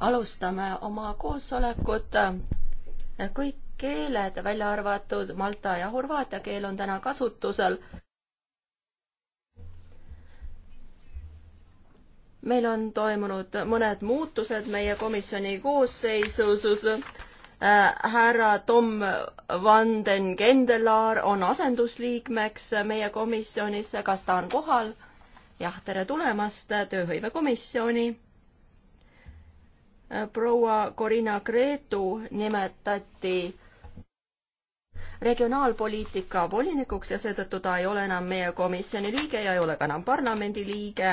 alustame oma koosolekut. kõik keeled, välja arvatud malta ja horvaatia keel, on täna kasutusel. meil on toimunud mõned muutused meie komisjoni koosseisus härra Tom van den Kendelaar on asendusliikmeks meie komisjonis, kas ta on kohal? jah, tere tulemast tööhõivekomisjoni. Äh, proua Corina Gretu nimetati regionaalpoliitika volinikuks ja seetõttu ta ei ole enam meie komisjoni liige ja ei ole ka enam parlamendi liige.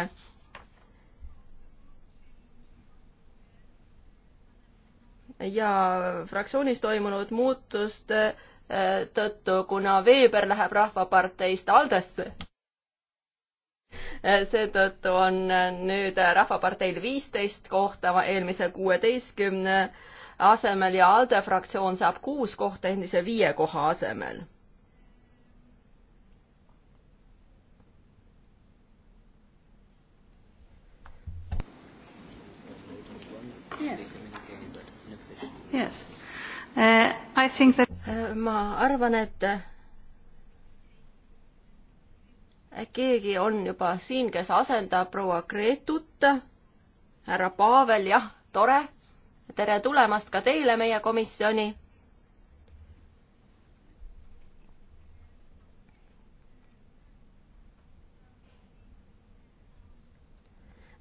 ja fraktsioonis toimunud muutuste äh, tõttu, kuna Weber läheb Rahvaparteist Aldesse Eh, seetõttu on eh, nüüd eh, Rahvaparteil viisteist kohta eelmise kuueteistkümne asemel ja ALDE fraktsioon saab kuus kohta endise viie koha asemel yes.. Yes. Uh, I think that ma arvan, et keegi on juba siin, kes asendab proua Gretut. härra Pavel, jah, tore. tere tulemast ka teile meie komisjoni.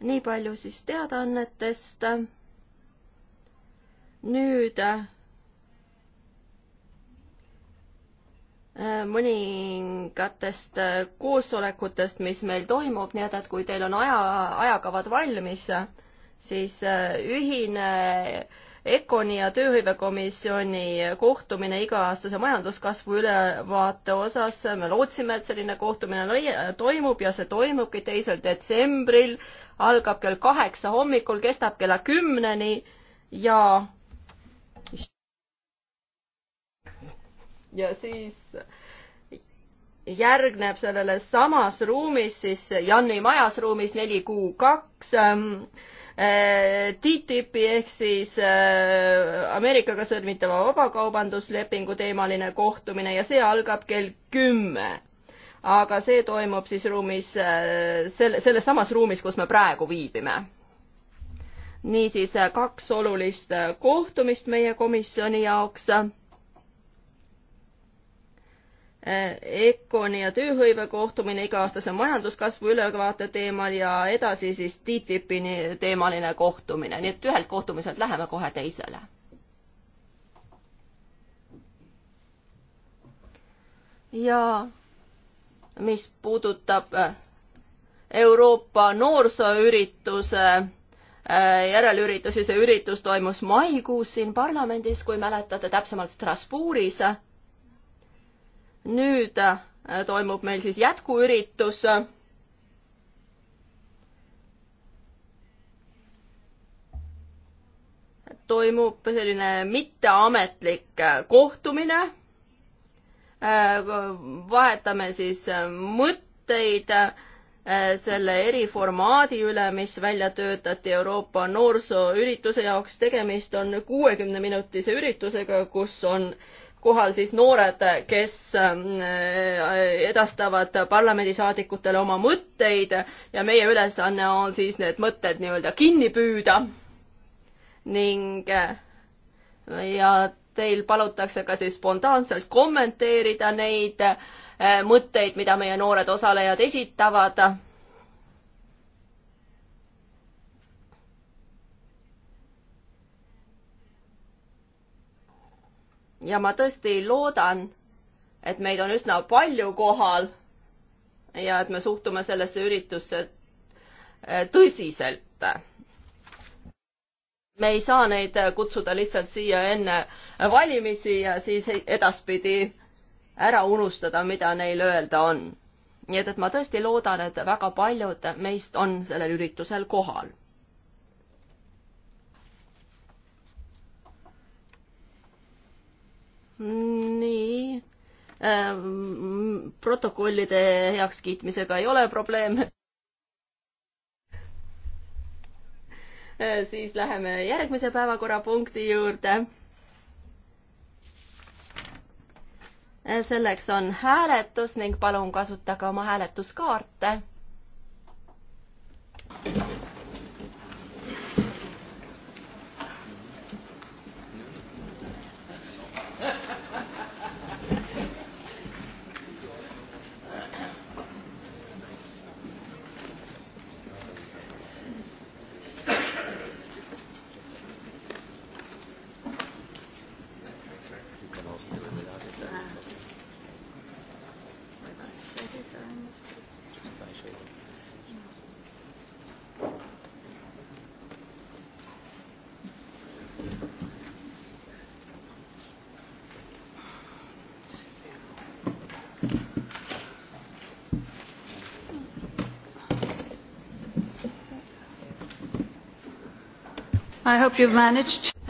nii palju siis teadaannetest. nüüd Äh, mõningatest äh, koosolekutest, mis meil toimub, nii et, et kui teil on aja, ajakavad valmis, siis äh, ühine ECONi ja Tööhõivekomisjoni kohtumine iga-aastase majanduskasvu ülevaate osas, me lootsime, et selline kohtumine toimub ja see toimubki teisel detsembril, algab kell kaheksa hommikul, kestab kella kümneni ja ja siis järgneb sellele samas ruumis siis Janni majas ruumis neli kuu kaks ähm, äh, TTIP-i ehk siis äh, Ameerikaga sõlmitava vabakaubanduslepingu teemaline kohtumine ja see algab kell kümme. aga see toimub siis ruumis, äh, selle, selles samas ruumis, kus me praegu viibime. niisiis kaks olulist kohtumist meie komisjoni jaoks ECONi ja tööhõive kohtumine iga-aastase majanduskasvu ülevaate teemal ja edasi siis TTIP-i teemaline kohtumine, nii et ühelt kohtumiselt läheme kohe teisele. ja mis puudutab äh, Euroopa noorsooürituse äh, järelüritusi, see üritus toimus maikuus siin parlamendis, kui mäletate, täpsemalt Strasbourgis nüüd äh, toimub meil siis jätkuüritus. toimub selline mitteametlik äh, kohtumine. Äh, vahetame siis mõtteid selle eriformaadi üle, mis välja töötati Euroopa noorsooürituse jaoks. tegemist on kuuekümneminutise üritusega, kus on äh, kohal siis noored, kes ähm, edastavad parlamendisaadikutele oma mõtteid ja meie ülesanne on siis need mõtted nii-öelda kinni püüda ning äh, ja teil palutakse ka siis spontaanselt kommenteerida neid äh, mõtteid, mida meie noored osalejad esitavad ja ma tõesti loodan, et meid on üsna palju kohal ja et me suhtume sellesse üritusse äh, tõsiselt. me ei saa neid äh, kutsuda lihtsalt siia enne valimisi ja siis edaspidi ära unustada, mida neil öelda on. nii et, et ma tõesti loodan, et väga paljud meist on sellel üritusel kohal nii ähm,. protokollide heakskiitmisega ei ole probleeme äh,. siis läheme järgmise päevakorrapunkti juurde äh,. selleks on hääletus ning palun kasutage oma hääletuskaarte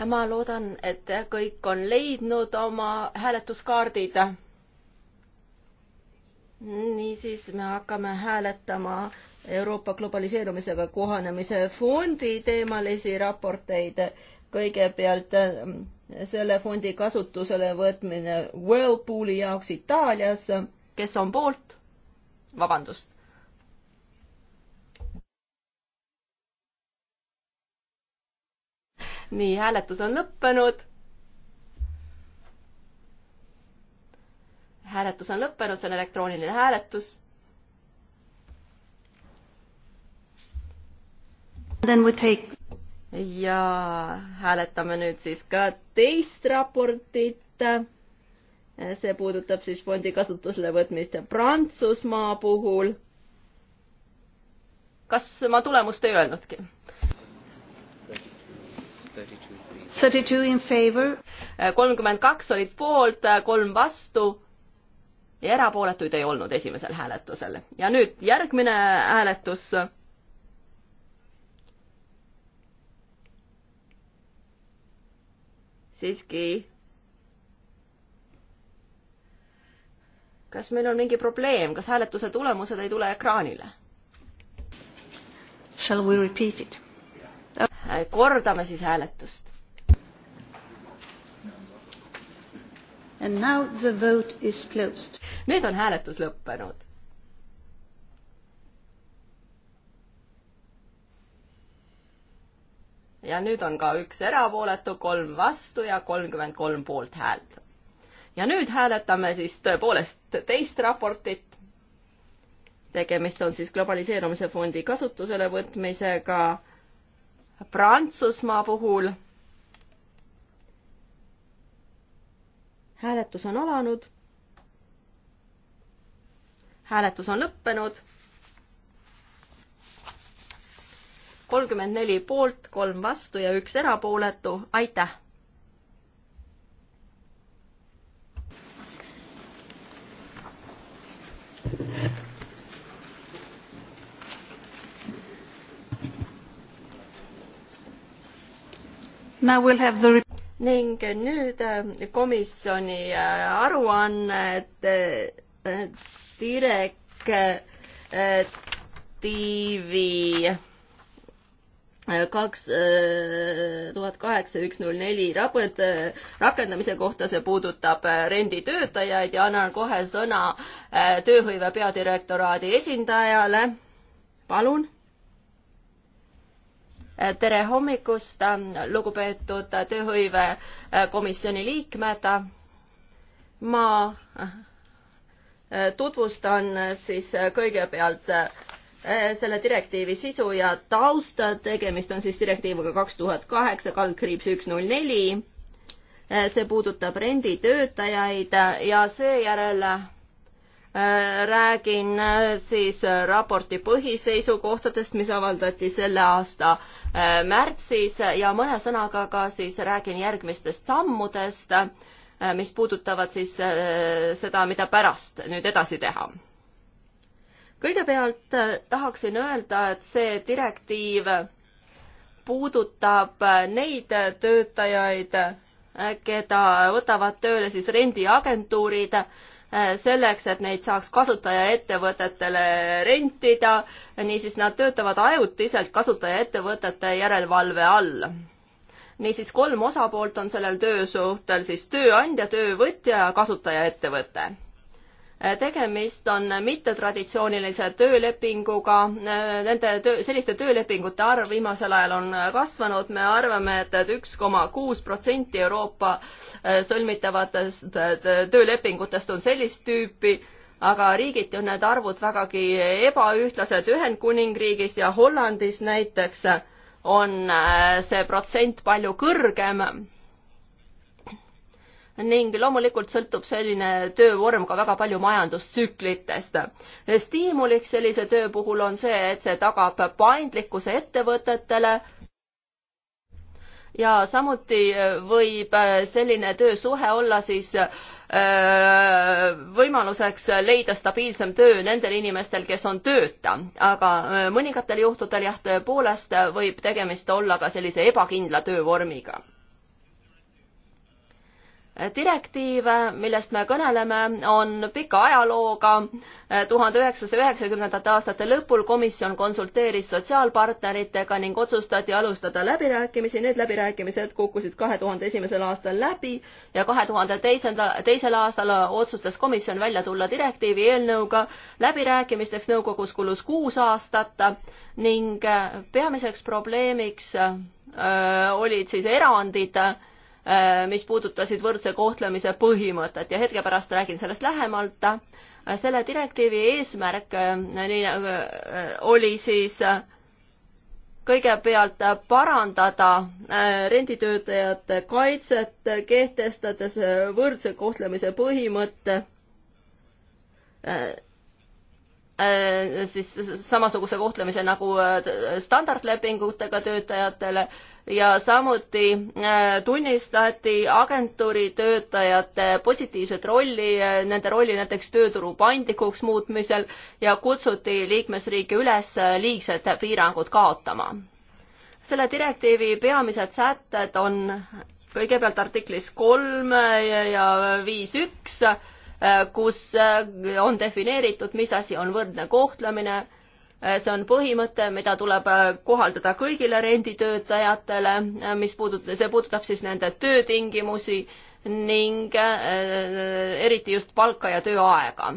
ma loodan, et kõik on leidnud oma hääletuskaardid. niisiis, me hakkame hääletama Euroopa globaliseerumisega kohanemise fondi teemalisi raporteid. kõigepealt mm, selle fondi kasutusele võtmine Whirlpooli jaoks Itaalias. kes on poolt? vabandust, nii, hääletus on lõppenud. hääletus on lõppenud, see on elektrooniline hääletus. Then we take ja hääletame nüüd siis ka teist raportit. see puudutab siis fondi kasutusele võtmist Prantsusmaa puhul. kas ma tulemust ei öelnudki? Äh, kolmkümmend kaks olid poolt, äh, kolm vastu ja erapooletuid ei olnud esimesel hääletusel. ja nüüd järgmine hääletus. siiski. kas meil on mingi probleem, kas hääletuse tulemused ei tule ekraanile? Shall we repeat it? Äh, kordame siis hääletust. And now the vote is closed. nüüd on hääletus lõppenud. ja nüüd on ka üks erapooletu, kolm vastu ja kolmkümmend kolm poolthäält. ja nüüd hääletame siis tõepoolest teist raportit. tegemist on siis globaliseerumise fondi kasutusele võtmisega Prantsusmaa puhul hääletus on alanud. hääletus on lõppenud. kolmkümmend neli poolt, kolm vastu ja üks erapooletu, aitäh. Now we'll have the ning nüüd äh, komisjoni äh, aruanne äh, direktiivi kaks tuhat kaheksa üks null neli rakendamise kohta, see puudutab renditöötajaid ja annan kohe sõna tööhõive peadirektoraadi esindajale. palun tere hommikust, lugupeetud tööhõivekomisjoni äh, liikmed. ma äh, tutvustan äh, siis kõigepealt selle direktiivi sisu ja tausta, tegemist on siis direktiiviga kaks tuhat kaheksa, kaldkriips üks null neli. see puudutab renditöötajaid ja seejärel Äh, räägin äh, siis äh, raporti põhiseisukohtadest, mis avaldati selle aasta märtsis ja mõne sõnaga ka siis räägin järgmistest sammudest, mis puudutavad siis seda, mida pärast nüüd edasi teha. kõigepealt tahaksin öelda, et see direktiiv puudutab neid töötajaid, keda võtavad tööle siis rendiagentuurid, Äh, selleks, et neid saaks kasutajaettevõtetele rentida, niisiis nad töötavad ajutiselt kasutajaettevõtete järelevalve all. niisiis kolm osapoolt on sellel töösuhtel siis tööandja, töövõtja ja kasutajaettevõte tegemist on mittetraditsioonilise töölepinguga, nende töö, selliste töölepingute arv viimasel ajal on kasvanud, me arvame et, et, et üks koma kuus protsenti Euroopa äh, sõlmitavatest äh, töölepingutest on sellist tüüpi, aga riigiti on need arvud vägagi ebaühtlased, Ühendkuningriigis ja Hollandis näiteks on äh, see protsent palju kõrgem ning loomulikult sõltub selline töövorm ka väga palju majandustsüklitest. stiimuliks sellise töö puhul on see, et see tagab paindlikkuse ettevõtetele ja samuti võib selline töösuhe olla siis äh, võimaluseks leida stabiilsem töö nendel inimestel, kes on tööta, aga äh, mõningatel juhtudel jah, tõepoolest võib tegemist olla ka sellise ebakindla töövormiga direktiiv, millest me kõneleme, on pika ajalooga. tuhande üheksasaja üheksakümnendate aastate lõpul komisjon konsulteeris sotsiaalpartneritega ning otsustati alustada läbirääkimisi. Need läbirääkimised kukkusid kahe tuhande esimesel aastal läbi ja kahe tuhande teisendal, teisel aastal otsustas komisjon välja tulla direktiivi eelnõuga. läbirääkimisteks nõukogus kulus kuus aastat ning peamiseks probleemiks öö, äh, olid siis erandid Äh, mis puudutasid võrdse kohtlemise põhimõtet ja hetke pärast räägin sellest lähemalt. Äh, selle direktiivi eesmärk äh, nii, oli siis kõigepealt parandada renditöötajate kaitset, kehtestades võrdse kohtlemise põhimõtte Äh, siis samasuguse kohtlemise nagu äh, standardlepingutega töötajatele ja samuti äh, tunnistati agentuuri töötajate positiivset rolli, nende rolli näiteks tööturu paindlikuks muutmisel ja kutsuti liikmesriike üles liigsed piirangud kaotama. selle direktiivi peamised sätted on kõigepealt artiklis kolm ja viis üks Äh, kus äh, on defineeritud, mis asi on võrdne kohtlemine. Äh, see on põhimõte, mida tuleb kohaldada kõigile renditöötajatele, mis puudutab, see puudutab siis nende töötingimusi ning eriti just palka ja tööaega.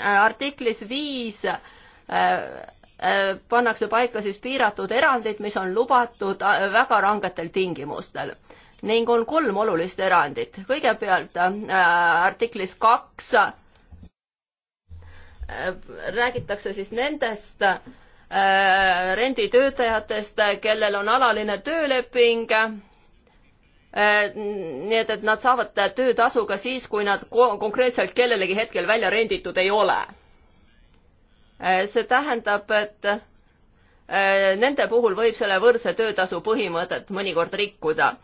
artiklis viis pannakse paika siis piiratud erandid, mis on lubatud väga rangetel tingimustel ning on kolm olulist erandit. kõigepealt äh, artiklis kaks äh, räägitakse siis nendest äh, renditöötajatest, kellel on alaline tööleping äh, nii et, et nad saavad töötasu ka siis, kui nad ko konkreetselt kellelegi hetkel välja renditud ei ole. Äh, see tähendab, et äh, nende puhul võib selle võrdse töötasu põhimõtet mõnikord rikkuda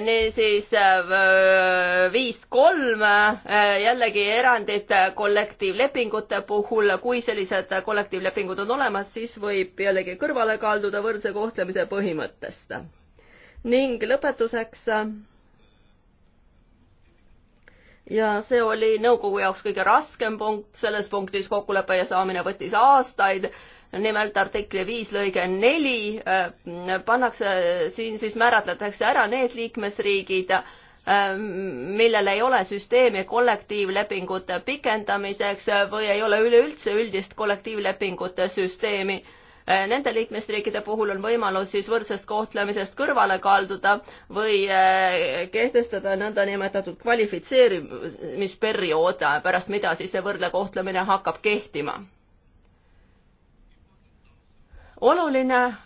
niisiis äh, viis kolm, äh, jällegi erandid kollektiivlepingute puhul, kui sellised kollektiivlepingud on olemas, siis võib jällegi kõrvale kalduda võrdse kohtlemise põhimõttest. ning lõpetuseks. ja see oli nõukogu jaoks kõige raskem punkt, selles punktis kokkuleppe saamine võttis aastaid nimelt artikli viis lõige neli äh, pannakse siin siis määratletakse ära need liikmesriigid, äh, millel ei ole süsteemi kollektiivlepingute pikendamiseks või ei ole üleüldse üldist kollektiivlepingute süsteemi. Äh, nende liikmesriikide puhul on võimalus siis võrdsest kohtlemisest kõrvale kalduda või kehtestada nõndanimetatud kvalifitseerimisperiood, pärast mida siis see võrdne kohtlemine hakkab kehtima oluline äh,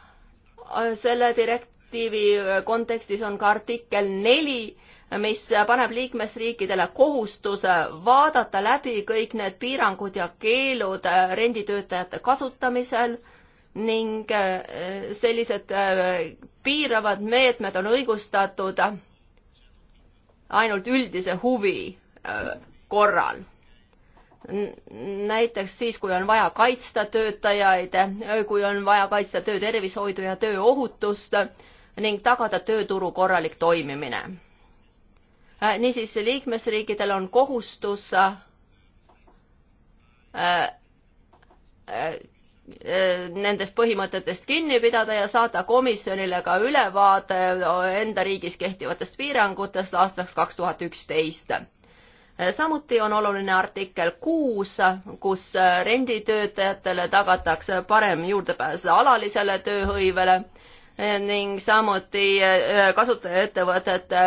selle direktiivi äh, kontekstis on ka artikkel neli, mis paneb liikmesriikidele kohustuse vaadata läbi kõik need piirangud ja keelud äh, renditöötajate kasutamisel ning sellised piiravad meetmed on õigustatud ainult üldise huvi korral näiteks siis, kui on vaja kaitsta töötajaid, kui on vaja kaitsta töötervishoidu ja tööohutust ning tagada tööturu korralik toimimine. niisiis, liikmesriikidel on kohustus äh, äh, nendest põhimõtetest kinni pidada ja saada komisjonile ka ülevaade enda riigis kehtivatest piirangutest aastaks kaks tuhat üksteist samuti on oluline artikkel kuus, kus renditöötajatele tagatakse parem juurdepääs alalisele tööhõivele ning samuti äh, kasutajaettevõtete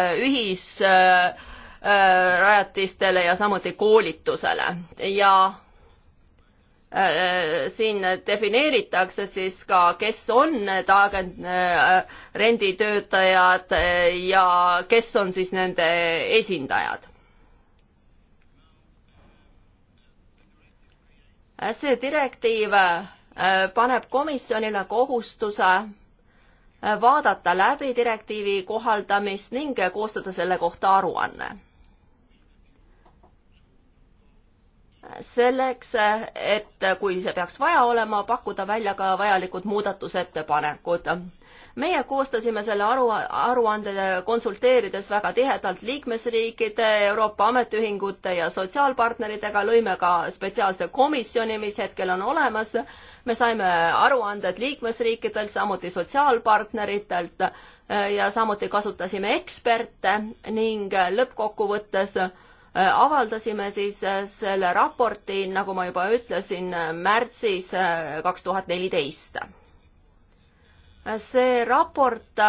ühisrajatistele äh, ja samuti koolitusele ja äh, siin defineeritakse siis ka, kes on need agent, renditöötajad ja kes on siis nende esindajad see direktiiv äh, paneb komisjonile kohustuse äh, vaadata läbi direktiivi kohaldamist ning koostada selle kohta aruanne. selleks, äh, et kui see peaks vaja olema, pakkuda välja ka vajalikud muudatusettepanekud meie koostasime selle aru, aruande konsulteerides väga tihedalt liikmesriikide, Euroopa ametiühingute ja sotsiaalpartneritega, lõime ka spetsiaalse komisjoni, mis hetkel on olemas. me saime aruanded liikmesriikidelt, samuti sotsiaalpartneritelt äh, ja samuti kasutasime eksperte ning lõppkokkuvõttes äh, avaldasime siis äh, selle raporti, nagu ma juba ütlesin, märtsis kaks tuhat neliteist see raport,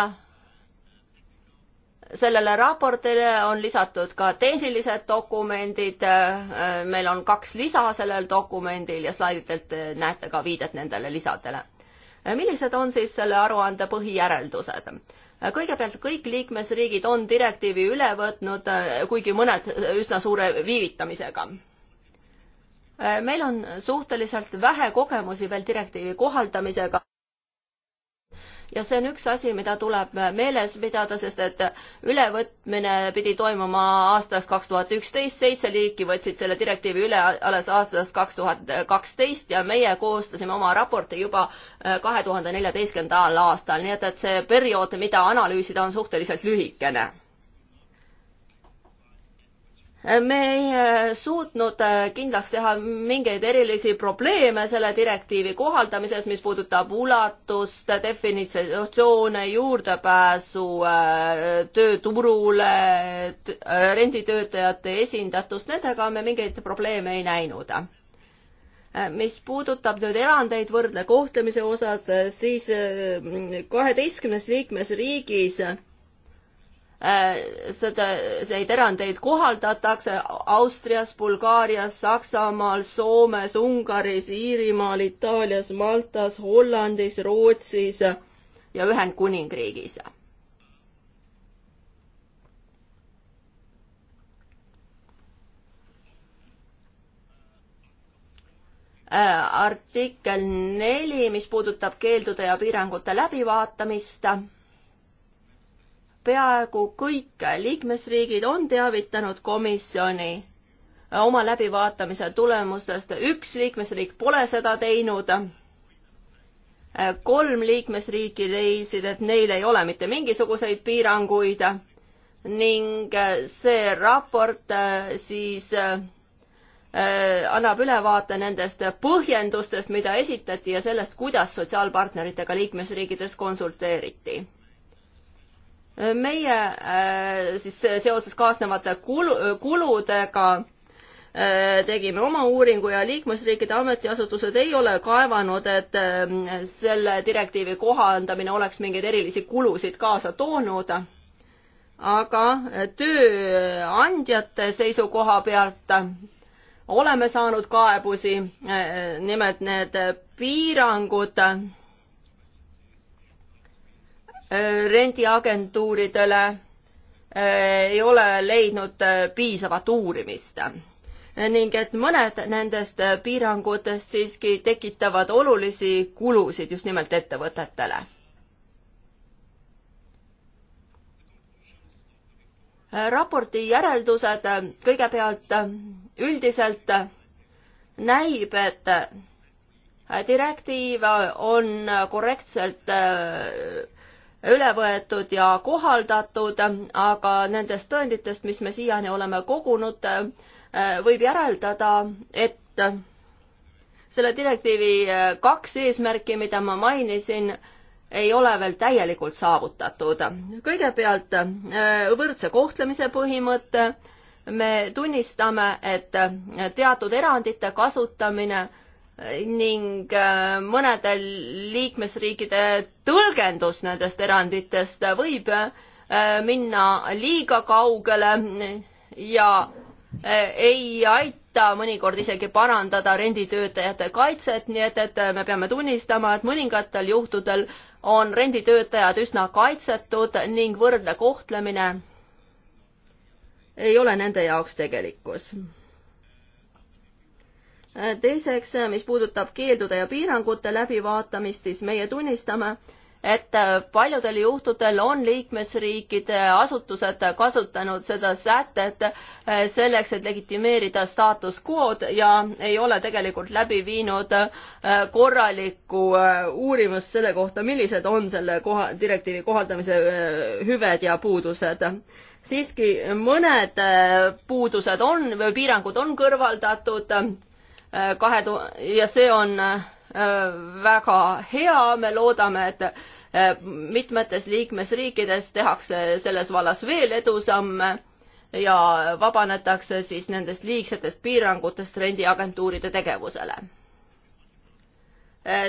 sellele raportile on lisatud ka tehnilised dokumendid, meil on kaks lisa sellel dokumendil ja slaididelt näete ka viidet nendele lisadele. millised on siis selle aruande põhijäreldused? kõigepealt kõik liikmesriigid on direktiivi üle võtnud, kuigi mõned üsna suure viivitamisega meil on suhteliselt vähe kogemusi veel direktiivi kohaldamisega ja see on üks asi, mida tuleb äh, meeles pidada, sest et ülevõtmine pidi toimuma aastast kaks tuhat üksteist, seitse liiki võtsid selle direktiivi üle alles aastast kaks tuhat kaksteist ja meie koostasime oma raporti juba äh, kahe tuhande neljateistkümnendal aastal, nii et, et see periood, mida analüüsida, on suhteliselt lühikene me ei äh, suutnud äh, kindlaks teha mingeid erilisi probleeme selle direktiivi kohaldamises, mis puudutab ulatust, definitsioone, juurdepääsu äh, tööturule, renditöötajate esindatust, nendega me mingeid probleeme ei näinud mis puudutab nüüd erandeid võrdle kohtlemise osas, siis kaheteistkümnes liikmesriigis Äh, seda, neid erandeid kohaldatakse Austrias, Bulgaarias, Saksamaal, Soomes, Ungaris, Iirimaal, Itaalias, Maltas, Hollandis, Rootsis ja Ühendkuningriigis. Äh, artikkel neli, mis puudutab keeldude ja piirangute läbivaatamist peaaegu kõik liikmesriigid on teavitanud komisjoni oma läbivaatamise tulemustest, üks liikmesriik pole seda teinud. kolm liikmesriiki leidsid, et neil ei ole mitte mingisuguseid piiranguid ning see raport äh, siis äh, annab ülevaate nendest põhjendustest, mida esitati ja sellest, kuidas sotsiaalpartneritega liikmesriikides konsulteeriti meie äh, siis seoses kaasnevate kulu, kuludega äh, tegime oma uuringu ja liikmesriikide ametiasutused ei ole kaevanud, et äh, selle direktiivi kohandamine oleks mingeid erilisi kulusid kaasa toonud. aga tööandjate seisukoha pealt oleme saanud kaebusi, nimelt need piirangud Äh, rendiagentuuridele äh, ei ole leidnud äh, piisavat uurimist ning et mõned nendest piirangutest siiski tekitavad olulisi kulusid just nimelt ettevõtetele. raporti järeldused kõigepealt üldiselt näib, et direktiiv on korrektselt üle võetud ja kohaldatud, aga nendest tõenditest, mis me siiani oleme kogunud, äh, võib järeldada, et selle direktiivi äh, kaks eesmärki, mida ma mainisin, ei ole veel täielikult saavutatud. kõigepealt äh, võrdse kohtlemise põhimõte, me tunnistame, et teatud erandite kasutamine ning äh, mõnede liikmesriikide tõlgendus nendest eranditest võib äh, minna liiga kaugele ja äh, ei aita mõnikord isegi parandada renditöötajate kaitset, nii et, et me peame tunnistama, et mõningatel juhtudel on renditöötajad üsna kaitsetud ning võrdne kohtlemine ei ole nende jaoks tegelikkus Äh, teiseks, äh, mis puudutab keeldude ja piirangute läbivaatamist, siis meie tunnistame, et äh, paljudel juhtudel on liikmesriikide asutused kasutanud seda sätet selleks, et legitimeerida staatus quo'd ja ei ole tegelikult läbi viinud korralikku uurimust selle kohta, millised on selle koha, direktiivi kohaldamise hüved ja puudused siiski mõned puudused on või piirangud on kõrvaldatud Äh, kahe tu-, ja see on äh, väga hea, me loodame, et äh, mitmetes liikmesriikides tehakse selles vallas veel edusamme ja vabanetakse siis nendest liigsetest piirangutest rendiagentuuride tegevusele.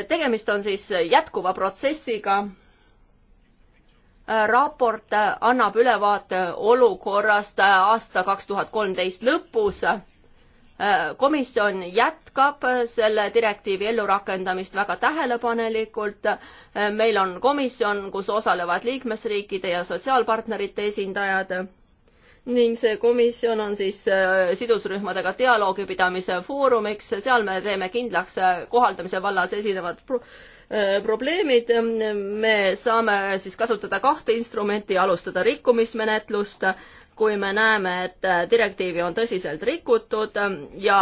tegemist on siis jätkuva protsessiga raport annab ülevaate olukorrast aasta kaks tuhat kolmteist lõpus Äh, komisjon jätkab äh, selle direktiivi ellurakendamist väga tähelepanelikult. Äh, meil on komisjon, kus osalevad liikmesriikide ja sotsiaalpartnerite esindajad ning see komisjon on siis sidusrühmadega dialoogi pidamise foorumiks, seal me teeme kindlaks kohaldamise vallas esinevad pro probleemid, me saame siis kasutada kahte instrumenti ja alustada rikkumismenetlust kui me näeme, et äh, direktiivi on tõsiselt rikutud ähm, ja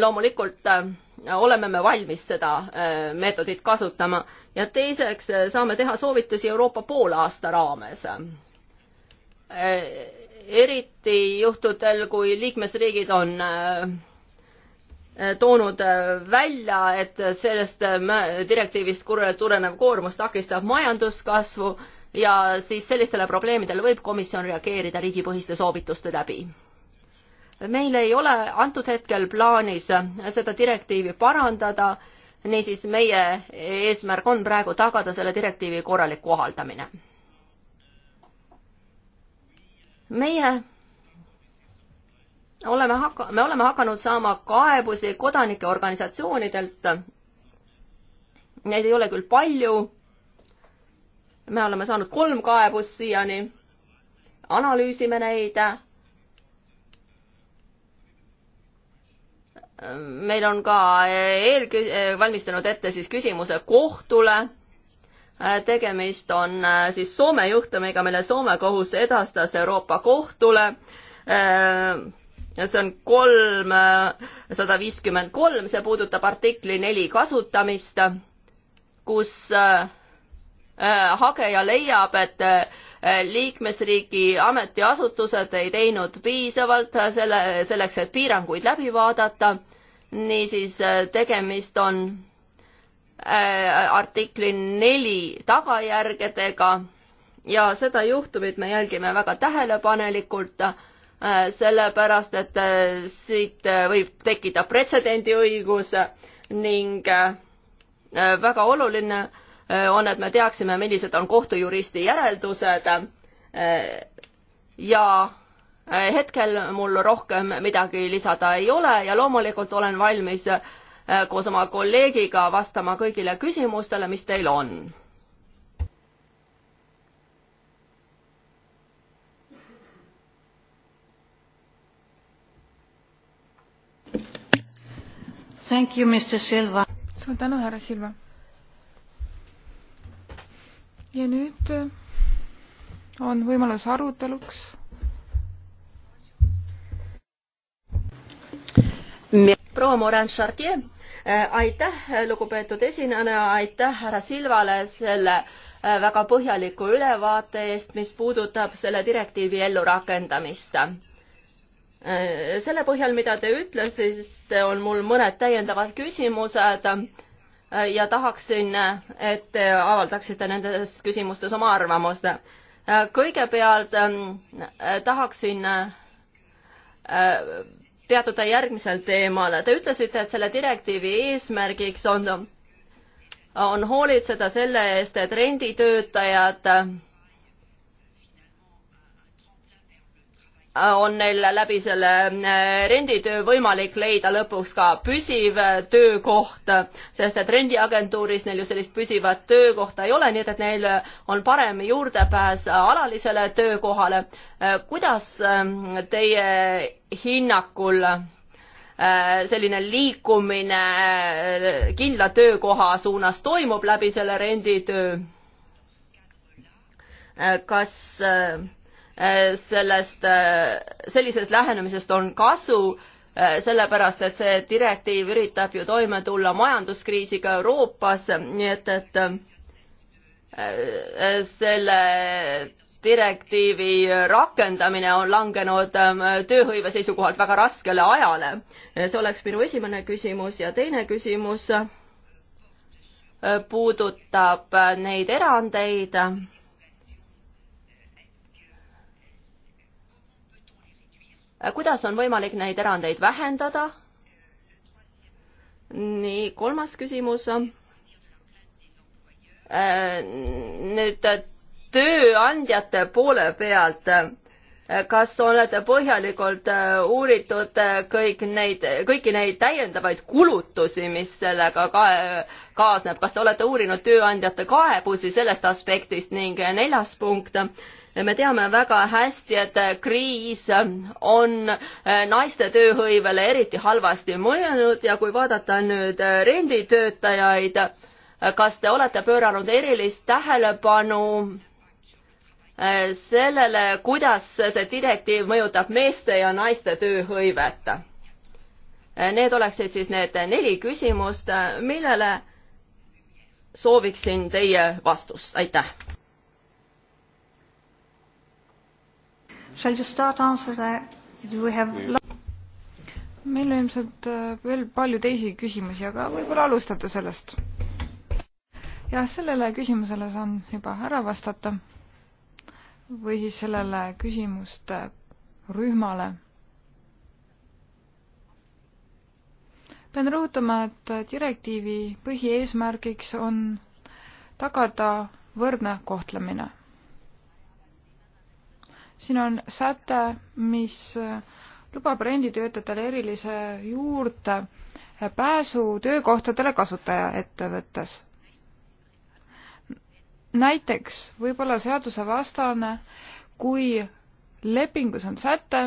loomulikult äh, oleme me valmis seda äh, meetodit kasutama ja teiseks saame teha soovitusi Euroopa poolaasta raames. eriti juhtudel, kui liikmesriigid on toonud välja, et sellest direktiivist tulenev koormus takistab majanduskasvu ja siis sellistele probleemidele võib komisjon reageerida riigipõhiste soovituste läbi. meil ei ole antud hetkel plaanis seda direktiivi parandada, niisiis meie eesmärk on praegu tagada selle direktiivi korralik kohaldamine. meie oleme hakka-, me oleme hakanud saama kaebusi kodanike organisatsioonidelt. Neid ei ole küll palju, me oleme saanud kolm kaebust siiani, analüüsime neid. meil on ka eel-, valmistanud ette siis küsimuse kohtule. tegemist on äh, siis Soome juhtumiga, mille Soome kohus edastas Euroopa kohtule äh, see on kolm, äh, sada viiskümmend kolm, see puudutab artikli neli kasutamist, kus Äh, hageja leiab, et äh, liikmesriigi ametiasutused ei teinud piisavalt selle, selleks, et piiranguid läbi vaadata, niisiis äh, tegemist on artikli neli tagajärgedega ja seda juhtumit me jälgime väga tähelepanelikult, sellepärast et siit võib tekkida pretsedendiõigus ning väga oluline Äh, on, et me teaksime, millised on kohtujuristi järeldused äh, ja äh, hetkel mul rohkem midagi lisada ei ole ja loomulikult olen valmis koos oma kolleegiga vastama kõigile küsimustele, mis teil on You, suur tänu härra silva! ja nüüd on võimalus aruteluks. proua Morin Chartier, äh, aitäh, lugupeetud esinejana, aitäh härra Silvale selle äh, väga põhjaliku ülevaate eest, mis puudutab selle direktiivi ellurakendamist äh, selle põhjal, mida te ütlesite, on mul mõned täiendavad küsimused ja tahaksin, et te avaldaksite nendes küsimustes oma arvamust. kõigepealt ähm, tahaksin äh, peatuda järgmisel teemal. Te ütlesite, et selle direktiivi eesmärgiks on, on hoolitseda selle eest, et renditöötajad on neil läbi selle äh, renditöö võimalik leida lõpuks ka püsiv äh, töökoht, sest et rendiagentuuris neil ju sellist püsivat töökohta ei ole, nii et, et neil äh, on parem juurdepääs alalisele töökohale. kuidas ähm, teie hinnakul selline liikumine kindla töökoha suunas toimub läbi selle renditöö? kas äh, Eh, sellest, eh, sellisest lähenemisest on kasu, eh, sellepärast et see direktiiv üritab ju toime tulla majanduskriisiga Euroopas, nii et, et selle direktiivi rakendamine on langenud tööhõive seisukohalt väga raskele ajale. see oleks minu esimene küsimus ja teine küsimus puudutab neid erandeid Äh, kuidas on võimalik neid erandeid vähendada? nii, kolmas küsimus. Äh, nüüd äh, tööandjate poole pealt kas olete põhjalikult uuritud kõik neid, kõiki neid täiendavaid kulutusi, mis sellega ka, kaasneb, kas te olete uurinud tööandjate kaebusi sellest aspektist ning neljas punkt, me teame väga hästi, et kriis on eh, naiste tööhõivele eriti halvasti mõjunud ja kui vaadata nüüd eh, renditöötajaid, eh, kas te olete pööranud erilist tähelepanu sellele, kuidas see direktiiv mõjutab meeste ja naiste tööhõivet? Need oleksid siis need neli küsimust, millele sooviksin teie vastust, aitäh Shall you start answer that? Do we have meil on ilmselt äh, veel palju teisi küsimusi, aga võib-olla alustate sellest. jah, sellele küsimusele saan juba ära vastata. või siis sellele küsimuste rühmale. pean rõhutama, et direktiivi põhieesmärgiks on tagada võrdne kohtlemine siin on säte, mis lubab renditöötajatele erilise juurdepääsu töökohtadele kasutajaettevõttes. näiteks võib olla seadusevastane, kui lepingus on säte,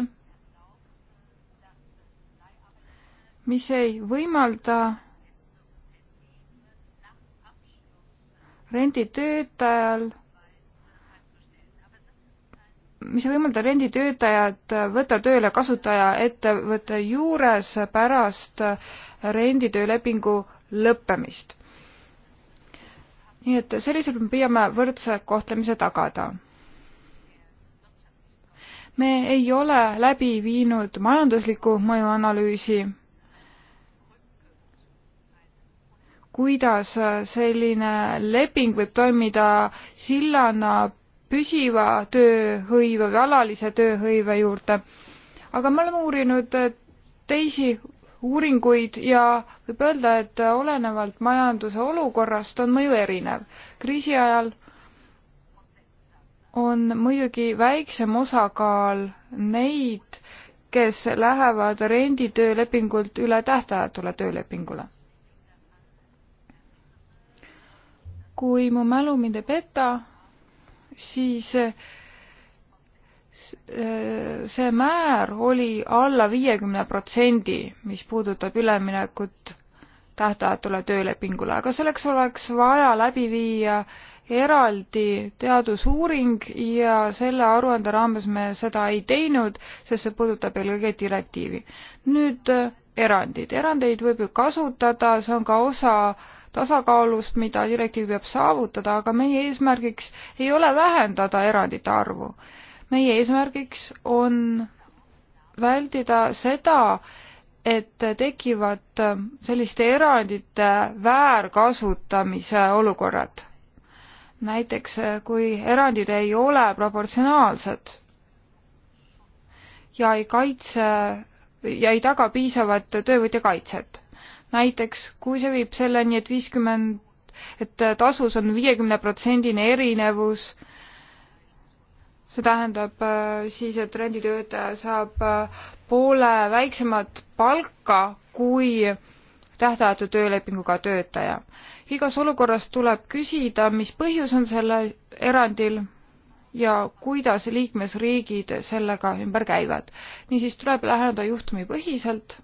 mis ei võimalda renditöötajal mis ei võimalda renditöötajat võtta tööle kasutaja ettevõtte juures pärast renditöölepingu lõppemist. nii et selliselt me püüame võrdse kohtlemise tagada. me ei ole läbi viinud majanduslikku mõjuanalüüsi, kuidas selline leping võib toimida sillana püsiva tööhõive või alalise tööhõive juurde. aga me oleme uurinud äh, teisi uuringuid ja võib öelda, et äh, olenevalt majanduse olukorrast on mõju erinev. kriisi ajal on muidugi väiksem osakaal neid, kes lähevad renditöölepingult üle tähtajatule töölepingule. kui mu mälu mind ei peta, siis eh, eh, see määr oli alla viiekümne protsendi, mis puudutab üleminekut tähtajatule töölepingule, aga selleks oleks vaja läbi viia eraldi teadusuuring ja selle aruande raames me seda ei teinud, sest see puudutab eelkõige direktiivi. nüüd eh, erandid, erandeid võib ju kasutada, see on ka osa tasakaalust, mida direktiiv peab saavutada, aga meie eesmärgiks ei ole vähendada erandite arvu. meie eesmärgiks on vältida seda, et tekivad selliste erandite väärkasutamise olukorrad. näiteks kui erandid ei ole proportsionaalsed ja ei kaitse ja ei taga piisavat töövõtja kaitset näiteks kui see viib selleni, et viiskümmend, et tasus on viiekümne protsendine erinevus, see tähendab äh, siis, et renditöötaja saab äh, poole väiksemat palka kui tähtajatu töölepinguga töötaja. igas olukorras tuleb küsida, mis põhjus on sellel erandil ja kuidas liikmesriigid sellega ümber käivad. niisiis tuleb läheneda juhtumipõhiselt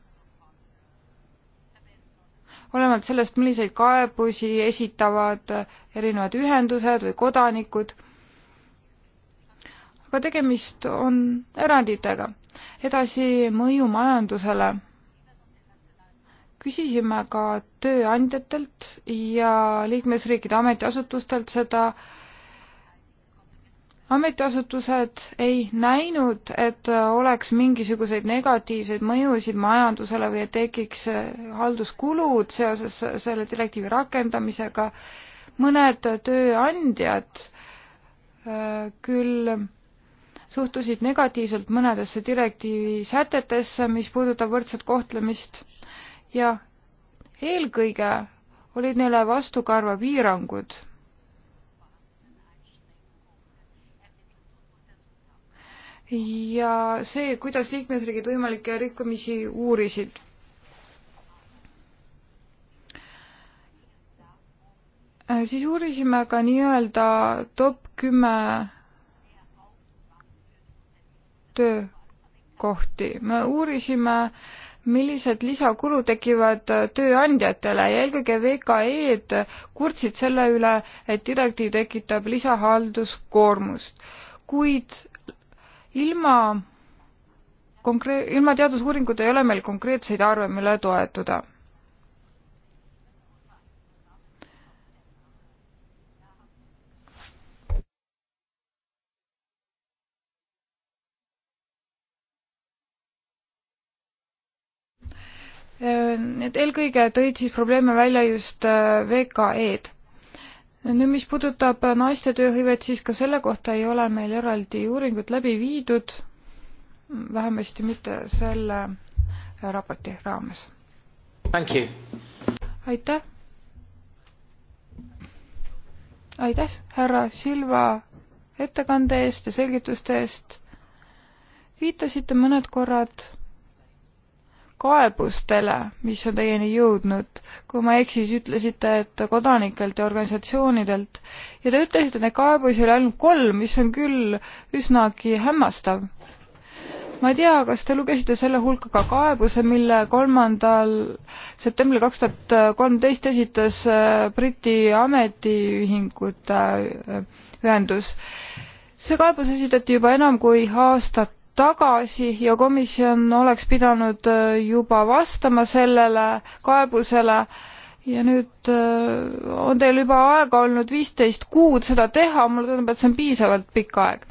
olenevalt sellest, milliseid kaebusi esitavad erinevad ühendused või kodanikud. aga tegemist on eranditega. edasi mõju majandusele. küsisime ka tööandjatelt ja liikmesriikide ametiasutustelt seda, ametiasutused ei näinud, et oleks mingisuguseid negatiivseid mõjusid majandusele või et tekiks äh, halduskulud seoses selle direktiivi rakendamisega. mõned tööandjad äh, küll suhtusid negatiivselt mõnedesse direktiivi sätetesse, mis puudutab võrdset kohtlemist ja eelkõige olid neile vastukarva piirangud ja see, kuidas liikmesriigid võimalikke rikkumisi uurisid. siis uurisime ka nii-öelda top kümme töökohti. me uurisime äh, millised lisakulud tekivad tööandjatele ja eelkõige VKE-d kurtsid selle üle, et direktiiv tekitab lisahalduskoormust. kuid ilma konkre-, ilma teadusuuringuta ei ole meil konkreetseid arve, millele toetuda. Need eelkõige tõid siis probleeme välja just äh, VKE-d nüüd, mis puudutab naiste tööhõivet, siis ka selle kohta ei ole meil eraldi uuringut läbi viidud, vähemasti mitte selle raporti raames. aitäh. aitäh, härra Silva ettekande eest ja selgituste eest. viitasite mõned korrad kaebustele, mis on teieni jõudnud. kui ma ei eksi, siis ütlesite, et kodanikelt ja organisatsioonidelt ja te ütlesite, et neid kaebusi oli ainult kolm, mis on küll üsnagi hämmastav. ma ei tea, kas te lugesite selle hulka ka kaebuse, mille kolmandal septembril kaks tuhat kolmteist esitas äh, Briti ametiühingute äh, ühendus see kaebus esitati juba enam kui aastat tagasi ja komisjon oleks pidanud äh, juba vastama sellele kaebusele ja nüüd äh, on teil juba aega olnud viisteist kuud seda teha, mulle tundub, et see on piisavalt pikk aeg.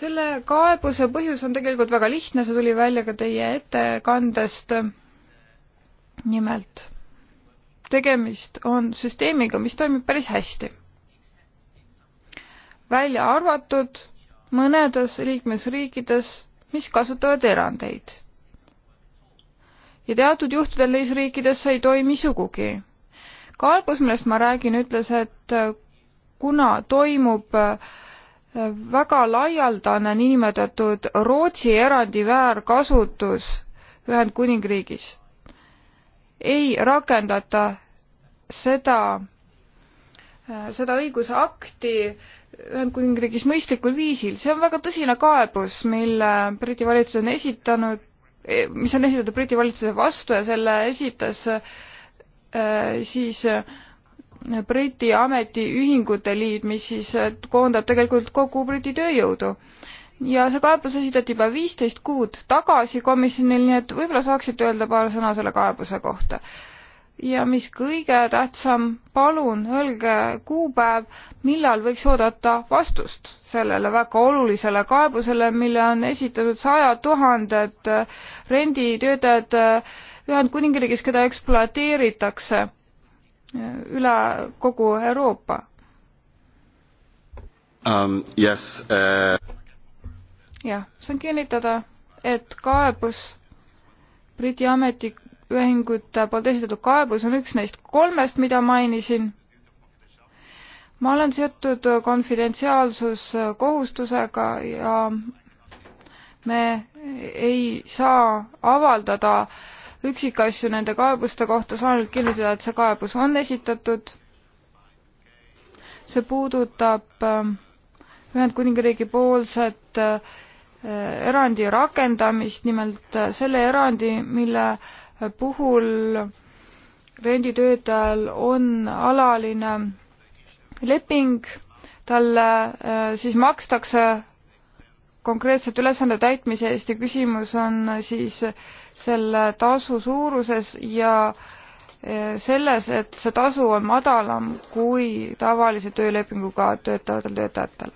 selle kaebuse põhjus on tegelikult väga lihtne, see tuli välja ka teie ettekandest. nimelt, tegemist on süsteemiga, mis toimib päris hästi. välja arvatud mõnedes liikmesriikides, mis kasutavad erandeid. ja teatud juhtudel neis riikides see ei toimi sugugi. Kalbus, millest ma räägin, ütles, et kuna toimub äh, väga laialdane niinimetatud Rootsi erandi väärkasutus Ühendkuningriigis, ei rakendata seda äh, seda õigusakti Ühendkuningriigis mõistlikul viisil. see on väga tõsine kaebus, mille Briti valitsus on esitanud, e, mis on esitatud Briti valitsuse vastu ja selle esitas äh, siis Briti Ametiühingute Liit, mis siis koondab tegelikult kogu Briti tööjõudu. ja see kaebus esitati juba viisteist kuud tagasi komisjonil, nii et võib-olla saaksite öelda paar sõna selle kaebuse kohta ja mis kõige tähtsam, palun öelge kuupäev, millal võiks oodata vastust sellele väga olulisele kaebusele, mille on esitatud sajad tuhanded renditöötajad Ühendkuningriigis, keda ekspluateeritakse üle kogu Euroopa um,? Yes, uh... jah, saan kinnitada, et kaebus Briti ameti Ühingute poolt esitatud kaebus on üks neist kolmest, mida mainisin. ma olen seotud konfidentsiaalsuskohustusega ja me ei saa avaldada üksikasju nende kaebuste kohta, saan ainult kinnitada, et see kaebus on esitatud. see puudutab ähm, Ühendkuningriigi poolset äh, erandi rakendamist, nimelt äh, selle erandi, mille äh, puhul renditöötajal on alaline leping, talle äh, siis makstakse konkreetselt ülesande täitmise eest ja küsimus on siis selle tasu suuruses ja äh, selles, et see tasu on madalam kui tavalise töölepinguga töötavatel töötajatel.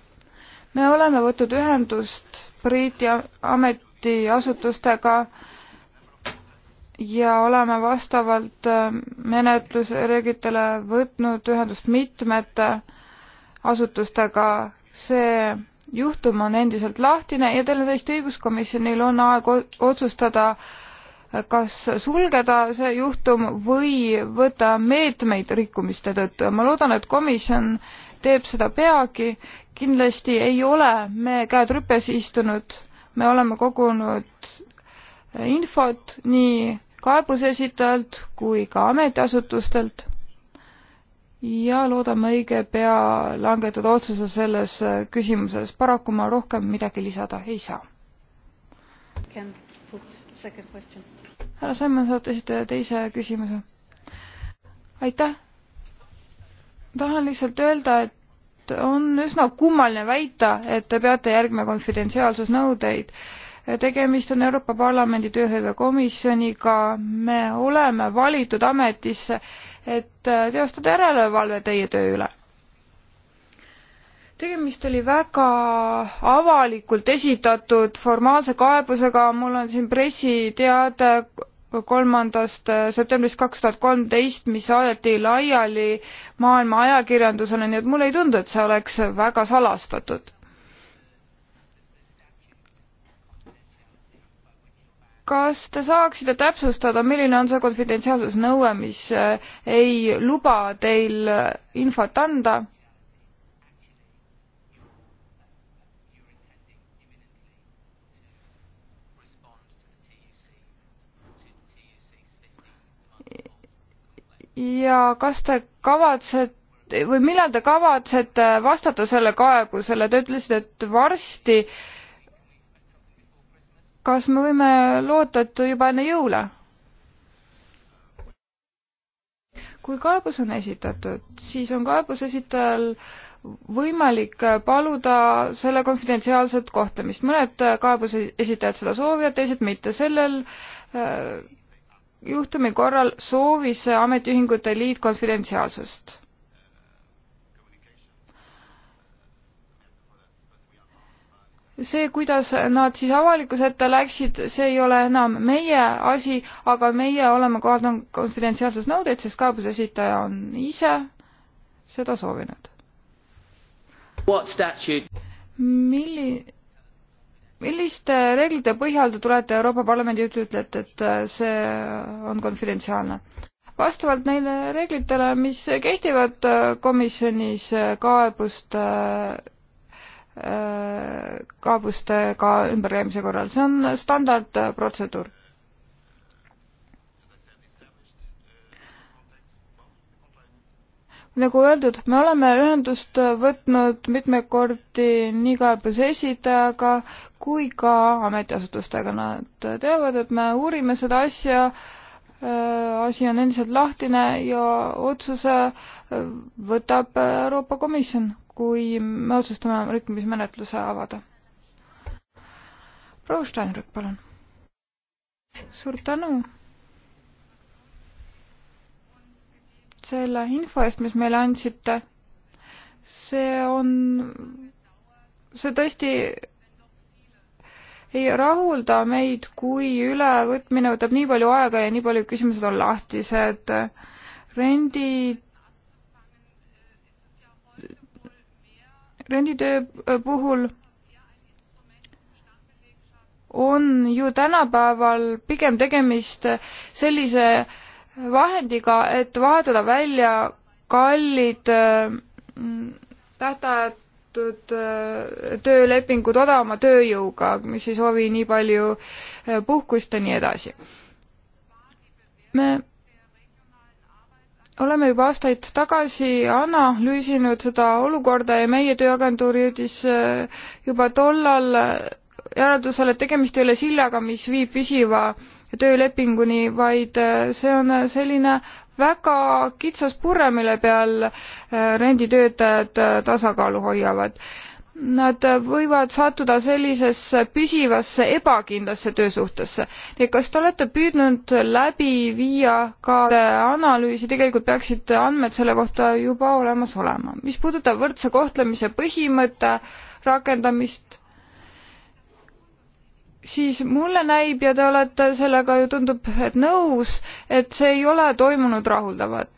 me oleme võtnud ühendust Briti ametiasutustega, ja oleme vastavalt äh, menetlusreeglitele võtnud ühendust mitmete asutustega. see juhtum on endiselt lahtine ja teil on täiesti õigus, komisjonil on aeg otsustada, kas sulgeda see juhtum või võtta meetmeid rikkumiste tõttu ja ma loodan, et komisjon teeb seda peagi. kindlasti ei ole me käed rüpes istunud, me oleme kogunud infot nii kaebuse esitajalt kui ka ametiasutustelt ja loodame õige pea langetada otsuse selles küsimuses. paraku ma rohkem midagi lisada ei saa. härra Simon, saate esitada teise küsimuse? aitäh. tahan lihtsalt öelda, et on üsna kummaline väita, et te peate järgima konfidentsiaalsusnõudeid äh, tegemist on Euroopa Parlamendi tööhõivekomisjoniga, me oleme valitud ametisse, et äh, teostada järelevalve teie töö üle. tegemist oli väga avalikult esitatud formaalse kaebusega, mul on siin pressiteade kolmandast äh, septembrist kaks tuhat kolmteist, mis saadeti laiali maailma ajakirjandusele, nii et mulle ei tundu, et see oleks väga salastatud. kas te saaksite täpsustada, milline on see konfidentsiaalsusnõue, mis äh, ei luba teil äh, infot anda? ja kas te kavatsete või millal te kavatsete vastata selle kaebusele, te ütlesite, et varsti äh, kas me võime loota, et juba enne jõule? kui kaebus on esitatud, siis on kaebuse esitajal võimalik paluda selle konfidentsiaalset kohtlemist. mõned kaebuse esitajad seda soovivad, teised mitte. sellel äh, juhtumi korral soovis ametiühingute liit konfidentsiaalsust see, kuidas nad siis avalikkuse ette läksid, see ei ole enam meie asi, aga meie oleme kohaldanud konfidentsiaalsusnõudeid, sest kaebuse esitaja on ise seda soovinud. milli-, milliste reeglite põhjal te tulete Euroopa Parlamendi juurde, ütlete, et äh, see on konfidentsiaalne? vastavalt neile reeglitele, mis kehtivad äh, komisjonis äh, kaebuste Äh, kaebustega ümberkäimise korral, see on standardprotseduur. nagu öeldud, me oleme ühendust võtnud mitmeid kordi nii kaebuse esitajaga kui ka ametiasutustega, nad teavad, et me uurime seda asja, äh, asi on endiselt lahtine ja otsuse võtab Euroopa Komisjon kui me otsustame rikkumismenetluse avada. proua Steinrück, palun. suur tänu selle info eest, mis meile andsite. see on, see tõesti ei rahulda meid, kui ülevõtmine võtab nii palju aega ja nii palju küsimused on lahtised. rendid renditöö äh, puhul on ju tänapäeval pigem tegemist sellise vahendiga, et vahetada välja kallid äh, tähtajatud äh, töölepingud odavama tööjõuga, mis ei soovi nii palju puhkust ja nii edasi. me oleme juba aastaid tagasi analüüsinud seda olukorda ja meie tööagentuur jõudis äh, juba tollal äh, järeldusele, et tegemist ei ole sillaga, mis viib püsiva töölepinguni, vaid äh, see on selline väga kitsas purre, mille peal renditöötajad tasakaalu hoiavad nad võivad sattuda sellisesse püsivasse ebakindlasse töösuhtesse. nii et kas te olete püüdnud läbi viia ka analüüsi, tegelikult peaksid andmed selle kohta juba olemas olema. mis puudutab võrdse kohtlemise põhimõtte rakendamist, siis mulle näib ja te olete sellega ju tundub, et nõus, et see ei ole toimunud rahuldavalt.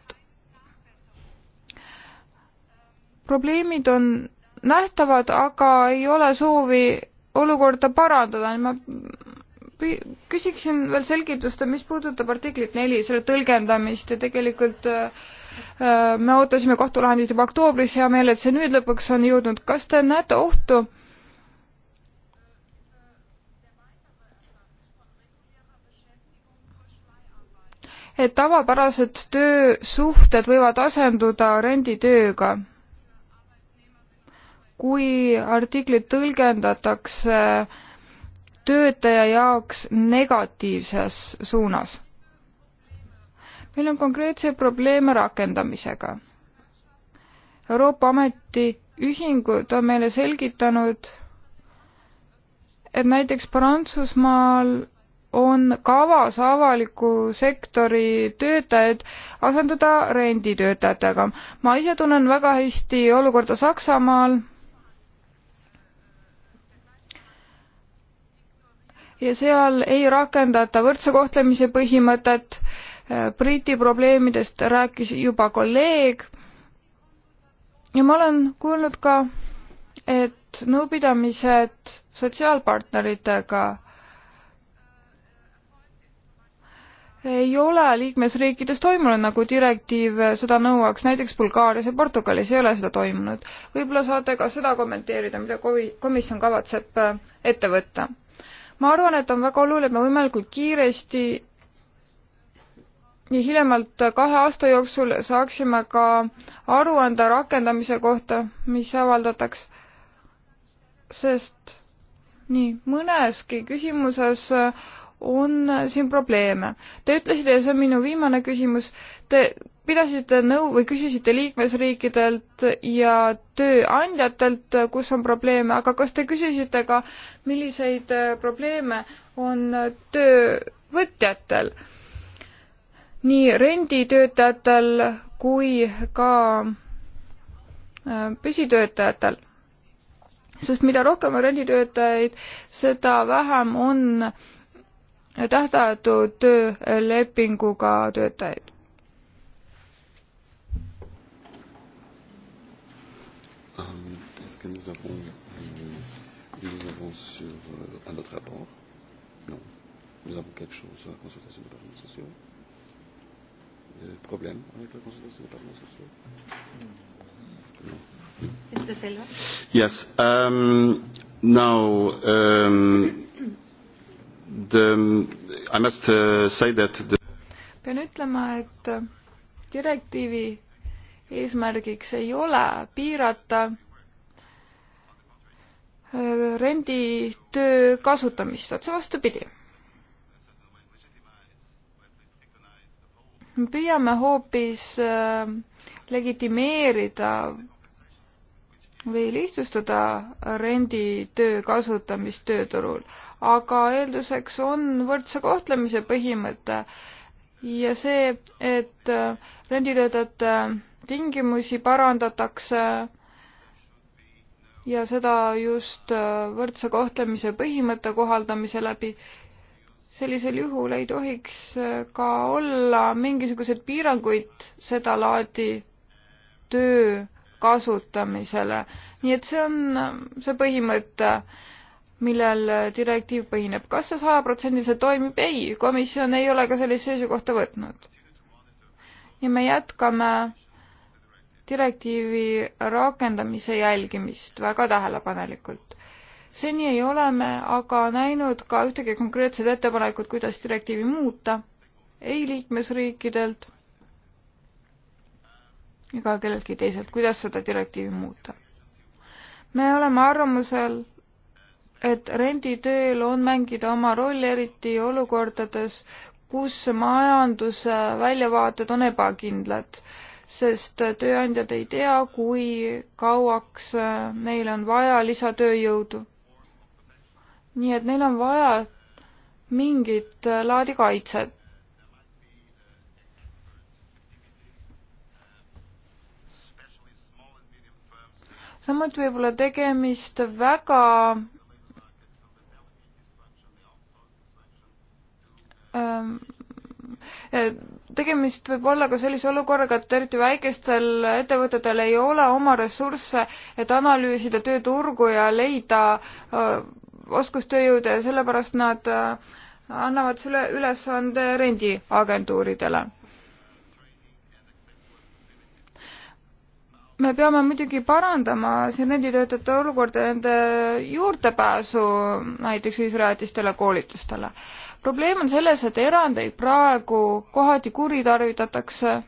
probleemid on nähtavad, aga ei ole soovi olukorda parandada, ma küsiksin veel selgitust, mis puudutab artiklit neli, selle tõlgendamist ja tegelikult äh, äh, me ootasime kohtulahendit juba oktoobris, hea meel, et see nüüd lõpuks on jõudnud. kas te näete ohtu et tavapärased töösuhted võivad asenduda renditööga? kui artiklit tõlgendatakse töötaja jaoks negatiivses suunas. meil on konkreetseid probleeme rakendamisega. Euroopa Ametiühingud on meile selgitanud, et näiteks Prantsusmaal on kavas avaliku sektori töötajaid asendada renditöötajatega. ma ise tunnen väga hästi olukorda Saksamaal ja seal ei rakendata võrdse kohtlemise põhimõtet. Briti probleemidest rääkis juba kolleeg. ja ma olen kuulnud ka, et nõupidamised sotsiaalpartneritega ei ole liikmesriikides toimunud, nagu direktiiv seda nõuaks, näiteks Bulgaarias ja Portugalis ei ole seda toimunud. võib-olla saate ka seda kommenteerida, mida komisjon kavatseb ette võtta ma arvan, et on väga oluline, et me võimalikult kiiresti ja hiljemalt kahe aasta jooksul saaksime ka aruande rakendamise kohta, mis avaldataks, sest nii mõneski küsimuses on siin probleeme. Te ütlesite, ja see on minu viimane küsimus, te pidasite nõu või küsisite liikmesriikidelt ja tööandjatelt, kus on probleeme, aga kas te küsisite ka, milliseid äh, probleeme on töövõtjatel, nii renditöötajatel kui ka äh, püsitöötajatel? sest mida rohkem on renditöötajaid, seda vähem on äh, tähtajatu töölepinguga töötajaid. Um, est-ce que nous avons, euh, nous avons sur euh, un autre rapport Non. Nous avons quelque chose sur la consultation des partenaires sociaux. Euh, problème avec la consultation des partenaires sociaux Non. Mr. Silva? Yes. Um, now, um, The, I must uh, say that the... pean ütlema, et direktiivi eesmärgiks ei ole piirata äh, renditöö kasutamist, otse vastupidi. me püüame hoopis äh, legitimeerida või lihtsustada renditöö kasutamist tööturul, aga eelduseks on võrdse kohtlemise põhimõte ja see, et renditöötajate tingimusi parandatakse ja seda just võrdse kohtlemise põhimõtte kohaldamise läbi. sellisel juhul ei tohiks ka olla mingisuguseid piiranguid sedalaadi töö kasutamisele. nii et see on see põhimõte, millel direktiiv põhineb. kas see sajaprotsendiliselt toimib? ei, komisjon ei ole ka sellist seisukohta võtnud. ja me jätkame direktiivi rakendamise jälgimist väga tähelepanelikult. seni ei ole me aga näinud ka ühtegi konkreetset ettepanekut, kuidas direktiivi muuta, ei liikmesriikidelt ega kelleltki teiselt, kuidas seda direktiivi muuta. me oleme arvamusel, et renditööl on mängida oma rolli, eriti olukordades, kus majanduse väljavaated on ebakindlad, sest tööandjad ei tea, kui kauaks neil on vaja lisatööjõudu. nii et neil on vaja mingit laadi kaitset. samuti võib olla tegemist väga ähm, tegemist võib olla ka sellise olukorraga, et eriti väikestel ettevõtetel ei ole oma ressursse, et analüüsida tööturgu ja leida äh, oskustööjõude ja sellepärast nad äh, annavad selle ülesande rendiagentuuridele. me peame muidugi parandama senenditöötajate olukorda nende juurdepääsu näiteks ühisrajatistele koolitustele. probleem on selles, et erandeid praegu kohati kuritarvitatakse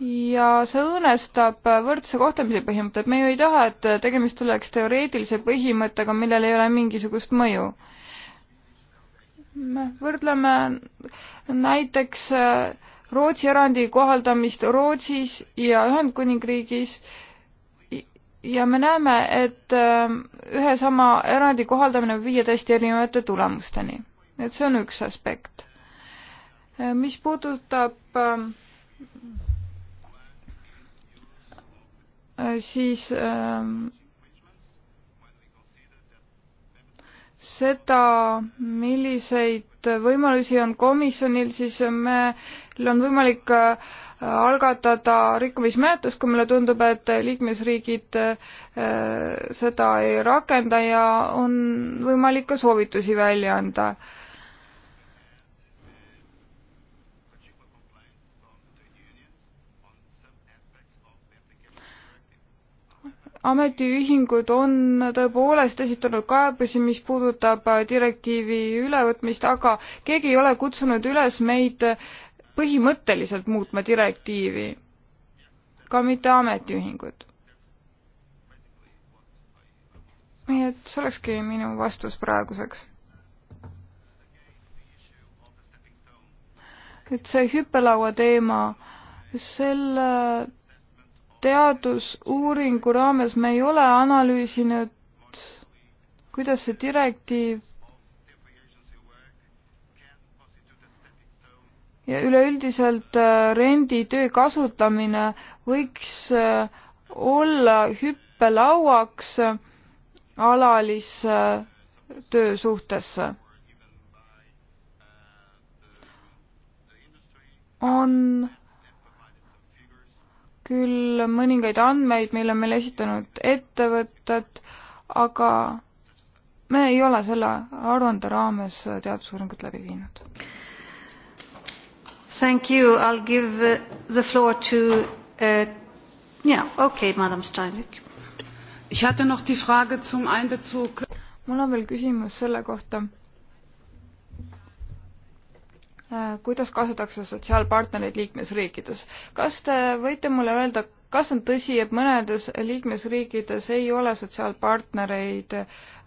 ja see õõnestab võrdse kohtlemise põhimõtet. me ju ei taha, et tegemist oleks teoreetilise põhimõttega, millel ei ole mingisugust mõju. me võrdleme näiteks äh, Rootsi erandi kohaldamist Rootsis ja Ühendkuningriigis ja me näeme, et ähm, ühe sama erandi kohaldamine võib viia täiesti erinevate tulemusteni. et see on üks aspekt. Äh, mis puudutab ähm, äh, siis ähm, seda, milliseid võimalusi on komisjonil, siis meil on võimalik äh, algatada rikkumismenetlus, kui meile tundub, et liikmesriigid äh, seda ei rakenda ja on võimalik ka soovitusi välja anda ametiühingud on tõepoolest esitanud kaebusi, mis puudutab äh, direktiivi ülevõtmist, aga keegi ei ole kutsunud üles meid äh, põhimõtteliselt muutma direktiivi, ka mitte ametiühingud. nii et see olekski minu vastus praeguseks. et see hüppelaua teema, selle teadusuuringu raames me ei ole analüüsinud, kuidas see direktiiv ja üleüldiselt äh, renditöö kasutamine võiks äh, olla hüppelauaks äh, alalisse töö suhtesse. on küll mõningaid andmeid, mille on meile esitanud ettevõtted, aga me ei ole selle aruande raames teadusuuringut läbi viinud. Thank you, I will give uh, the floor to uh, yeah, okay, madam Steinbeck. Ich hatte noch die Frage zum Einbezug. mul on veel küsimus selle kohta Äh, kuidas kaasatakse sotsiaalpartnereid liikmesriikides. kas te võite mulle öelda, kas on tõsi, et mõnedes liikmesriikides ei ole sotsiaalpartnereid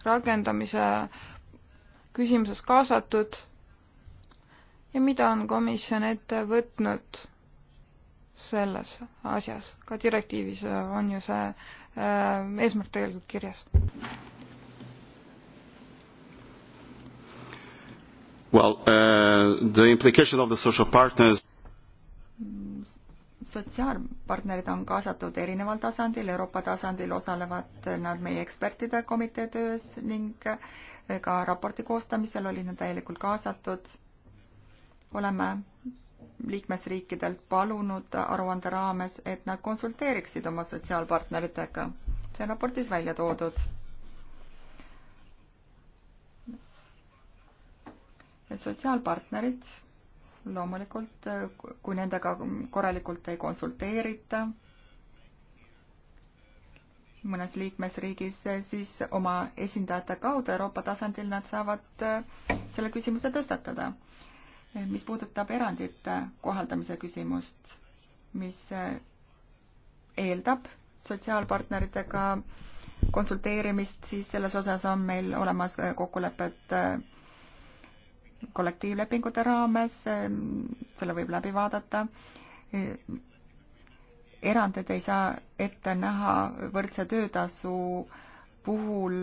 rakendamise küsimuses kaasatud ja mida on komisjon ette võtnud selles asjas? ka direktiivis on ju see äh, eesmärk tegelikult kirjas. Well, uh, the implication of the social partners sotsiaalpartnerid on kaasatud erineval tasandil, Euroopa tasandil osalevad nad meie ekspertide komitee töös ning eh, ka raporti koostamisel olid nad täielikult kaasatud. oleme liikmesriikidelt palunud aruande raames, et nad konsulteeriksid oma sotsiaalpartneritega. see on raportis välja toodud sotsiaalpartnerid loomulikult, kui nendega korralikult ei konsulteerita mõnes liikmesriigis, siis oma esindajate kaudu Euroopa tasandil nad saavad eh, selle küsimuse tõstatada. mis puudutab erandite kohaldamise küsimust, mis eh, eeldab sotsiaalpartneritega konsulteerimist, siis selles osas on meil olemas eh, kokkulepped kollektiivlepingute raames, ehm, selle võib läbi vaadata. erandid ei saa ette näha võrdse töötasu puhul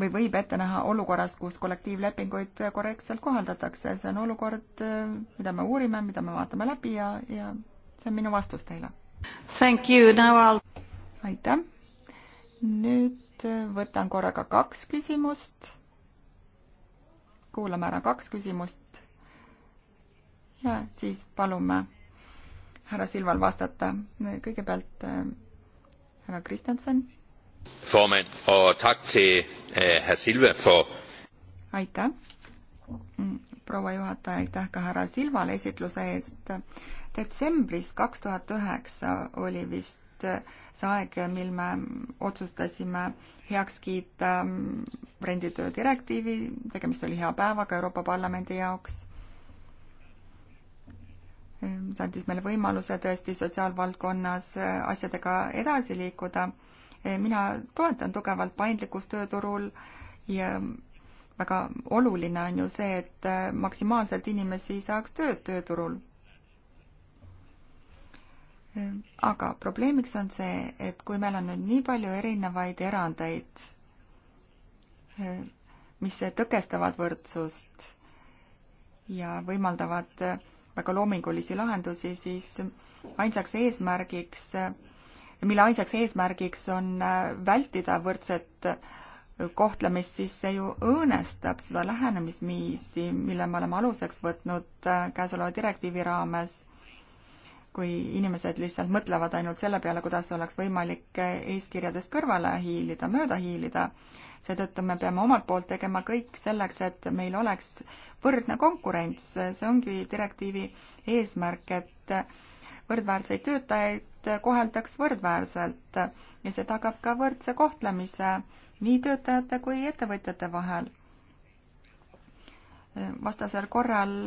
või võib ette näha olukorras, kus kollektiivlepinguid korrektselt kohaldatakse. see on olukord, ehm, mida me uurime, mida me vaatame läbi ja, ja see on minu vastus teile. aitäh. nüüd võtan korraga kaks küsimust kuulame ära kaks küsimust ja siis palume härra Silval vastata. kõigepealt äh, härra Kristjanson. Øh, aitäh, mm, proua juhataja, aitäh ka härra Silvale esitluse eest. detsembris kaks tuhat üheksa oli vist et see aeg, mil me otsustasime heaks kiita mm, renditöö direktiivi, tegemist oli hea päevaga Euroopa Parlamendi jaoks, see andis meile võimaluse tõesti sotsiaalvaldkonnas asjadega edasi liikuda. mina toetan tugevalt paindlikkust tööturul ja väga oluline on ju see, et maksimaalselt inimesi saaks tööd tööturul aga probleemiks on see, et kui meil on nüüd nii palju erinevaid erandeid, mis tõkestavad võrdsust ja võimaldavad väga loomingulisi lahendusi, siis ainsaks eesmärgiks, mille ainsaks eesmärgiks on vältida võrdset kohtlemist, siis see ju õõnestab seda lähenemisviisi, mille me oleme aluseks võtnud käesoleva direktiivi raames kui inimesed lihtsalt mõtlevad ainult selle peale, kuidas oleks võimalik eeskirjadest kõrvale hiilida, mööda hiilida. seetõttu me peame omalt poolt tegema kõik selleks, et meil oleks võrdne konkurents, see ongi direktiivi eesmärk, et võrdväärseid töötajaid koheldaks võrdväärselt ja see tagab ka võrdse kohtlemise nii töötajate kui ettevõtjate vahel. vastasel korral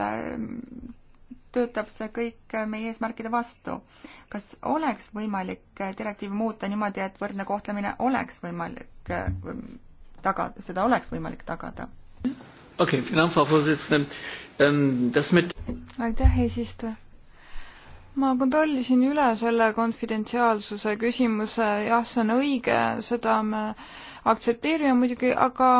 töötab see kõik meie eesmärkide vastu. kas oleks võimalik direktiivi muuta niimoodi, et võrdne kohtlemine oleks võimalik tagada, seda oleks võimalik tagada? okei okay,, finantsvabadusest, ähm, aitäh, eesistuja ma kontrollisin üle selle konfidentsiaalsuse küsimuse, jah, see on õige, seda me aktsepteerime muidugi, aga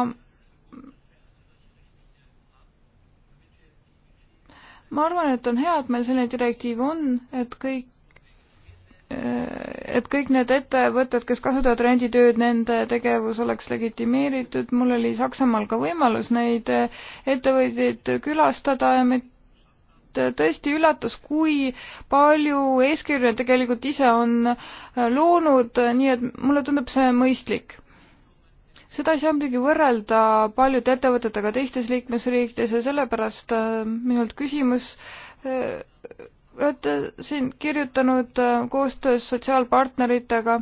ma arvan, et on hea, et meil selline direktiiv on, et kõik, et kõik need ettevõtted, kes kasutavad renditööd, nende tegevus oleks legitimeeritud. mul oli Saksamaal ka võimalus neid ettevõtjaid külastada ja mind tõesti üllatas, kui palju eeskirju tegelikult ise on loonud, nii et mulle tundub see mõistlik seda ei saa muidugi võrrelda paljude ettevõtetega teistes liikmesriikides ja sellepärast äh, minult küsimus, äh, olete siin kirjutanud äh, koostöös sotsiaalpartneritega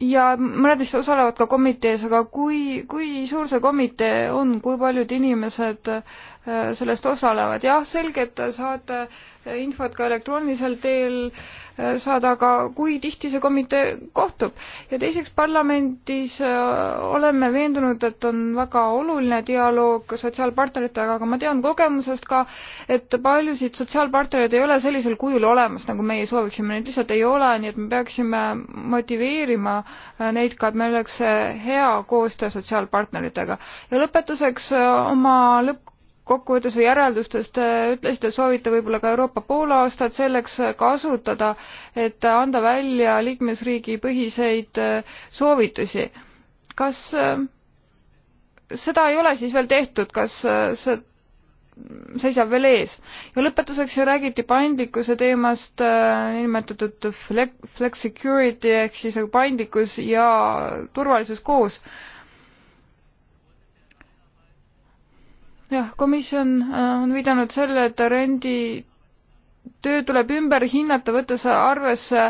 ja mõned vist osalevad ka komitees, aga kui, kui suur see komitee on, kui paljud inimesed sellest osalevad? jah, selge, et saate infot ka elektroonilisel teel äh, saada, aga kui tihti see komitee kohtub? ja teiseks, parlamendis äh, oleme veendunud, et on väga oluline dialoog sotsiaalpartneritega, aga ma tean kogemusest ka, et paljusid sotsiaalpartnereid ei ole sellisel kujul olemas, nagu meie sooviksime, neid lihtsalt ei ole, nii et me peaksime motiveerima äh, neid ka, et meil oleks hea koostöö sotsiaalpartneritega. ja lõpetuseks äh, oma lõpp kokkuvõttes või järeldustest ütlesite, et soovite võib-olla ka Euroopa poolaastat selleks kasutada, et anda välja liikmesriigi põhiseid äh, soovitusi. kas äh, seda ei ole siis veel tehtud, kas äh, see seisab veel ees? ja lõpetuseks ju räägiti paindlikkuse teemast, niinimetatud flex, flex security ehk siis nagu paindlikkus ja turvalisus koos jah, komisjon äh, on viidanud selle, et renditöö tuleb ümber hinnata, võttes arvesse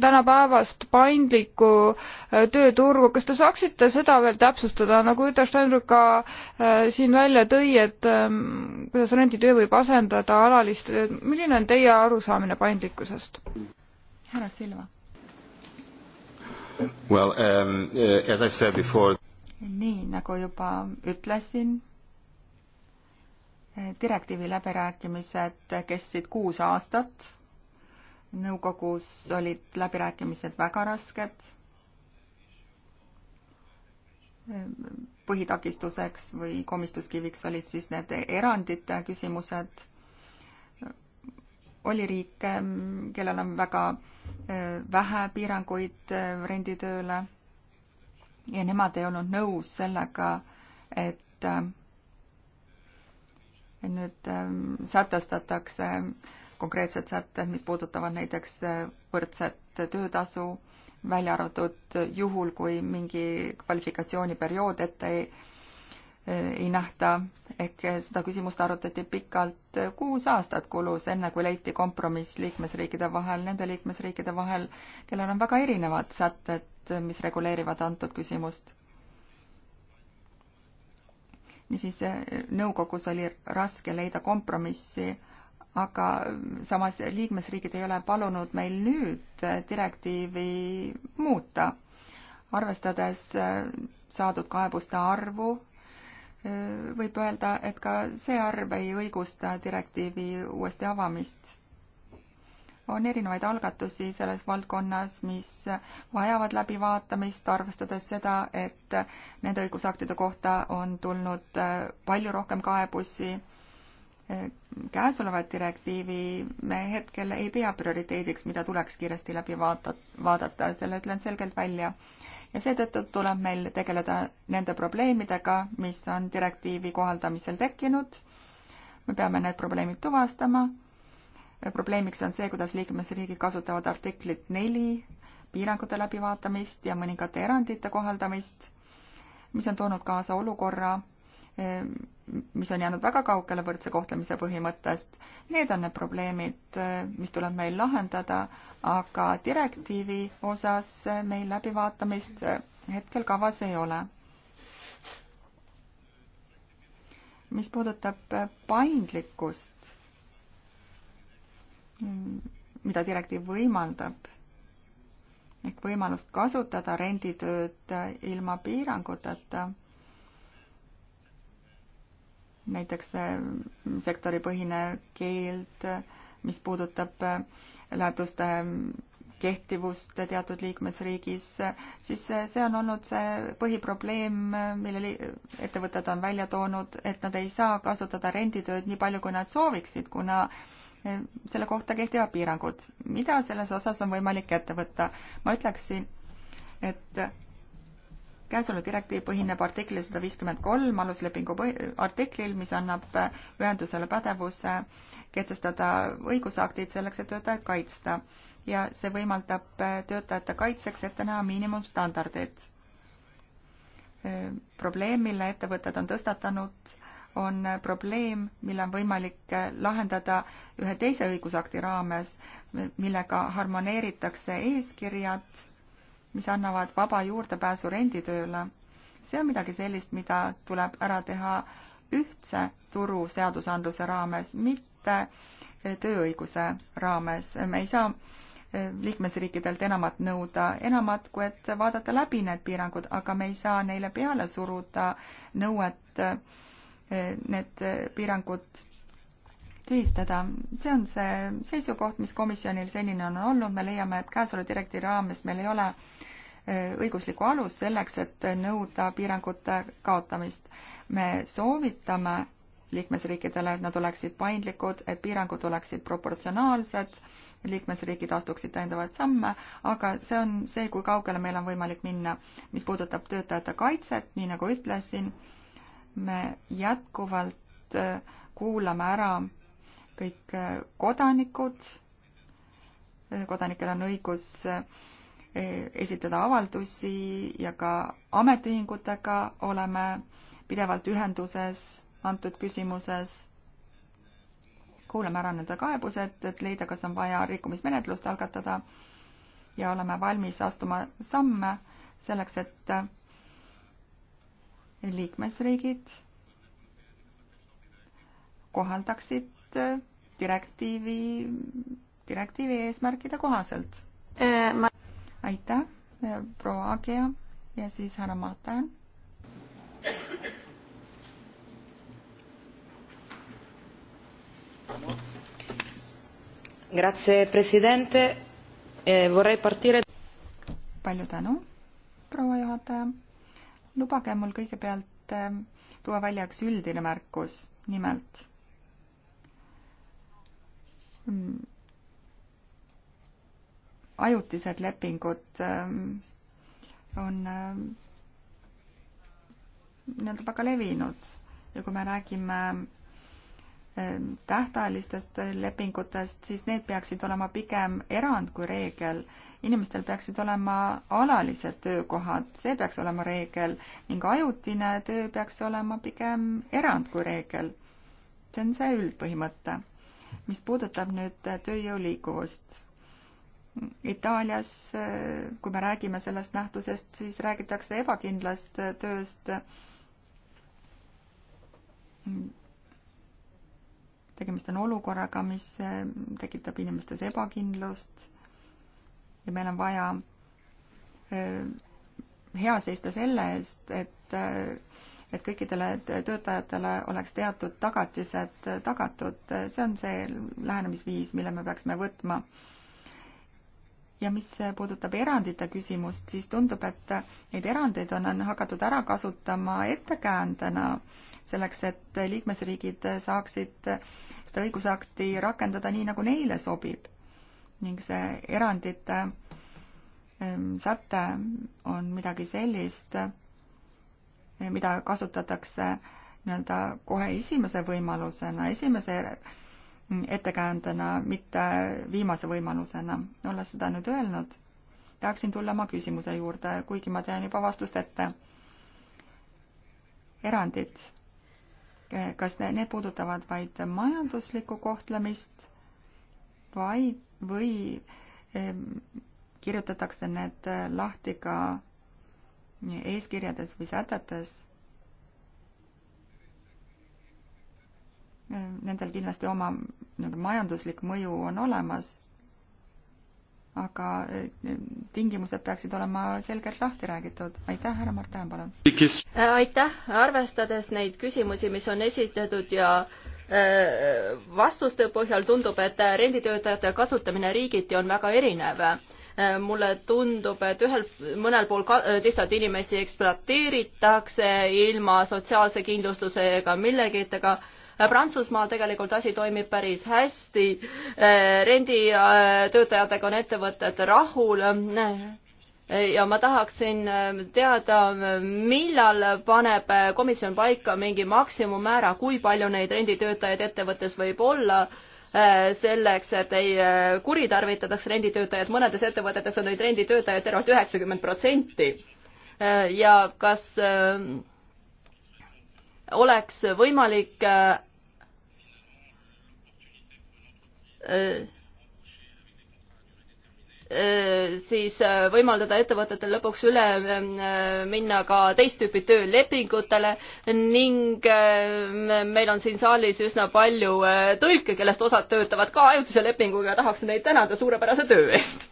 tänapäevast paindlikku äh, tööturgu, kas te saaksite seda veel täpsustada, nagu Üta Steinruck ka äh, siin välja tõi, et äh, kuidas renditöö võib asendada alalist tööd, milline on teie arusaamine paindlikkusest? härra Silva. Well um,, uh, as I said before. nii, nagu juba ütlesin direktiivi läbirääkimised kestsid kuus aastat. nõukogus olid läbirääkimised väga rasked. põhitakistuseks või komistuskiviks olid siis need erandite küsimused. oli riike, kellel on väga eh, vähe piiranguid eh, renditööle ja nemad ei olnud nõus sellega, et eh, nüüd ähm, sätestatakse konkreetsed sätted, mis puudutavad näiteks äh, võrdset töötasu, välja arvatud juhul, kui mingi kvalifikatsiooniperiood ette ei, äh, ei nähta. ehk seda küsimust arutati pikalt, äh, kuus aastat kulus, enne kui leiti kompromiss liikmesriikide vahel, nende liikmesriikide vahel, kellel on väga erinevad sätted, mis reguleerivad antud küsimust siis äh, nõukogus oli raske leida kompromissi, aga äh, samas liikmesriigid ei ole palunud meil nüüd äh, direktiivi muuta, arvestades saadud kaebuste arvu, võib öelda, et ka see arv ei õigusta direktiivi uuesti avamist on erinevaid algatusi selles valdkonnas, mis vajavad läbivaatamist, arvestades seda, et nende õigusaktide kohta on tulnud äh, palju rohkem kaebusi. Äh, käesolevat direktiivi me hetkel ei pea prioriteediks, mida tuleks kiiresti läbi vaata, vaadata, selle ütlen selgelt välja. ja seetõttu tuleb meil tegeleda nende probleemidega, mis on direktiivi kohaldamisel tekkinud. me peame need probleemid tuvastama probleemiks on see, kuidas liikmesriigid kasutavad artiklit neli, piirangute läbivaatamist ja mõningate erandite kohaldamist, mis on toonud kaasa olukorra, eh, mis on jäänud väga kaugele võrdse kohtlemise põhimõttest. Need on need probleemid, eh, mis tuleb meil lahendada, aga direktiivi osas meil läbivaatamist eh, hetkel kavas ei ole. mis puudutab paindlikkust, Mm, mida direktiiv võimaldab, ehk võimalust kasutada renditööd ilma piiranguteta, näiteks mm, sektoripõhine keeld, mis puudutab mm, lähetuste kehtivust teatud liikmesriigis, siis see on olnud see põhiprobleem, mille ettevõtted on välja toonud, et nad ei saa kasutada renditööd nii palju, kui nad sooviksid, kuna selle kohta kehtivad piirangud. mida selles osas on võimalik ette võtta? ma ütleksin, et käesolev direktiiv põhineb artiklil sada viiskümmend kolm aluslepingu artiklil, mis annab ühendusele pädevuse kehtestada õigusaktid selleks, et töötajaid kaitsta ja see võimaldab töötajate kaitseks ette näha miinimumstandardid. probleem, mille ettevõtted on tõstatanud on probleem, mille on võimalik äh, lahendada ühe teise õigusakti raames, millega harmoneeritakse eeskirjad, mis annavad vaba juurdepääsu renditööle. see on midagi sellist, mida tuleb ära teha ühtse turu seadusandluse raames, mitte äh, tööõiguse raames. me ei saa äh, liikmesriikidelt enamat nõuda, enamat kui et vaadata läbi need piirangud, aga me ei saa neile peale suruda nõuet äh, Eh, need eh, piirangud tühistada. see on see seisukoht, mis komisjonil senini on olnud, me leiame, et käesoleva direktiivi raames meil ei ole eh, õiguslikku alust selleks, et nõuda piirangute kaotamist. me soovitame liikmesriikidele, et nad oleksid paindlikud, et piirangud oleksid proportsionaalsed, liikmesriigid astuksid täiendavaid samme, aga see on see, kui kaugele meil on võimalik minna. mis puudutab töötajate kaitset, nii nagu ütlesin, me jätkuvalt äh, kuulame ära kõik äh, kodanikud, äh, kodanikel on õigus esitada avaldusi ja ka ametiühingutega oleme pidevalt ühenduses antud küsimuses. kuulame ära nende kaebused, et leida, kas on vaja rikkumismenetlust algatada ja oleme valmis astuma samme selleks, et liikmesriigid kohaldaksid direktiivi, direktiivi eesmärkide kohaselt äh,. Ma... aitäh, proua Agia ja siis härra Marten. Grazie Presidente eh,, vorrei partire. palju tänu, proua juhataja lubage mul kõigepealt ähm, tuua välja üks üldine märkus, nimelt mm, ajutised lepingud ähm, on ähm, nii-öelda väga levinud ja kui me räägime Ähm, tähtajalistest lepingutest, siis need peaksid olema pigem erand kui reegel. inimestel peaksid olema alalised töökohad, see peaks olema reegel ning ajutine töö peaks olema pigem erand kui reegel. see on see üldpõhimõte. mis puudutab nüüd äh, tööjõu liikuvust, Itaalias, äh, kui me räägime sellest nähtusest, siis räägitakse ebakindlast äh, tööst tegemist on olukorraga, mis eh, tekitab inimestes ebakindlust ja meil on vaja eh, hea seista selle eest, et, eh, et kõikidele töötajatele oleks teatud tagatised tagatud, see on see lähenemisviis, mille me peaksime võtma ja mis puudutab erandite küsimust, siis tundub, et neid erandeid on, on hakatud ära kasutama ettekäändena selleks, et liikmesriigid saaksid seda õigusakti rakendada nii, nagu neile sobib. ning see erandite säte on midagi sellist, mida kasutatakse nii-öelda kohe esimese võimalusena, esimese ettekäändena, mitte viimase võimalusena. olles seda nüüd öelnud, tahaksin tulla oma küsimuse juurde, kuigi ma tean juba vastust ette. erandid, kas need puudutavad vaid majanduslikku kohtlemist vaid, või kirjutatakse need lahti ka eeskirjades või sätetes nendel kindlasti oma nii-öelda majanduslik mõju on olemas, aga eh, tingimused peaksid olema selgelt lahti räägitud. aitäh, härra Mart Tähen, palun! aitäh, arvestades neid küsimusi, mis on esitatud ja eh, vastuste põhjal tundub, et renditöötajate kasutamine riigiti on väga erinev eh, mulle tundub, et ühel, mõnel pool ka, lihtsalt inimesi ekspluateeritakse ilma sotsiaalse kindlustuse ega millegitega Prantsusmaal tegelikult asi toimib päris hästi, eh, renditöötajatega on ettevõtted rahul eh, ja ma tahaksin eh, teada, millal paneb komisjon paika mingi maksimummäära, kui palju neid renditöötajaid ettevõttes võib olla, selleks, et ei kuritarvitataks renditöötajaid, mõnedes ettevõtetes on neid renditöötajaid tervelt üheksakümmend protsenti. ja kas äh, oleks võimalik äh, äh, äh, siis võimaldada ettevõtetel lõpuks üle minna ka teist tüüpi töölepingutele ning meil on siin saalis üsna palju tõlke, kellest osad töötavad ka ajutise lepinguga ja tahaksin neid tänada suurepärase töö eest.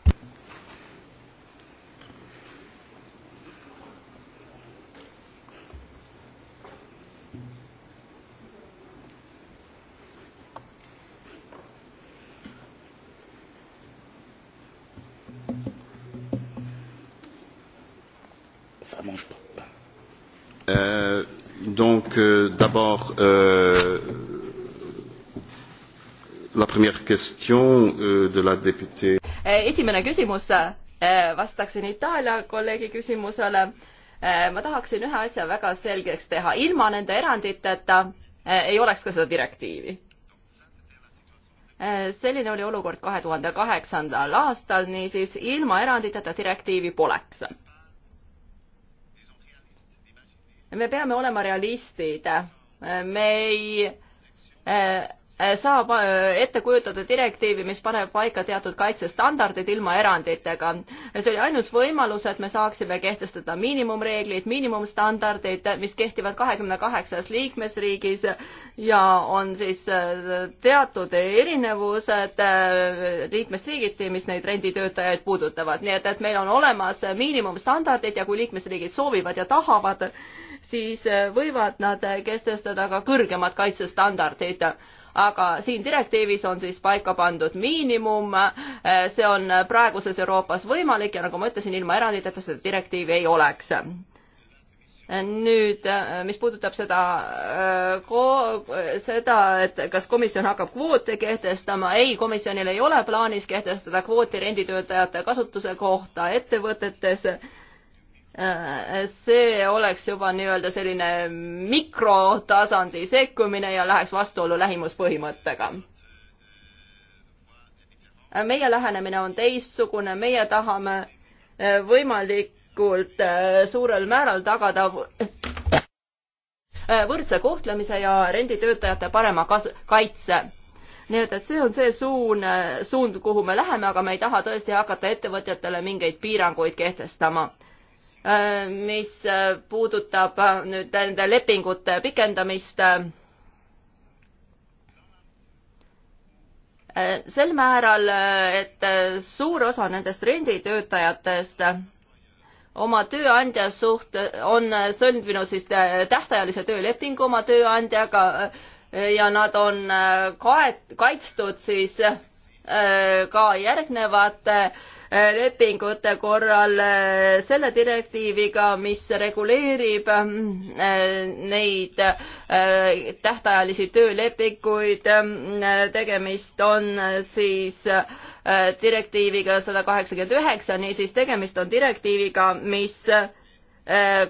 Euh, donc, euh, d'abord, euh, la première question euh, de la députée. Euh, esimene küsimus äh, vastaksin Itaalia kolleegi küsimusele. Äh, ma tahaksin ühe asja väga selgeks teha, ilma nende eranditeta äh, ei oleks ka seda direktiivi selline oli olukord kahe tuhande kaheksandal aastal, niisiis ilma eranditeta direktiivi poleks me peame olema realistid, me ei eh, saab ette kujutada direktiivi, mis paneb paika teatud kaitsestandardid ilma eranditega. see oli ainus võimalus, et me saaksime kehtestada miinimumreeglid, miinimumstandardid, mis kehtivad kahekümne kaheksas liikmesriigis ja on siis eh, teatud erinevused eh, liikmesriigiti, mis neid renditöötajaid puudutavad. nii et, et meil on olemas miinimumstandardid ja kui liikmesriigid soovivad ja tahavad, siis äh, võivad nad äh, kehtestada ka kõrgemad kaitsestandardid aga siin direktiivis on siis paika pandud miinimum, äh, see on praeguses Euroopas võimalik ja nagu ma ütlesin, ilma eranditeta seda direktiivi ei oleks. nüüd, mis puudutab seda, seda, et kas komisjon hakkab kvoote kehtestama, ei, komisjonil ei ole plaanis kehtestada kvooti renditöötajate kasutuse kohta ettevõtetes Äh, see oleks juba nii-öelda selline mikrotasandi sekkumine ja läheks vastuollu lähimuspõhimõttega. Äh, meie lähenemine on teistsugune, meie tahame äh, võimalikult suurel määral tagada võrdse kohtlemise ja renditöötajate parema kas-, kaitse nii et, et see on see suun, suund, kuhu me läheme, aga me ei taha tõesti hakata ettevõtjatele mingeid piiranguid kehtestama Äh, mis äh, puudutab äh, nüüd nende lepingute pikendamist sel määral, et suur osa nendest renditöötajatest oma tööandja suht- on sõlminud siis tähtajalise töölepingu oma tööandjaga ja nad on kaet-, kaitstud siis ka järgnevate äh, lepingute korral eh, selle direktiiviga, mis reguleerib eh, neid eh, tähtajalisi töölepinguid. tegemist on siis direktiiviga sada kaheksakümmend üheksa, niisiis tegemist on direktiiviga, mis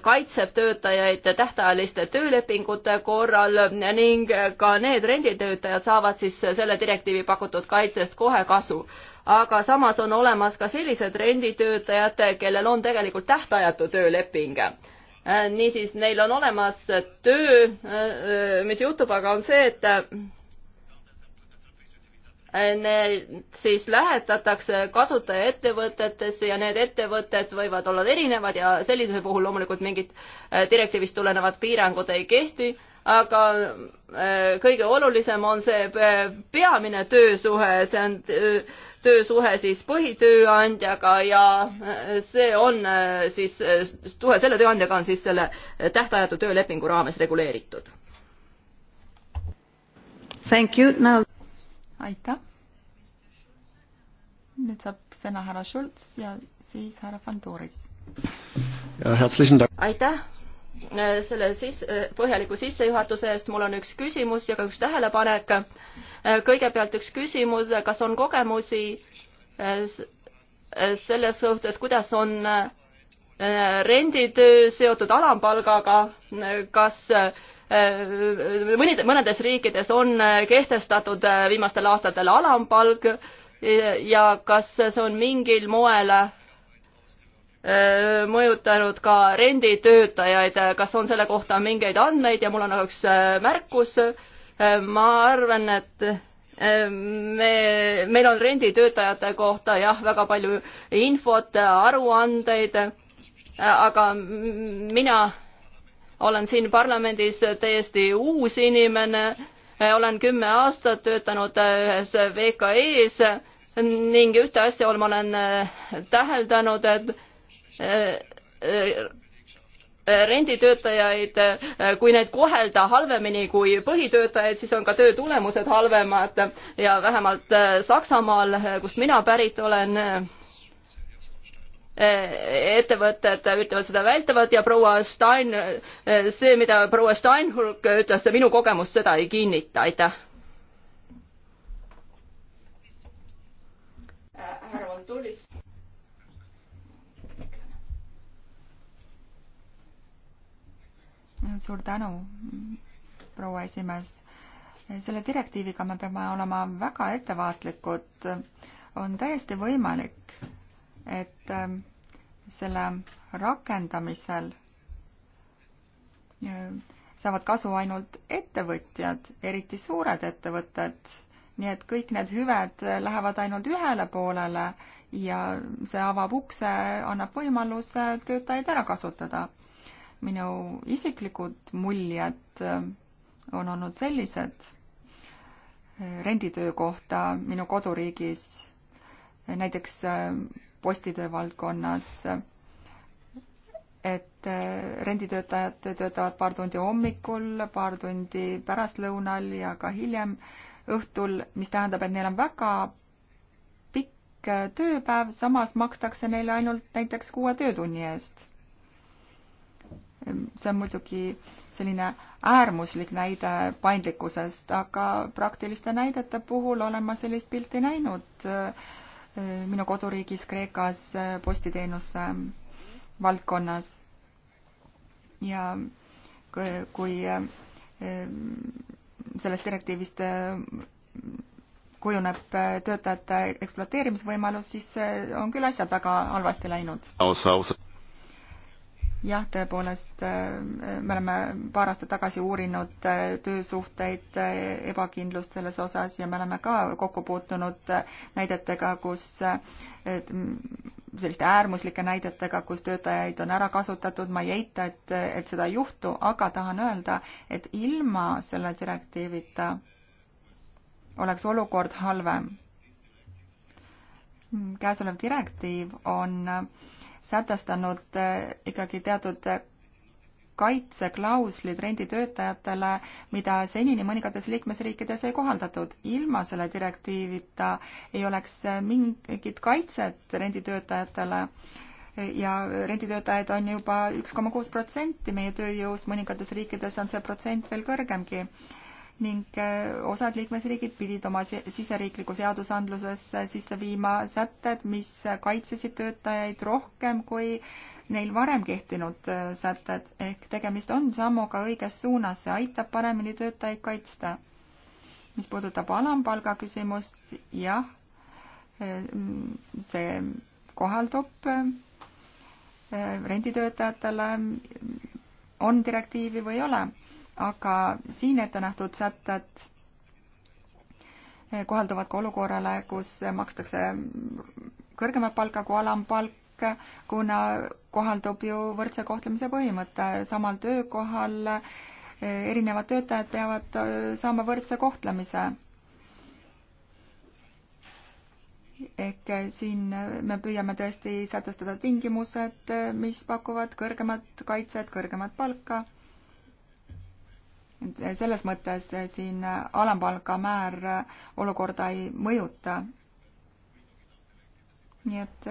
kaitseb töötajaid tähtajaliste töölepingute korral ning ka need renditöötajad saavad siis selle direktiivi pakutud kaitsest kohe kasu aga samas on olemas ka sellised renditöötajad, kellel on tegelikult tähtajatu tööleping. Äh, niisiis, neil on olemas töö, äh, mis juhtub, aga on see, et äh, need siis lähetatakse kasutajaettevõtetesse ja need ettevõtted võivad olla erinevad ja sellisel puhul loomulikult mingid direktiivist tulenevad piirangud ei kehti aga kõige olulisem on see peamine töösuhe, see on töösuhe siis põhitööandjaga ja äh, see on äh, siis, suhe äh, selle tööandjaga on siis selle tähtajatu töölepingu raames reguleeritud. Thank you, no aitäh. nüüd saab sõna härra Schultz ja siis härra Fandoris. aitäh selle siis põhjaliku sissejuhatuse eest, mul on üks küsimus ja ka üks tähelepanek Äh, kõigepealt üks küsimus, kas on kogemusi äh, äh, selles suhtes, kuidas on renditöö seotud alampalgaga, kas mõni, mõnedes riikides on kehtestatud viimastel aastatel alampalk ja kas see on mingil moel mõjutanud ka renditöötajaid, kas on selle kohta mingeid andmeid ja mul on üks märkus Äh, ma arvan, et äh, me, meil on renditöötajate kohta jah, väga palju infot, aruandeid, äh, aga mina olen siin parlamendis täiesti uus inimene, olen kümme aastat töötanud ühes VKE-s ning ühte asja ma olen täheldanud, et Äh, renditöötajaid, äh, kui neid kohelda halvemini kui põhitöötajaid, siis on ka töö tulemused halvemad ja vähemalt äh, Saksamaal, kust mina pärit olen, ettevõtted üritavad seda vältavad ja proua Stein, see, mida proua Steinhulk ütles, minu kogemus seda ei kinnita, aitäh. härra Vantulis. suur tänu, proua esimees. selle direktiiviga me peame olema väga ettevaatlikud. on täiesti võimalik, et ähm, selle rakendamisel äh, saavad kasu ainult ettevõtjad, eriti suured ettevõtted, nii et kõik need hüved lähevad ainult ühele poolele ja see avab ukse, annab võimaluse töötajaid ära kasutada minu isiklikud muljed äh, on olnud sellised renditöö kohta minu koduriigis, äh, näiteks äh, postitöö valdkonnas, et renditöötajad töötavad paar tundi hommikul, paar tundi pärastlõunal ja ka hiljem õhtul, mis tähendab, et neil on väga pikk tööpäev, samas makstakse neile ainult näiteks kuue töötunni eest see on muidugi selline äärmuslik näide paindlikkusest, aga praktiliste näidete puhul olen ma sellist pilti näinud eh, minu koduriigis Kreekas eh, postiteenuse valdkonnas. ja kui eh, sellest direktiivist kujuneb töötajate ekspluateerimisvõimalus, siis on küll asjad väga halvasti läinud jah, tõepoolest äh, me oleme paar aastat tagasi uurinud äh, töösuhteid, äh, ebakindlust selles osas ja me oleme ka kokku puutunud näidetega, kus mm, selliste äärmuslike näidetega, kus töötajaid on ära kasutatud, ma ei eita, et, et seda ei juhtu, aga tahan öelda, et ilma selle direktiivita oleks olukord halvem. käesolev direktiiv on äh, sätestanud äh, ikkagi teatud äh, kaitseklauslid renditöötajatele, mida senini mõningates liikmesriikides ei kohaldatud. ilma selle direktiivita ei oleks äh, mingit kaitset renditöötajatele ja renditöötajaid on juba üks koma kuus protsenti meie tööjõust, mõningates riikides on see protsent veel kõrgemgi ning äh, osad liikmesriigid pidid oma siseriikliku seadusandlusesse sisse viima sätted, mis kaitsesid töötajaid rohkem kui neil varem kehtinud äh, sätted ehk tegemist on sammuga õiges suunas, see aitab paremini töötajaid kaitsta. mis puudutab alampalga küsimust, jah, äh, see kohaldub renditöötajatele, mm, on direktiivi või ei ole aga siin ette nähtud sätted kohalduvad ka olukorrale, kus makstakse kõrgemat palka kui alampalk, kuna kohaldub ju võrdse kohtlemise põhimõte, samal töökohal erinevad töötajad peavad saama võrdse kohtlemise. ehk siin me püüame tõesti sätestada tingimused, mis pakuvad kõrgemat kaitset, kõrgemat palka selles mõttes eh, siin eh, alampalga määr eh, olukorda ei mõjuta. nii et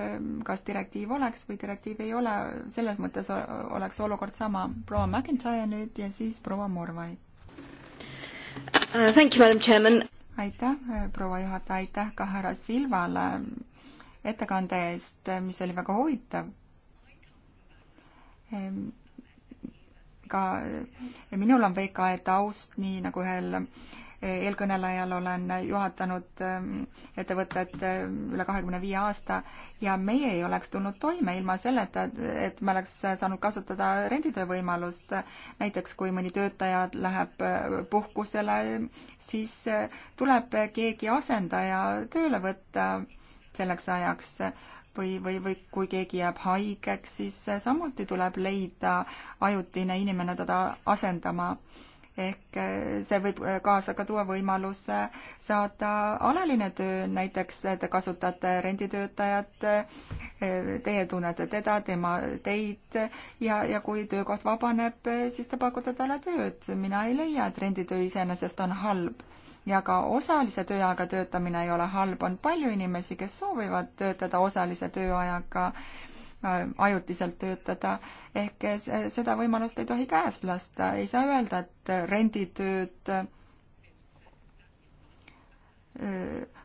kas direktiiv oleks või direktiiv ei ole, selles mõttes oleks olukord sama. proua McIntyre nüüd ja siis proua Morvai uh,. Thank you, madam chairman. aitäh, proua juhataja, aitäh ka härra Silvale ettekande eest, mis oli väga huvitav ka, minul on VKE taust, nii nagu ühel eelkõnelejal olen juhatanud ähm, ettevõtet ähm, üle kahekümne viie aasta ja meie ei oleks tulnud toime ilma selleta, et me oleks saanud kasutada renditöövõimalust. näiteks kui mõni töötaja läheb äh, puhkusele, siis äh, tuleb keegi asendaja tööle võtta selleks ajaks või, või, või kui keegi jääb haigeks, siis samuti tuleb leida ajutine inimene teda asendama. ehk eh, see võib eh, kaasa ka tuua võimaluse saada alaline töö, näiteks eh, te kasutate renditöötajat, teie tunnete teda, tema teid ja, ja kui töökoht vabaneb, siis te pakute talle tööd. mina ei leia, et renditöö iseenesest on halb ja ka osalise tööajaga töötamine ei ole halb, on palju inimesi, kes soovivad töötada osalise tööajaga, äh, ajutiselt töötada, ehk seda võimalust ei tohi käest lasta, ei saa öelda, et renditööd äh,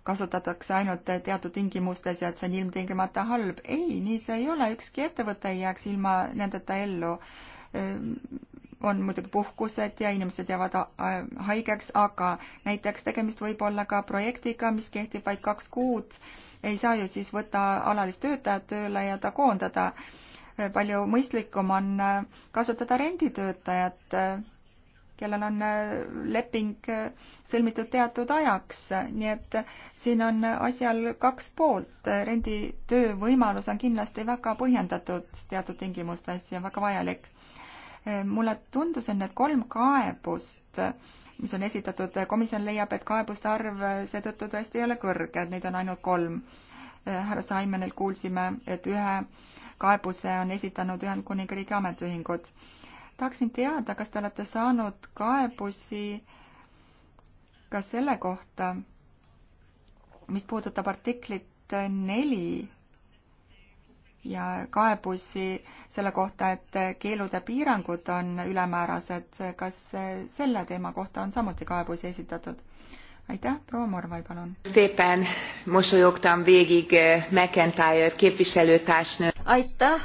kasutatakse ainult teatud tingimustes ja et see on ilmtingimata halb. ei, nii see ei ole, ükski ettevõte ei jääks ilma nendeta ellu äh, on muidugi puhkused ja inimesed jäävad äh, haigeks, aga näiteks tegemist võib olla ka projektiga, mis kehtib vaid kaks kuud. ei saa ju siis võtta alalist töötajat tööle ja ta koondada. Äh, palju mõistlikum on äh, kasutada renditöötajat, kellel on leping sõlmitud teatud ajaks, nii et siin on asjal kaks poolt. renditöö võimalus on kindlasti väga põhjendatud teatud tingimustes ja väga vajalik mulle tundus, et need kolm kaebust, mis on esitatud, komisjon leiab, et kaebuste arv seetõttu tõesti ei ole kõrge, et neid on ainult kolm. härra Saimenilt kuulsime, et ühe kaebuse on esitanud Ühendkuningriigi ametiühingud. tahaksin teada, kas te olete saanud kaebusi ka selle kohta, mis puudutab artiklit neli ja kaebusi selle kohta, et keelud ja piirangud on ülemäärased. kas selle teema kohta on samuti kaebusi esitatud? aitäh, proua Morvai, palun. Eh, aitäh.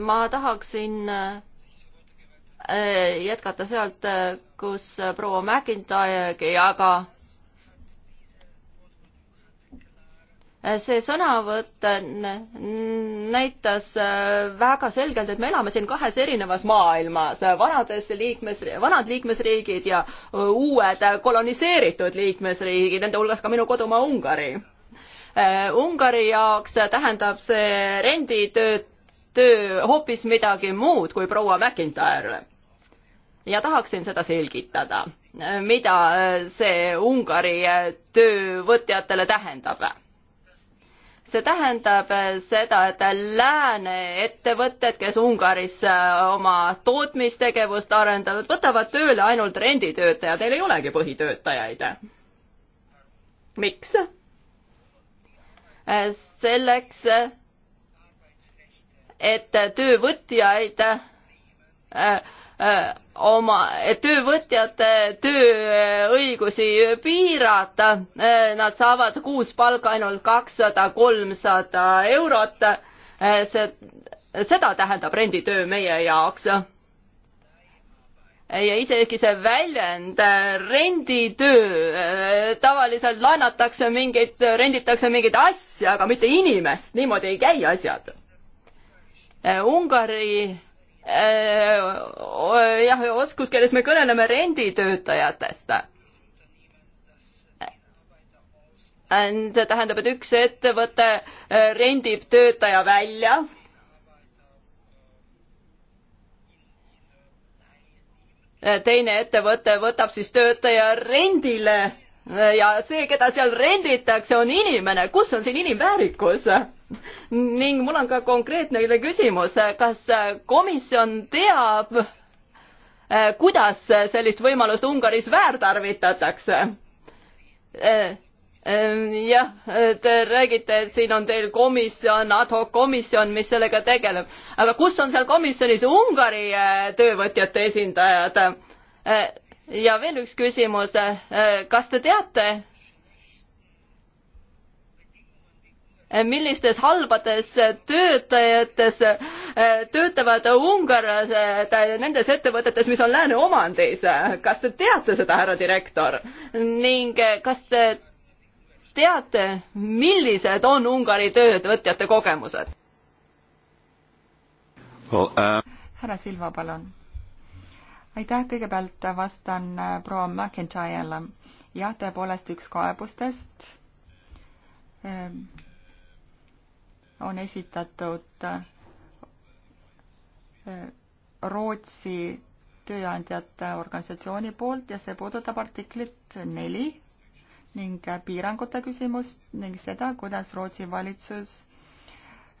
ma tahaksin eh, jätkata sealt, eh, kus proua McIntyre, aga see sõnavõtt näitas äh, väga selgelt, et me elame siin kahes erinevas maailmas, vanades liikmes, vanad liikmesriigid ja äh, uued koloniseeritud liikmesriigid, nende hulgas ka minu kodumaa Ungari. Äh, Ungari jaoks tähendab see renditöö, töö hoopis midagi muud kui proua McIntyre. ja tahaksin seda selgitada, mida see Ungari töövõtjatele tähendab see tähendab äh, seda, et lääne ettevõtted, kes Ungaris äh, oma tootmistegevust arendavad, võtavad tööle ainult renditöötajad, neil ei olegi põhitöötajaid. miks? Äh, selleks, et töövõtjaid äh, oma töövõtjate tööõigusi piirata, nad saavad kuus palka ainult kakssada, kolmsada eurot. see, seda tähendab renditöö meie jaoks ja isegi see väljend renditöö, tavaliselt laenatakse mingeid, renditakse mingeid asju, aga mitte inimest, niimoodi ei käi asjad. Ungari Äh, jah, oskuskeeles me kõneleme renditöötajatest. see tähendab, et üks ettevõte rendib töötaja välja teine ettevõte võtab siis töötaja rendile ja see, keda seal renditakse, on inimene, kus on siin inimväärikus? ning mul on ka konkreetne küsimus, kas komisjon teab, kuidas sellist võimalust Ungaris väärtarvitatakse? jah, te räägite, et siin on teil komisjon, ad hoc komisjon, mis sellega tegeleb, aga kus on seal komisjonis Ungari töövõtjate esindajad? ja veel üks küsimus, äh, kas te teate, millistes halbades töötajates äh, töötavad ungarlased äh, nendes ettevõtetes, mis on lääne omandis. kas te teate seda, härra direktor? ning kas te teate, millised on Ungari töövõtjate kogemused well,? Uh... härra Silva, palun aitäh, kõigepealt vastan äh, proua McIntyre'le. jah, tõepoolest üks kaebustest ähm, on esitatud äh, Rootsi tööandjate organisatsiooni poolt ja see puudutab artiklit neli ning äh, piirangute küsimust ning seda, kuidas Rootsi valitsus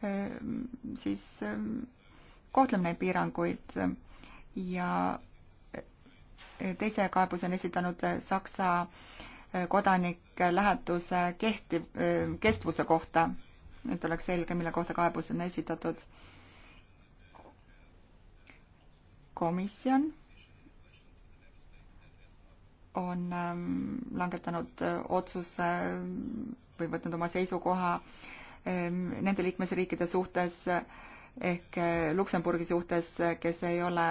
ähm, siis ähm, kohtleb neid piiranguid ja teise kaebuse on esitanud äh, Saksa äh, kodanike äh, lähetuse kehtiv, kestvuse kohta, et oleks selge, mille kohta kaebus on esitatud. komisjon on ähm, langetanud otsuse või võtnud oma seisukoha ähm, nende liikmesriikide suhtes, ehk eh, Luksemburgi suhtes, eh, kes ei ole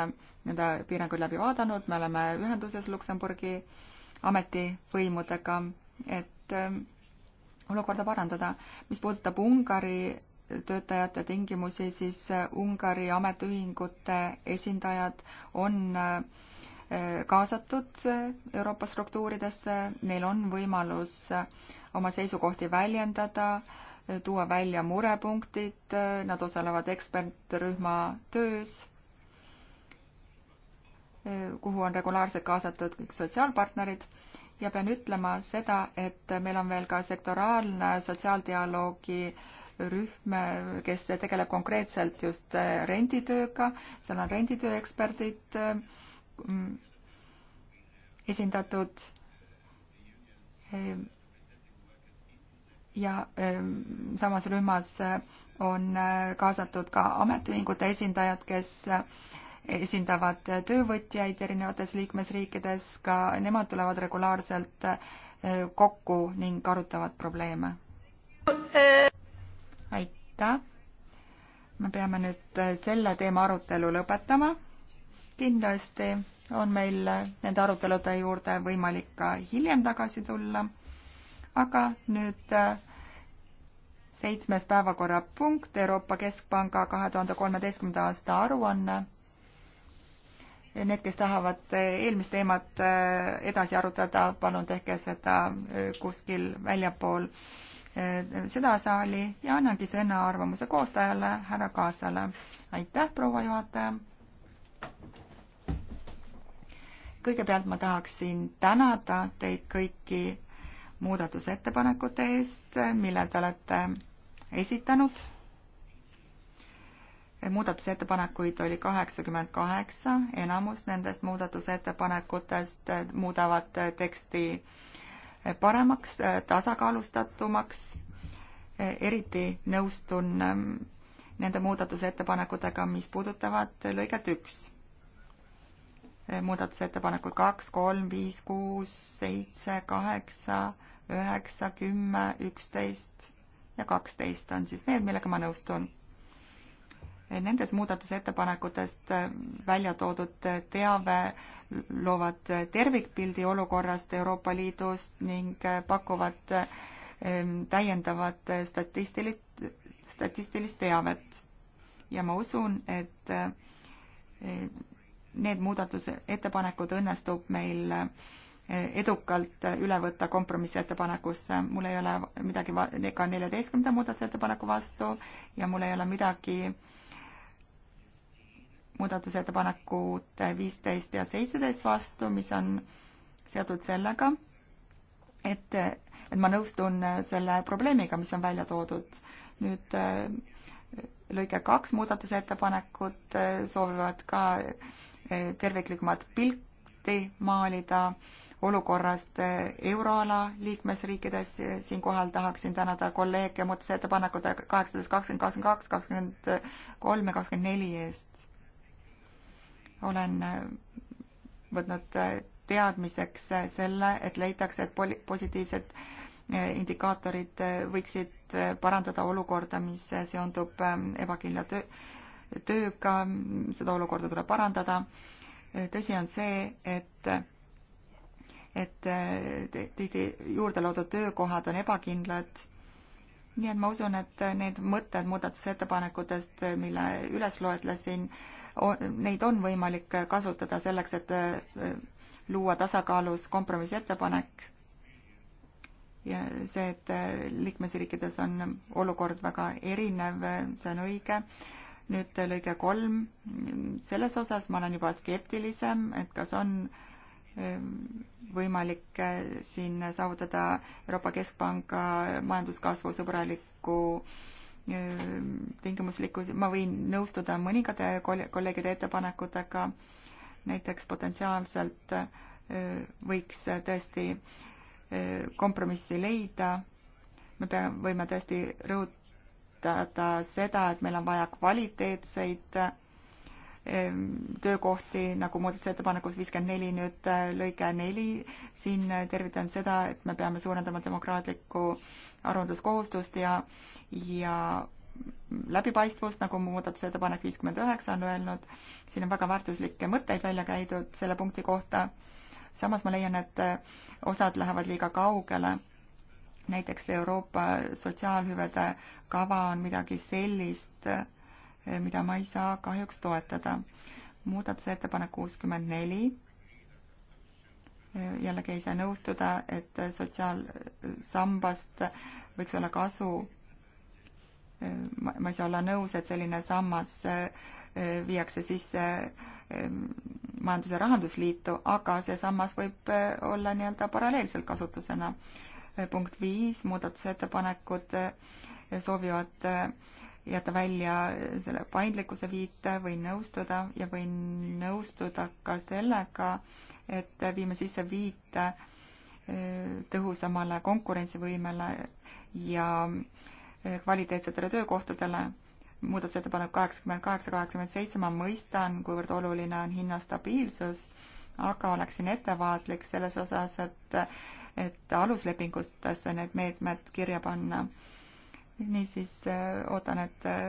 nende piiranguid läbi vaadanud, me oleme ühenduses Luksemburgi ametivõimudega, et eh, olukorda parandada. mis puudutab Ungari töötajate tingimusi, siis Ungari ametiühingute esindajad on kaasatud Euroopa struktuuridesse, neil on võimalus oma seisukohti väljendada tuua välja murepunktid, nad osalevad ekspertrühma töös, kuhu on regulaarselt kaasatud kõik sotsiaalpartnerid ja pean ütlema seda, et meil on veel ka sektoraalne sotsiaaldialoogi rühm, kes tegeleb konkreetselt just renditööga, seal on renditööeksperdid mm, esindatud ja ähm, samas rühmas äh, on äh, kaasatud ka ametiühingute esindajad, kes äh, esindavad töövõtjaid erinevates liikmesriikides, ka nemad tulevad regulaarselt kokku ning arutavad probleeme. aitäh! me peame nüüd selle teema arutelu lõpetama. kindlasti on meil nende arutelude juurde võimalik ka hiljem tagasi tulla. aga nüüd seitsmes päevakorrapunkt Euroopa Keskpanga kahe tuhande kolmeteistkümnenda aasta aruanne. Need, kes tahavad eh, eelmist teemat eh, edasi arutada, palun tehke seda eh, kuskil väljapool seda saali ja annangi sõna arvamuse koostajale, härra Kaasale. aitäh, proua juhataja. kõigepealt ma tahaksin tänada teid kõiki muudatusettepanekute eest, mille te olete esitanud. muudatusettepanekuid oli kaheksakümmend kaheksa, enamus nendest muudatusettepanekutest muudavad teksti paremaks, tasakaalustatumaks. eriti nõustun nende muudatusettepanekutega, mis puudutavad lõiget üks Äh, muudatusettepanekud kaks, kolm, viis, kuus, seitse, kaheksa, üheksa, kümme, üksteist ja kaksteist on siis need, millega ma nõustun. Äh, nendes muudatusettepanekutest äh, välja toodud teave loovad tervikpildi olukorrast Euroopa Liidus ning pakuvad ähm, täiendavat statistilist, statistilist teavet. ja ma usun, et need muudatusettepanekud õnnestub meil eh, edukalt üle võtta kompromissettepanekusse. mul ei ole midagi ka neljateistkümnenda muudatusettepaneku vastu ja mul ei ole midagi muudatusettepanekute viisteist ja seitseteist vastu, mis on seotud sellega, et, et ma nõustun selle probleemiga, mis on välja toodud. nüüd eh, lõige kaks muudatusettepanekut eh, soovivad ka äh, terviklikumat pilti maalida olukorrast euroala liikmesriikides. siinkohal tahaksin tänada kolleege muudatusettepanekute kaheksateist, kakskümmend, kakskümmend kaks, kakskümmend kolm ja kakskümmend neli eest. olen võtnud teadmiseks selle, et leitakse, et positiivsed indikaatorid võiksid parandada olukorda, mis seondub ebakindla töö tööga, seda olukorda tuleb parandada. tõsi on see, et et tihti juurde loodud töökohad on ebakindlad. nii et ma usun, et need mõtted muudatusettepanekutest, mille üles loetlesin, neid on võimalik kasutada selleks, et äh, luua tasakaalus kompromissettepanek. ja see, et äh, liikmesriikides on olukord väga erinev, see on õige nüüd lõige kolm, selles osas ma olen juba skeptilisem, et kas on ehm, võimalik eh, siin saavutada Euroopa Keskpanga majanduskasvu sõbralikku ehm, tingimuslikkus, ma võin nõustuda mõningate kolleegide ettepanekutega, näiteks potentsiaalselt eh, võiks tõesti eh, kompromissi leida, me pea-, võime tõesti rõhut-, rõhutada seda, et meil on vaja kvaliteetseid ehm, töökohti, nagu muudatusettepanekus viiskümmend neli nüüd äh, lõige neli, siin äh, tervitan seda, et me peame suurendama demokraatlikku aruandluskohustust ja, ja läbipaistvust, nagu muudatusettepanek viiskümmend üheksa on öelnud. siin on väga väärtuslikke mõtteid välja käidud selle punkti kohta. samas ma leian, et äh, osad lähevad liiga kaugele näiteks Euroopa sotsiaalhüvede kava on midagi sellist, eh, mida ma ei saa kahjuks toetada. muudatusettepanek kuuskümmend neli. Eh, jällegi ei saa nõustuda, et sotsiaalsambast võiks olla kasu. Eh, ma ei saa olla nõus, et selline sammas viiakse sisse majandus- ja rahandusliitu, aga see sammas võib olla nii-öelda paralleelselt kasutusena punkt viis, muudatusettepanekud eh, soovivad eh, jätta välja selle paindlikkuse viite, võin nõustuda ja võin nõustuda ka sellega, et viime sisse viite eh, tõhusamale konkurentsivõimele ja kvaliteetsetele töökohtadele. muudatusettepanek kaheksakümmend kaheksa, kaheksakümmend seitse, ma mõistan, kuivõrd oluline on hinnastabiilsus aga oleksin ettevaatlik selles osas, et, et aluslepingutesse need meetmed kirja panna. niisiis äh, ootan, et äh,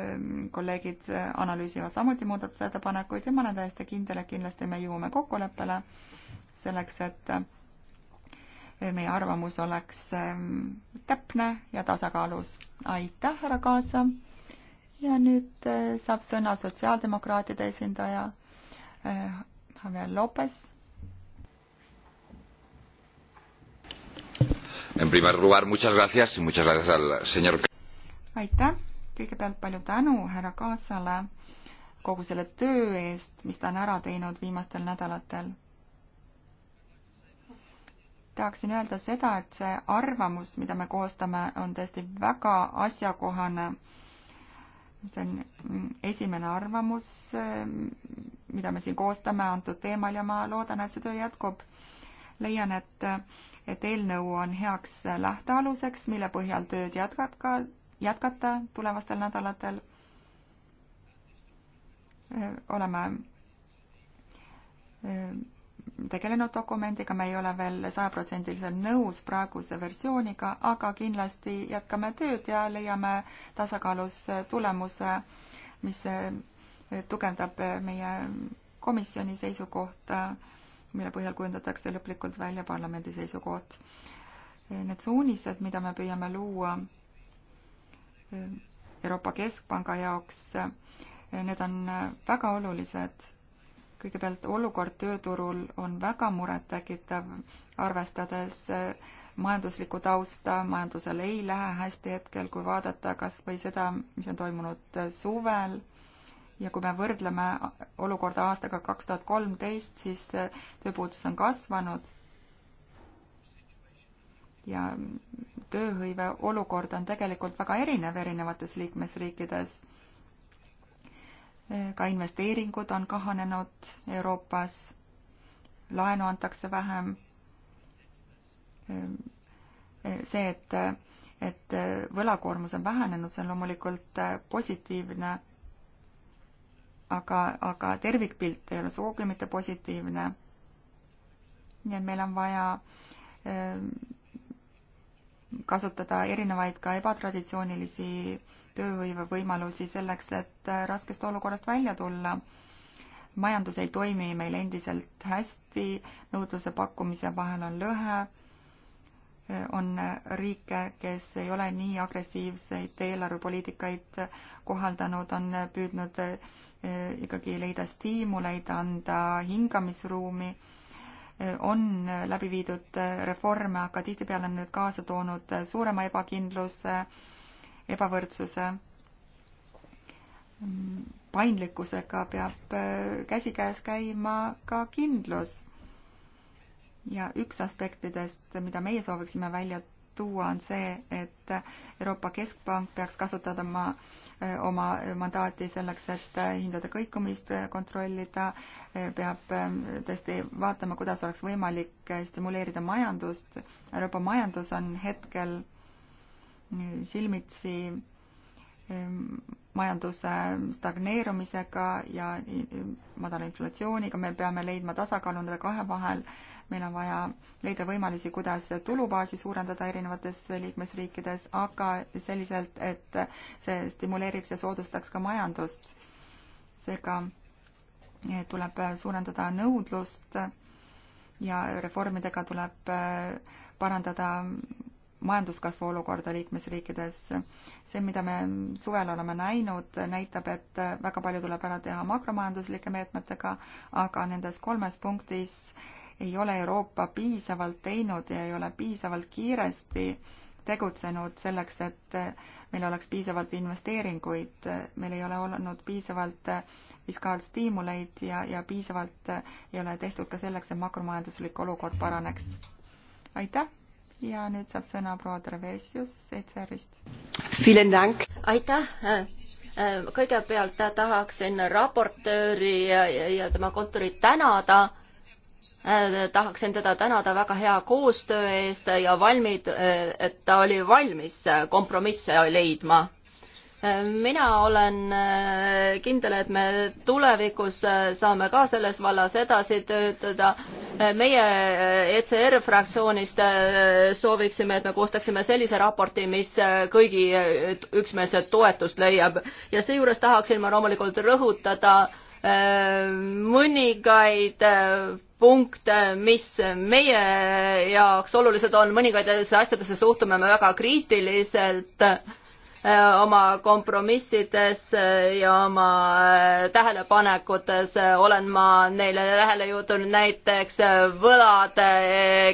kolleegid äh, analüüsivad samuti muudatusettepanekuid ja ma olen täiesti kindel, et kindlasti me jõuame kokkuleppele selleks, et meie arvamus oleks ähm, täpne ja tasakaalus. aitäh, härra Kaasa! ja nüüd saab sõna sotsiaaldemokraatide esindaja Javier Lopez. En primer lugar, muchas gracias y muchas gracias al señor. aitäh, kõigepealt palju tänu härra Kaasale kogu selle töö eest, mis ta on ära teinud viimastel nädalatel. tahaksin öelda seda, et see arvamus, mida me koostame, on tõesti väga asjakohane. see on mm, esimene arvamus, eh, mida me siin koostame antud teemal ja ma loodan, et see töö jätkub leian, et, et eelnõu on heaks lähtealuseks, mille põhjal tööd jätkata, jätkata tulevastel nädalatel. oleme tegelenud dokumendiga, me ei ole veel sajaprotsendiliselt nõus praeguse versiooniga, aga kindlasti jätkame tööd ja leiame tasakaalus tulemuse, mis tugevdab meie komisjoni seisukohta äh, mille põhjal kujundatakse lõplikult välja parlamendi seisukoht. Need suunised, mida me püüame luua eh, Euroopa Keskpanga jaoks, eh, need on eh, väga olulised. kõigepealt olukord tööturul on väga murettekitav, arvestades majanduslikku tausta, majandusel ei lähe hästi hetkel, kui vaadata kas või seda, mis on toimunud suvel ja kui me võrdleme olukorda aastaga kaks tuhat kolmteist, siis tööpuudus on kasvanud ja tööhõive olukord on tegelikult väga erinev erinevates liikmesriikides. ka investeeringud on kahanenud Euroopas, laenu antakse vähem. see, et, et võlakoormus on vähenenud, see on loomulikult positiivne aga, aga tervikpilt ei ole sugugi mitte positiivne. nii et meil on vaja ähm, kasutada erinevaid ka ebatraditsioonilisi tööhõive võimalusi selleks, et äh, raskest olukorrast välja tulla. majandus ei toimi meil endiselt hästi, nõudluse pakkumise vahel on lõhe on riike, kes ei ole nii agressiivseid eelarvepoliitikaid kohaldanud, on püüdnud eh, ikkagi leida stiimuleid, anda hingamisruumi, on läbi viidud reforme, aga tihtipeale on need kaasa toonud suurema ebakindluse, ebavõrdsuse. paindlikkusega peab eh, käsikäes käima ka kindlus ja üks aspektidest, mida meie sooviksime välja tuua, on see, et Euroopa Keskpank peaks kasutama oma mandaati selleks, et hindade kõikumist kontrollida, peab tõesti vaatama, kuidas oleks võimalik stimuleerida majandust. Euroopa majandus on hetkel silmitsi majanduse stagneerumisega ja madala inflatsiooniga, me peame leidma tasakaalu nende kahe vahel meil on vaja leida võimalusi, kuidas tulubaasi suurendada erinevates liikmesriikides, aga selliselt, et see stimuleeriks ja soodustaks ka majandust. seega eh, tuleb suurendada nõudlust ja reformidega tuleb eh, parandada majanduskasvu olukorda liikmesriikides. see, mida me suvel oleme näinud, näitab, et väga palju tuleb ära teha makromajanduslike meetmetega, aga nendes kolmes punktis äh, ei ole Euroopa piisavalt teinud ja ei ole piisavalt kiiresti tegutsenud selleks, et meil oleks piisavalt investeeringuid, meil ei ole olnud piisavalt fiskaalstiimuleid ja, ja piisavalt ei ole tehtud ka selleks, et makromajanduslik olukord paraneks. aitäh ja nüüd saab sõna proua Traversius ECR-ist. aitäh kõigepealt tahaksin raportööri ja, ja tema kontorit tänada Äh, tahaksin teda tänada väga hea koostöö eest ja valmid, äh, et ta oli valmis äh, kompromisse leidma. mina olen kindel, et me tulevikus saame ka selles vallas edasi töötada. meie ECR fraktsioonist sooviksime, et me koostaksime sellise raporti, mis kõigi üksmeelset toetust leiab ja seejuures tahaksin ma loomulikult rõhutada mõningaid punkte, mis meie jaoks olulised on, mõningatesse asjadesse suhtume me väga kriitiliselt äh, oma kompromissides äh, ja oma äh, tähelepanekutes olen ma neile tähele jõudnud näiteks võlade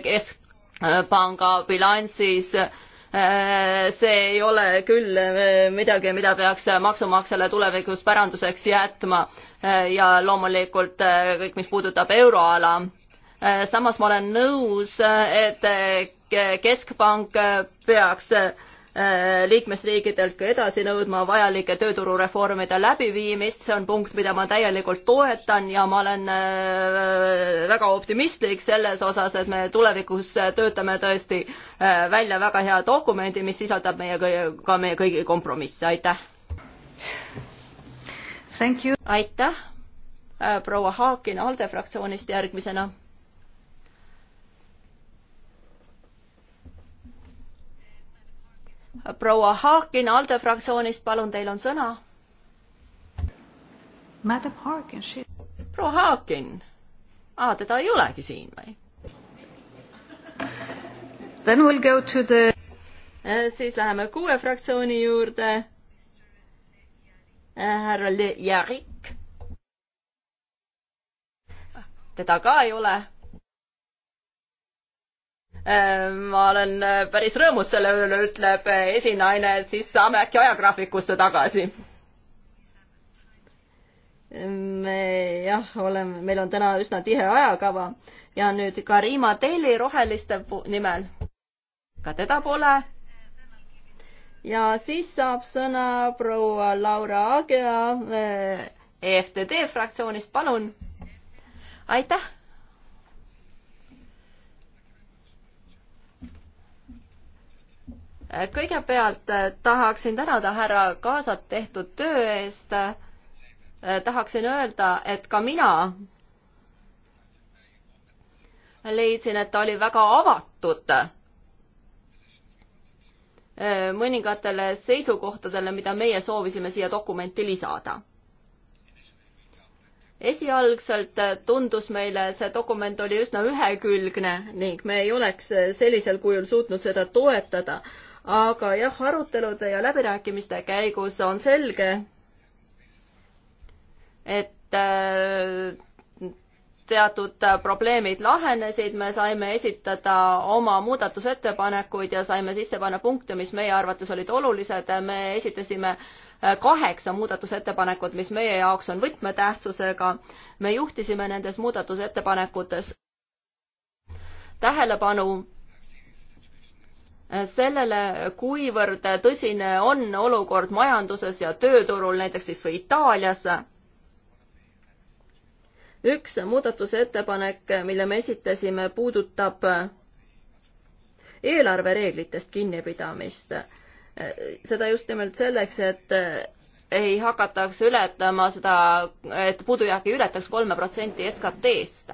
keskpanga bilansis äh, Äh, see ei ole küll äh, midagi, mida peaks maksumaksjale tulevikus päranduseks jätma äh, ja loomulikult kõik, mis puudutab euroala. samas ma olen nõus, et keskpank peaks Äh, liikmesriigidelt ka edasi nõudma vajalike tööturureformide läbiviimist, see on punkt, mida ma täielikult toetan ja ma olen äh, väga optimistlik selles osas, et me tulevikus töötame tõesti äh, välja väga hea dokumendi, mis sisaldab meie, ka meie kõigi kompromisse, aitäh! aitäh, proua Haakin ALDE fraktsioonist järgmisena proua Harkin ALDE fraktsioonist, palun, teil on sõna. Madam Harkin, she. proua Harkin ah,, teda ei olegi siin või? Then we will go to the. Eh, siis läheme kuue fraktsiooni juurde. Eh, härra Jarik. teda ka ei ole Äh, ma olen äh, päris rõõmus selle üle, ütleb äh, esinaine, siis saame äkki ajagraafikusse tagasi. me jah, oleme, meil on täna üsna tihe ajakava ja nüüd Karima Telli roheliste nimel. ka teda pole. ja siis saab sõna proua Laura Agea EFTD fraktsioonist, palun. aitäh kõigepealt eh, tahaksin tänada härra Kaasat tehtud töö eest. Eh, tahaksin öelda, et ka mina leidsin, et ta oli väga avatud eh, mõningatele seisukohtadele, mida meie soovisime siia dokumenti lisada. esialgselt tundus meile, et see dokument oli üsna ühekülgne ning me ei oleks sellisel kujul suutnud seda toetada, aga jah, arutelude ja läbirääkimiste käigus on selge, et äh, teatud probleemid lahenesid, me saime esitada oma muudatusettepanekuid ja saime sisse panna punkte, mis meie arvates olid olulised, me esitasime äh, kaheksa muudatusettepanekut, mis meie jaoks on võtmetähtsusega. me juhtisime nendes muudatusettepanekutes tähelepanu sellele, kuivõrd tõsine on olukord majanduses ja tööturul näiteks siis või Itaalias. üks muudatusettepanek, mille me esitasime, puudutab eelarvereeglitest kinnipidamist. seda just nimelt selleks, et ei hakataks ületama seda, et puudujääk ei ületaks kolme protsenti SKT-st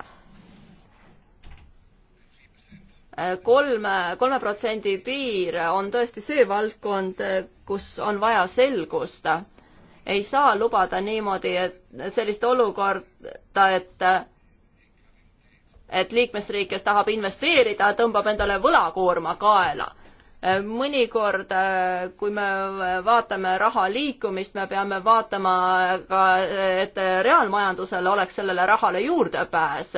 kolme, kolme protsendi piir on tõesti see valdkond, kus on vaja selgust. ei saa lubada niimoodi, et sellist olukorda, et et liikmesriik, kes tahab investeerida, tõmbab endale võlakoorma kaela. mõnikord, kui me vaatame raha liikumist, me peame vaatama ka, et reaalmajandusel oleks sellele rahale juurdepääs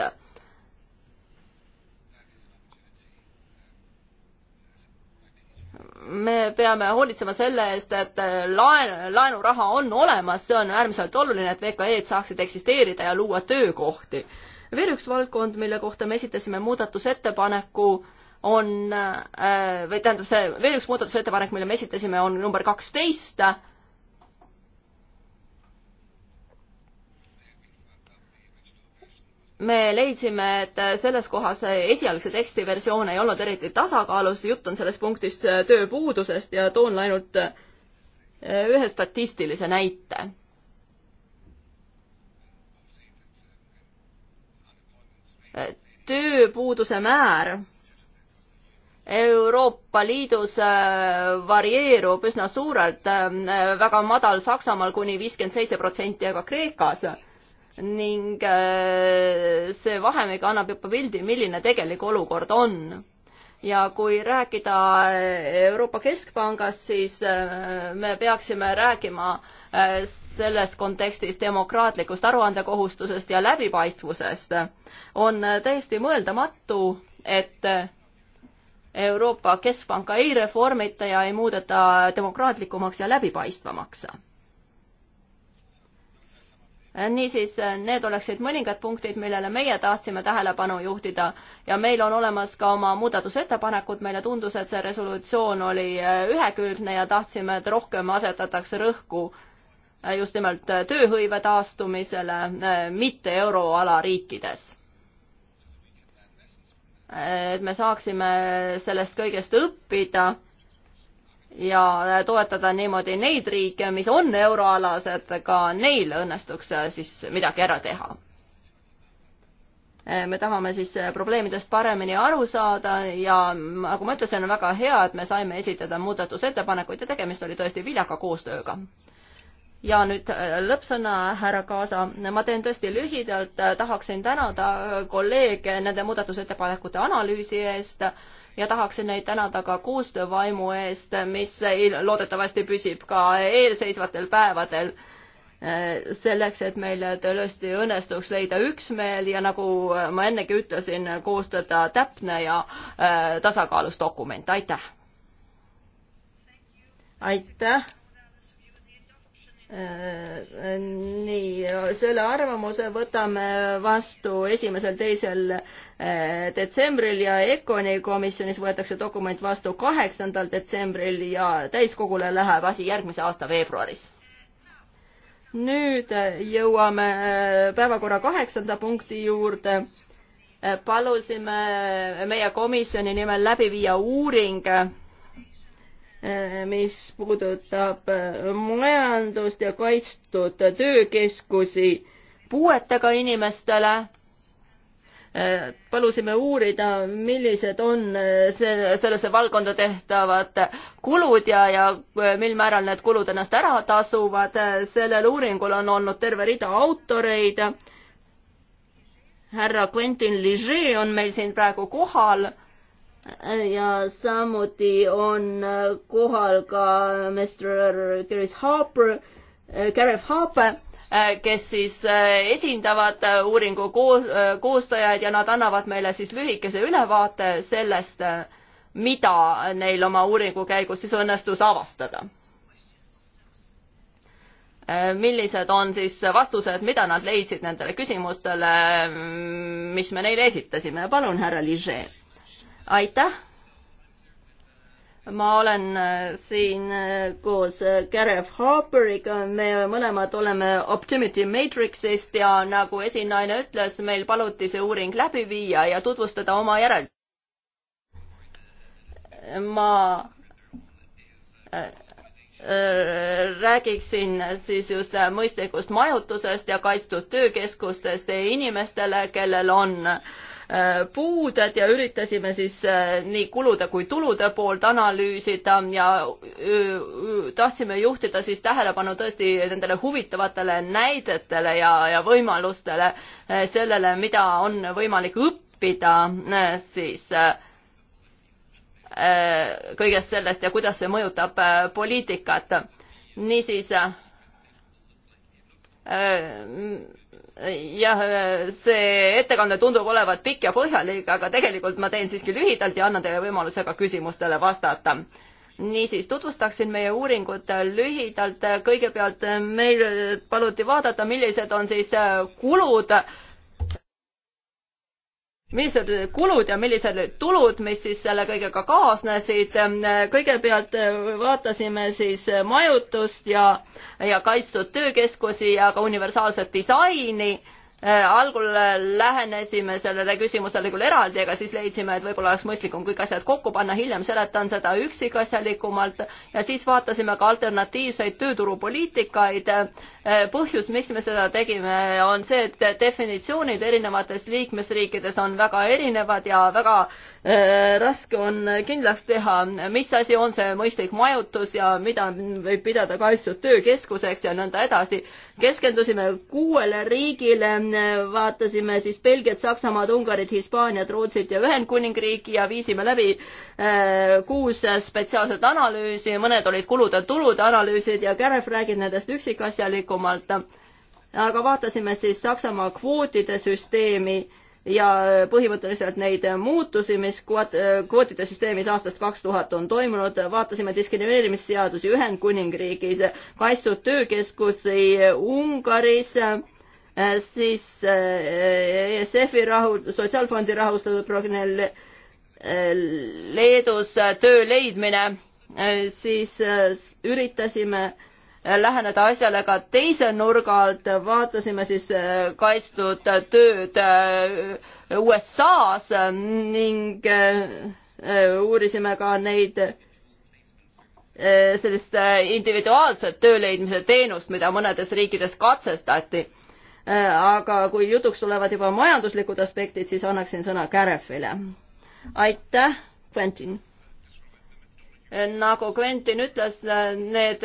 me peame hoolitsema selle eest, et laen, laenuraha on olemas, see on äärmiselt oluline, et VKE-d saaksid eksisteerida ja luua töökohti. veel üks valdkond, mille kohta me esitasime muudatusettepaneku, on äh, või tähendab, see veel üks muudatusettepanek, mille me esitasime, on number kaksteist me leidsime, et selles kohas esialgse teksti versioon ei olnud eriti tasakaalus, jutt on selles punktis äh, tööpuudusest ja toon ainult äh, ühe statistilise näite. tööpuuduse määr Euroopa Liidus äh, varieerub üsna suurelt, väga madal Saksamaal kuni viiskümmend seitse protsenti, aga Kreekas ning äh, see vahemik annab juba pildi, milline tegelik olukord on. ja kui rääkida äh, Euroopa Keskpangast, siis äh, me peaksime rääkima selles kontekstis demokraatlikust aruandekohustusest ja läbipaistvusest. on täiesti mõeldamatu, et Euroopa Keskpanka ei reformita ja ei muudeta demokraatlikumaks ja läbipaistvamaks Äh, niisiis, äh, need oleksid mõningad punktid, millele meie tahtsime tähelepanu juhtida ja meil on olemas ka oma muudatusettepanekud, meile tundus, et see resolutsioon oli äh, ühekülgne ja tahtsime, et rohkem asetatakse rõhku just nimelt tööhõive taastumisele, mitte euroala riikides. et me saaksime sellest kõigest õppida ja toetada niimoodi neid riike, mis on euroalas, et ka neil õnnestuks äh, siis midagi ära teha. Äh, me tahame siis äh, probleemidest paremini aru saada ja nagu ma ütlesin, on väga hea, et me saime esitada muudatusettepanekuid ja tegemist oli tõesti viljaka koostööga ja nüüd lõppsõna, härra Kaasa, ma teen tõesti lühidalt, tahaksin tänada kolleege nende muudatusettepanekute analüüsi eest äh, ja tahaksin neid tänada ka koostöövaimu eest, mis loodetavasti püsib ka eelseisvatel päevadel eh, selleks, et meil tõesti õnnestuks leida üksmeel ja nagu ma ennegi ütlesin, koostada täpne ja eh, tasakaalus dokument, aitäh! aitäh! Äh, nii, selle arvamuse võtame vastu esimesel-teisel äh, detsembril ja ECONi komisjonis võetakse dokument vastu kaheksandal detsembril ja täiskogule läheb asi järgmise aasta veebruaris. nüüd jõuame äh, päevakorra kaheksanda punkti juurde. palusime meie komisjoni nimel läbi viia uuring Eh, mis puudutab eh, majandust ja kaitstud töökeskusi puuetega inimestele. Eh, palusime uurida, millised on see, sellesse valdkonda tehtavad kulud ja, ja mil määral need kulud ennast ära tasuvad. sellel uuringul on olnud terve rida autoreid. härra Quentin Ligier on meil siin praegu kohal ja samuti on äh, kohal ka Mr. Äh, äh, Gareth Harper, Gareth Harper, kes siis esindavad uuringu koos, koostajaid ja nad annavad meile siis lühikese ülevaate sellest, mida neil oma uuringu käigus siis õnnestus avastada. millised on siis vastused, mida nad leidsid nendele küsimustele, mm, mis me neile esitasime, palun, härra Liget aitäh! ma olen äh, siin äh, koos äh, Gareth Harperiga, me mõlemad oleme Optimity Matrixist ja nagu esinaine ütles, meil paluti see uuring läbi viia ja tutvustada oma järel-. ma räägiksin siis just mõistlikust majutusest ja kaitstud töökeskustest inimestele, kellel on äh, Äh, puuded ja üritasime siis äh, nii kulude kui tulude poolt analüüsida ja tahtsime juhtida siis tähelepanu tõesti nendele huvitavatele näidetele ja, ja võimalustele äh, sellele, mida on võimalik õppida siis kõigest sellest ja kuidas see mõjutab poliitikat. niisiis jah, see ettekanne tundub olevat pikk ja põhjalik, aga tegelikult ma teen siiski lühidalt ja annan teile võimaluse ka küsimustele vastata. niisiis, tutvustaksin meie uuringut lühidalt. kõigepealt meil paluti vaadata, millised on siis kulud äh, millised olid kulud ja millised olid tulud, mis siis selle kõigega kaasnesid. kõigepealt äh, vaatasime siis äh, majutust ja, ja kaitstud töökeskusi ja ka universaalset disaini Äh, algul äh, lähenesime sellele küsimusele küll eraldi, aga siis leidsime, et võib-olla oleks mõistlikum kõik asjad kokku panna, hiljem seletan seda üksikasjalikumalt ja siis vaatasime ka alternatiivseid tööturupoliitikaid. Äh, põhjus, miks me seda tegime, on see, et definitsioonid erinevates liikmesriikides on väga erinevad ja väga äh, Äh, raske on kindlaks teha, mis asi on see mõistlik majutus ja mida võib pidada kaitstud töökeskuseks ja nõnda edasi. keskendusime kuuele riigile, vaatasime siis Belgiat, Saksamaad, Ungarit, Hispaaniat, Rootsit ja Ühendkuningriiki ja viisime läbi äh, kuus spetsiaalset analüüsi, mõned olid kulude-tulude analüüsid ja Kärev räägib nendest üksikasjalikumalt. aga vaatasime siis Saksamaa kvootide süsteemi ja põhimõtteliselt neid muutusi, mis kvoot, kvootide süsteemis aastast kaks tuhat on toimunud, vaatasime diskrimineerimisseadusi Ühendkuningriigis, kaitstud töökeskusi Ungaris, siis eh, ESF-i rahu, Sotsiaalfondi rahustatud programm eh, Leedus töö leidmine, eh, siis üritasime läheneda asjale ka teise nurga alt, vaatasime siis äh, kaitstud tööd äh, USA-s ning äh, uurisime ka neid sellist individuaalset tööleidmise teenust, mida mõnedes riikides katsestati. aga kui jutuks tulevad juba majanduslikud aspektid, siis annaksin sõna Kärefile. aitäh, Quentin nagu Quentin ütles, need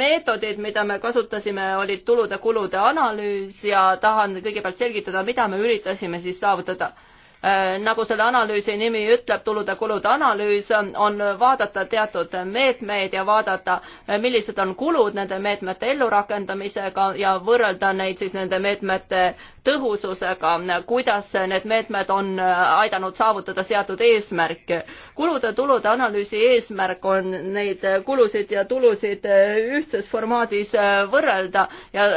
meetodid, mida me kasutasime, olid tulude-kulude analüüs ja tahan kõigepealt selgitada, mida me üritasime siis saavutada Äh, nagu selle analüüsi nimi ütleb, tulude-kulude analüüs, äh, on vaadata teatud meetmeid ja vaadata, äh, millised on kulud nende meetmete ellurakendamisega ja võrrelda neid siis nende meetmete tõhususega, kuidas need meetmed on aidanud saavutada seatud eesmärke. kulude-tulude analüüsi eesmärk on neid kulusid ja tulusid ühtses formaadis võrrelda ja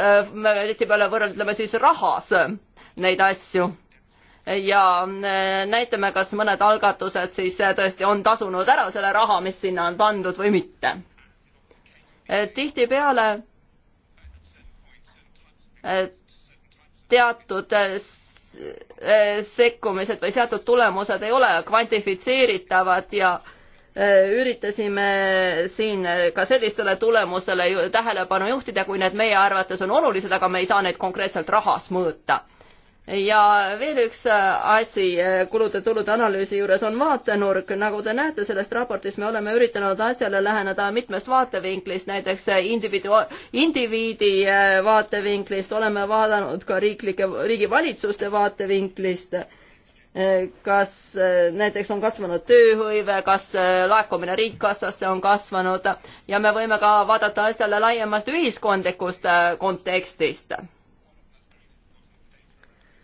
tihtipeale võrreldame siis rahas neid asju ja äh, näitame, kas mõned algatused siis äh, tõesti on tasunud ära selle raha, mis sinna on pandud või mitte. Äh, tihtipeale teatud sekkumised või seatud tulemused ei ole kvantifitseeritavad ja üritasime siin ka sellistele tulemusele tähelepanu juhtida, kui need meie arvates on olulised, aga me ei saa neid konkreetselt rahas mõõta ja veel üks äh, asi äh, kulude-tulude analüüsi juures on vaatenurk, nagu te näete sellest raportist, me oleme üritanud asjale läheneda mitmest vaatevinklist, näiteks äh, individu-, indiviidi vaatevinklist, oleme vaadanud ka riiklike, riigivalitsuste vaatevinklist kas näiteks on kasvanud tööhõive, kas laekumine riigikassasse on kasvanud ja me võime ka vaadata asjale laiemast ühiskondlikust kontekstist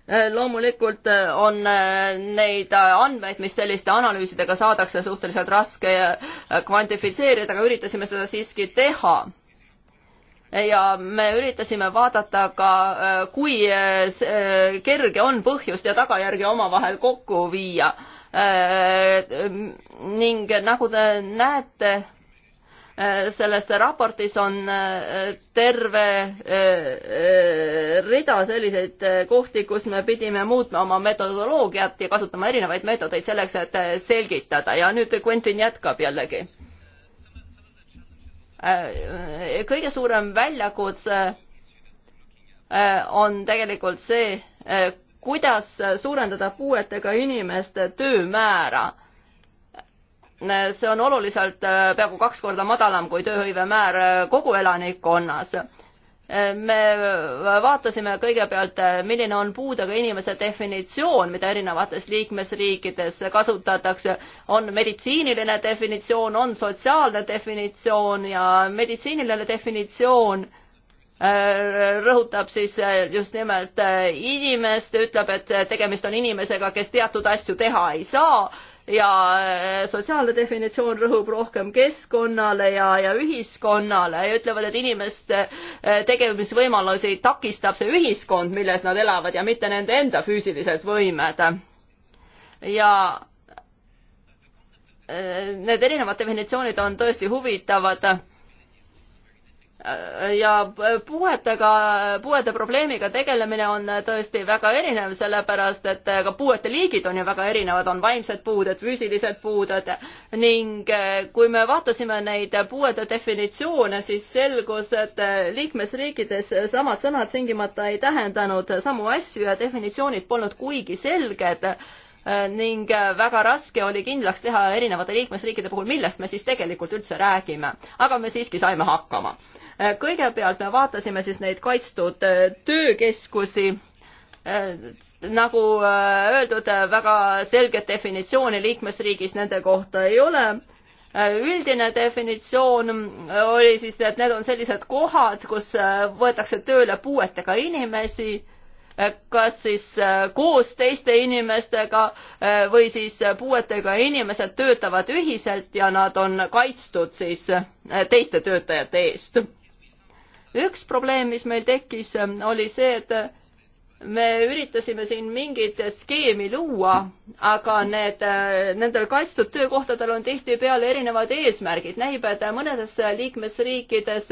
Äh, loomulikult äh, on äh, neid andmeid, mis selliste analüüsidega saadakse, suhteliselt raske kvantifitseerida, aga üritasime seda siiski teha. ja me üritasime vaadata ka, kui kerge on põhjust ja tagajärge omavahel kokku viia. ning nagu te näete Äh, selles raportis on äh, terve äh, rida selliseid kohti, kus me pidime muutma oma metodoloogiat ja kasutama erinevaid meetodeid selleks, et selgitada ja nüüd Quentin jätkab jällegi. kõige suurem väljakutse on tegelikult see, kuidas suurendada puuetega inimeste töömäära see on oluliselt äh, peaaegu kaks korda madalam kui tööhõivemäär äh, kogu elanikkonnas. me vaatasime kõigepealt, äh, milline on puudega inimese definitsioon, mida erinevates liikmesriikides kasutatakse. on meditsiiniline definitsioon, on sotsiaalne definitsioon ja meditsiiniline definitsioon rõhutab siis just nimelt inimest, ütleb, et tegemist on inimesega, kes teatud asju teha ei saa ja äh, sotsiaalne definitsioon rõhub rohkem keskkonnale ja, ja ühiskonnale ja ütlevad, et inimeste äh, tegemisvõimalusi takistab see ühiskond, milles nad elavad ja mitte nende enda füüsilised võimed. ja äh, need erinevad definitsioonid on tõesti huvitavad ja puuetega, puuete probleemiga tegelemine on tõesti väga erinev, sellepärast et ka puuete liigid on ju väga erinevad, on vaimsed puuded, füüsilised puuded ning eh, kui me vaatasime neid puuete definitsioone, siis selgus, et eh, liikmesriikides samad sõnad tingimata ei tähendanud samu asju ja definitsioonid polnud kuigi selged eh, ning väga raske oli kindlaks teha erinevate liikmesriikide puhul, millest me siis tegelikult üldse räägime. aga me siiski saime hakkama Äh, kõigepealt me vaatasime siis neid kaitstud äh, töökeskusi, äh, nagu öeldud, väga selget definitsiooni liikmesriigis nende kohta ei ole üldine definitsioon oli siis, et need on sellised kohad, kus võetakse tööle puuetega inimesi, kas siis koos teiste inimestega või siis puuetega inimesed töötavad ühiselt ja nad on kaitstud siis teiste töötajate eest üks probleem, mis meil tekkis, ähm, oli see, et äh, me üritasime siin mingit skeemi luua, aga need, äh, nendel kaitstud töökohtadel on tihtipeale erinevad eesmärgid. näib, et mõnedes liikmesriikides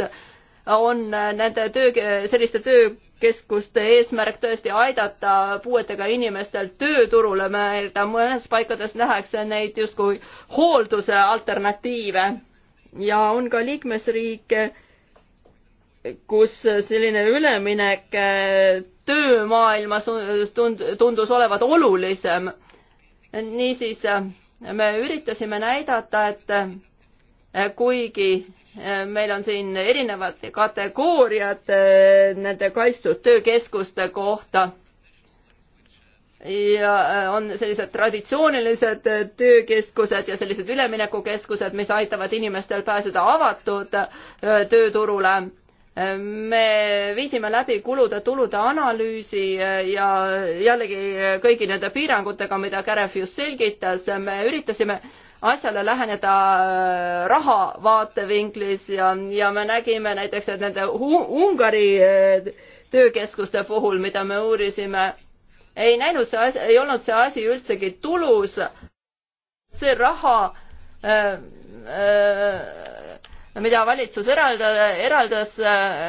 on äh, nende töö, selliste töökeskuste eesmärk tõesti aidata puuetega inimestel tööturule mõelda, mõnes paikades nähakse neid justkui hoolduse alternatiive ja on ka liikmesriike, kus selline üleminek äh, töömaailmas tund-, tundus olevat olulisem. niisiis me üritasime näidata, et äh, kuigi äh, meil on siin erinevad kategooriad nende kaitstud töökeskuste kohta ja on sellised traditsioonilised töökeskused ja sellised üleminekukeskused, mis aitavad inimestel pääseda avatud tööturule me viisime läbi kulude-tulude analüüsi äh, ja jällegi äh, kõigi nende piirangutega, mida Kärev just selgitas, äh, me üritasime asjale läheneda raha vaatevinklis ja, ja me nägime näiteks, et nende Ungari töökeskuste puhul, mida me uurisime, ei näinud see asi, ei olnud see asi üldsegi tulus. see raha äh, äh, mida valitsus eralda, eraldas, äh,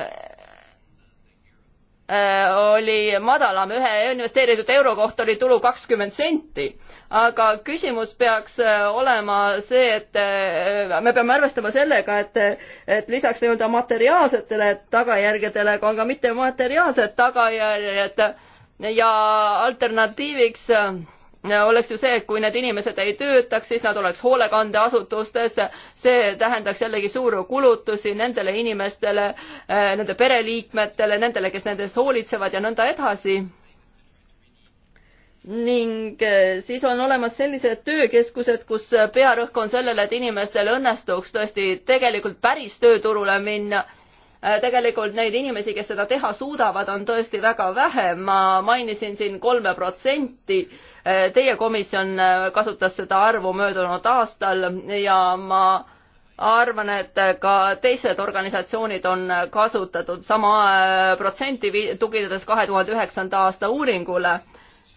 äh, oli madalam, ühe investeeritud euro kohta oli tulu kakskümmend senti. aga küsimus peaks äh, olema see, et me peame arvestama sellega, et, et lisaks nii-öelda materiaalsetele tagajärgedele on ka mittemateriaalsed tagajärjed ja alternatiiviks äh, oleks ju see, et kui need inimesed ei töötaks, siis nad oleks hoolekandeasutustes, see tähendaks jällegi suuri kulutusi nendele inimestele, eh, nende pereliikmetele, nendele, kes nende eest hoolitsevad ja nõnda edasi ning eh, siis on olemas sellised töökeskused, kus pearõhk on sellele, et inimestel õnnestuks tõesti tegelikult päris tööturule minna Äh, tegelikult neid inimesi, kes seda teha suudavad, on tõesti väga vähe, ma mainisin siin kolme protsenti. Äh, teie komisjon äh, kasutas seda arvu möödunud aastal ja ma arvan, et ka teised organisatsioonid on kasutatud sama protsenti, tuginedes kahe tuhande üheksanda aasta uuringule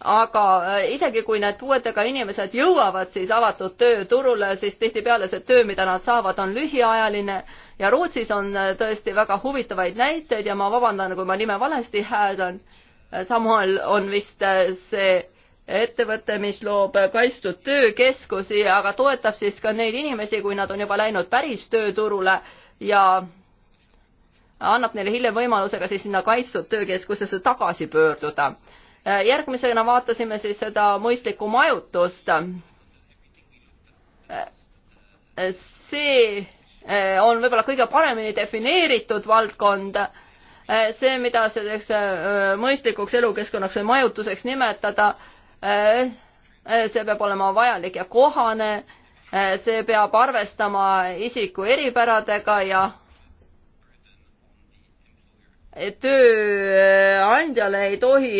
aga äh, isegi kui need puuetega inimesed jõuavad siis avatud tööturule, siis tihtipeale see töö, mida nad saavad, on lühiajaline ja Rootsis on äh, tõesti väga huvitavaid näiteid ja ma vabandan, kui ma nime valesti hääldan. Äh, Samuel on vist see ettevõte, mis loob kaitstud töökeskusi, aga toetab siis ka neid inimesi, kui nad on juba läinud päris tööturule ja annab neile hiljem võimaluse ka siis sinna kaitstud töökeskusesse tagasi pöörduda Äh, järgmisena vaatasime siis seda mõistlikku majutust. Äh, see äh, on võib-olla kõige paremini defineeritud valdkond. see, mida selleks mõistlikuks elukeskkonnaks või majutuseks nimetada, see peab olema vajalik ja kohane, see peab arvestama isiku eripäradega ja tööandjale ei tohi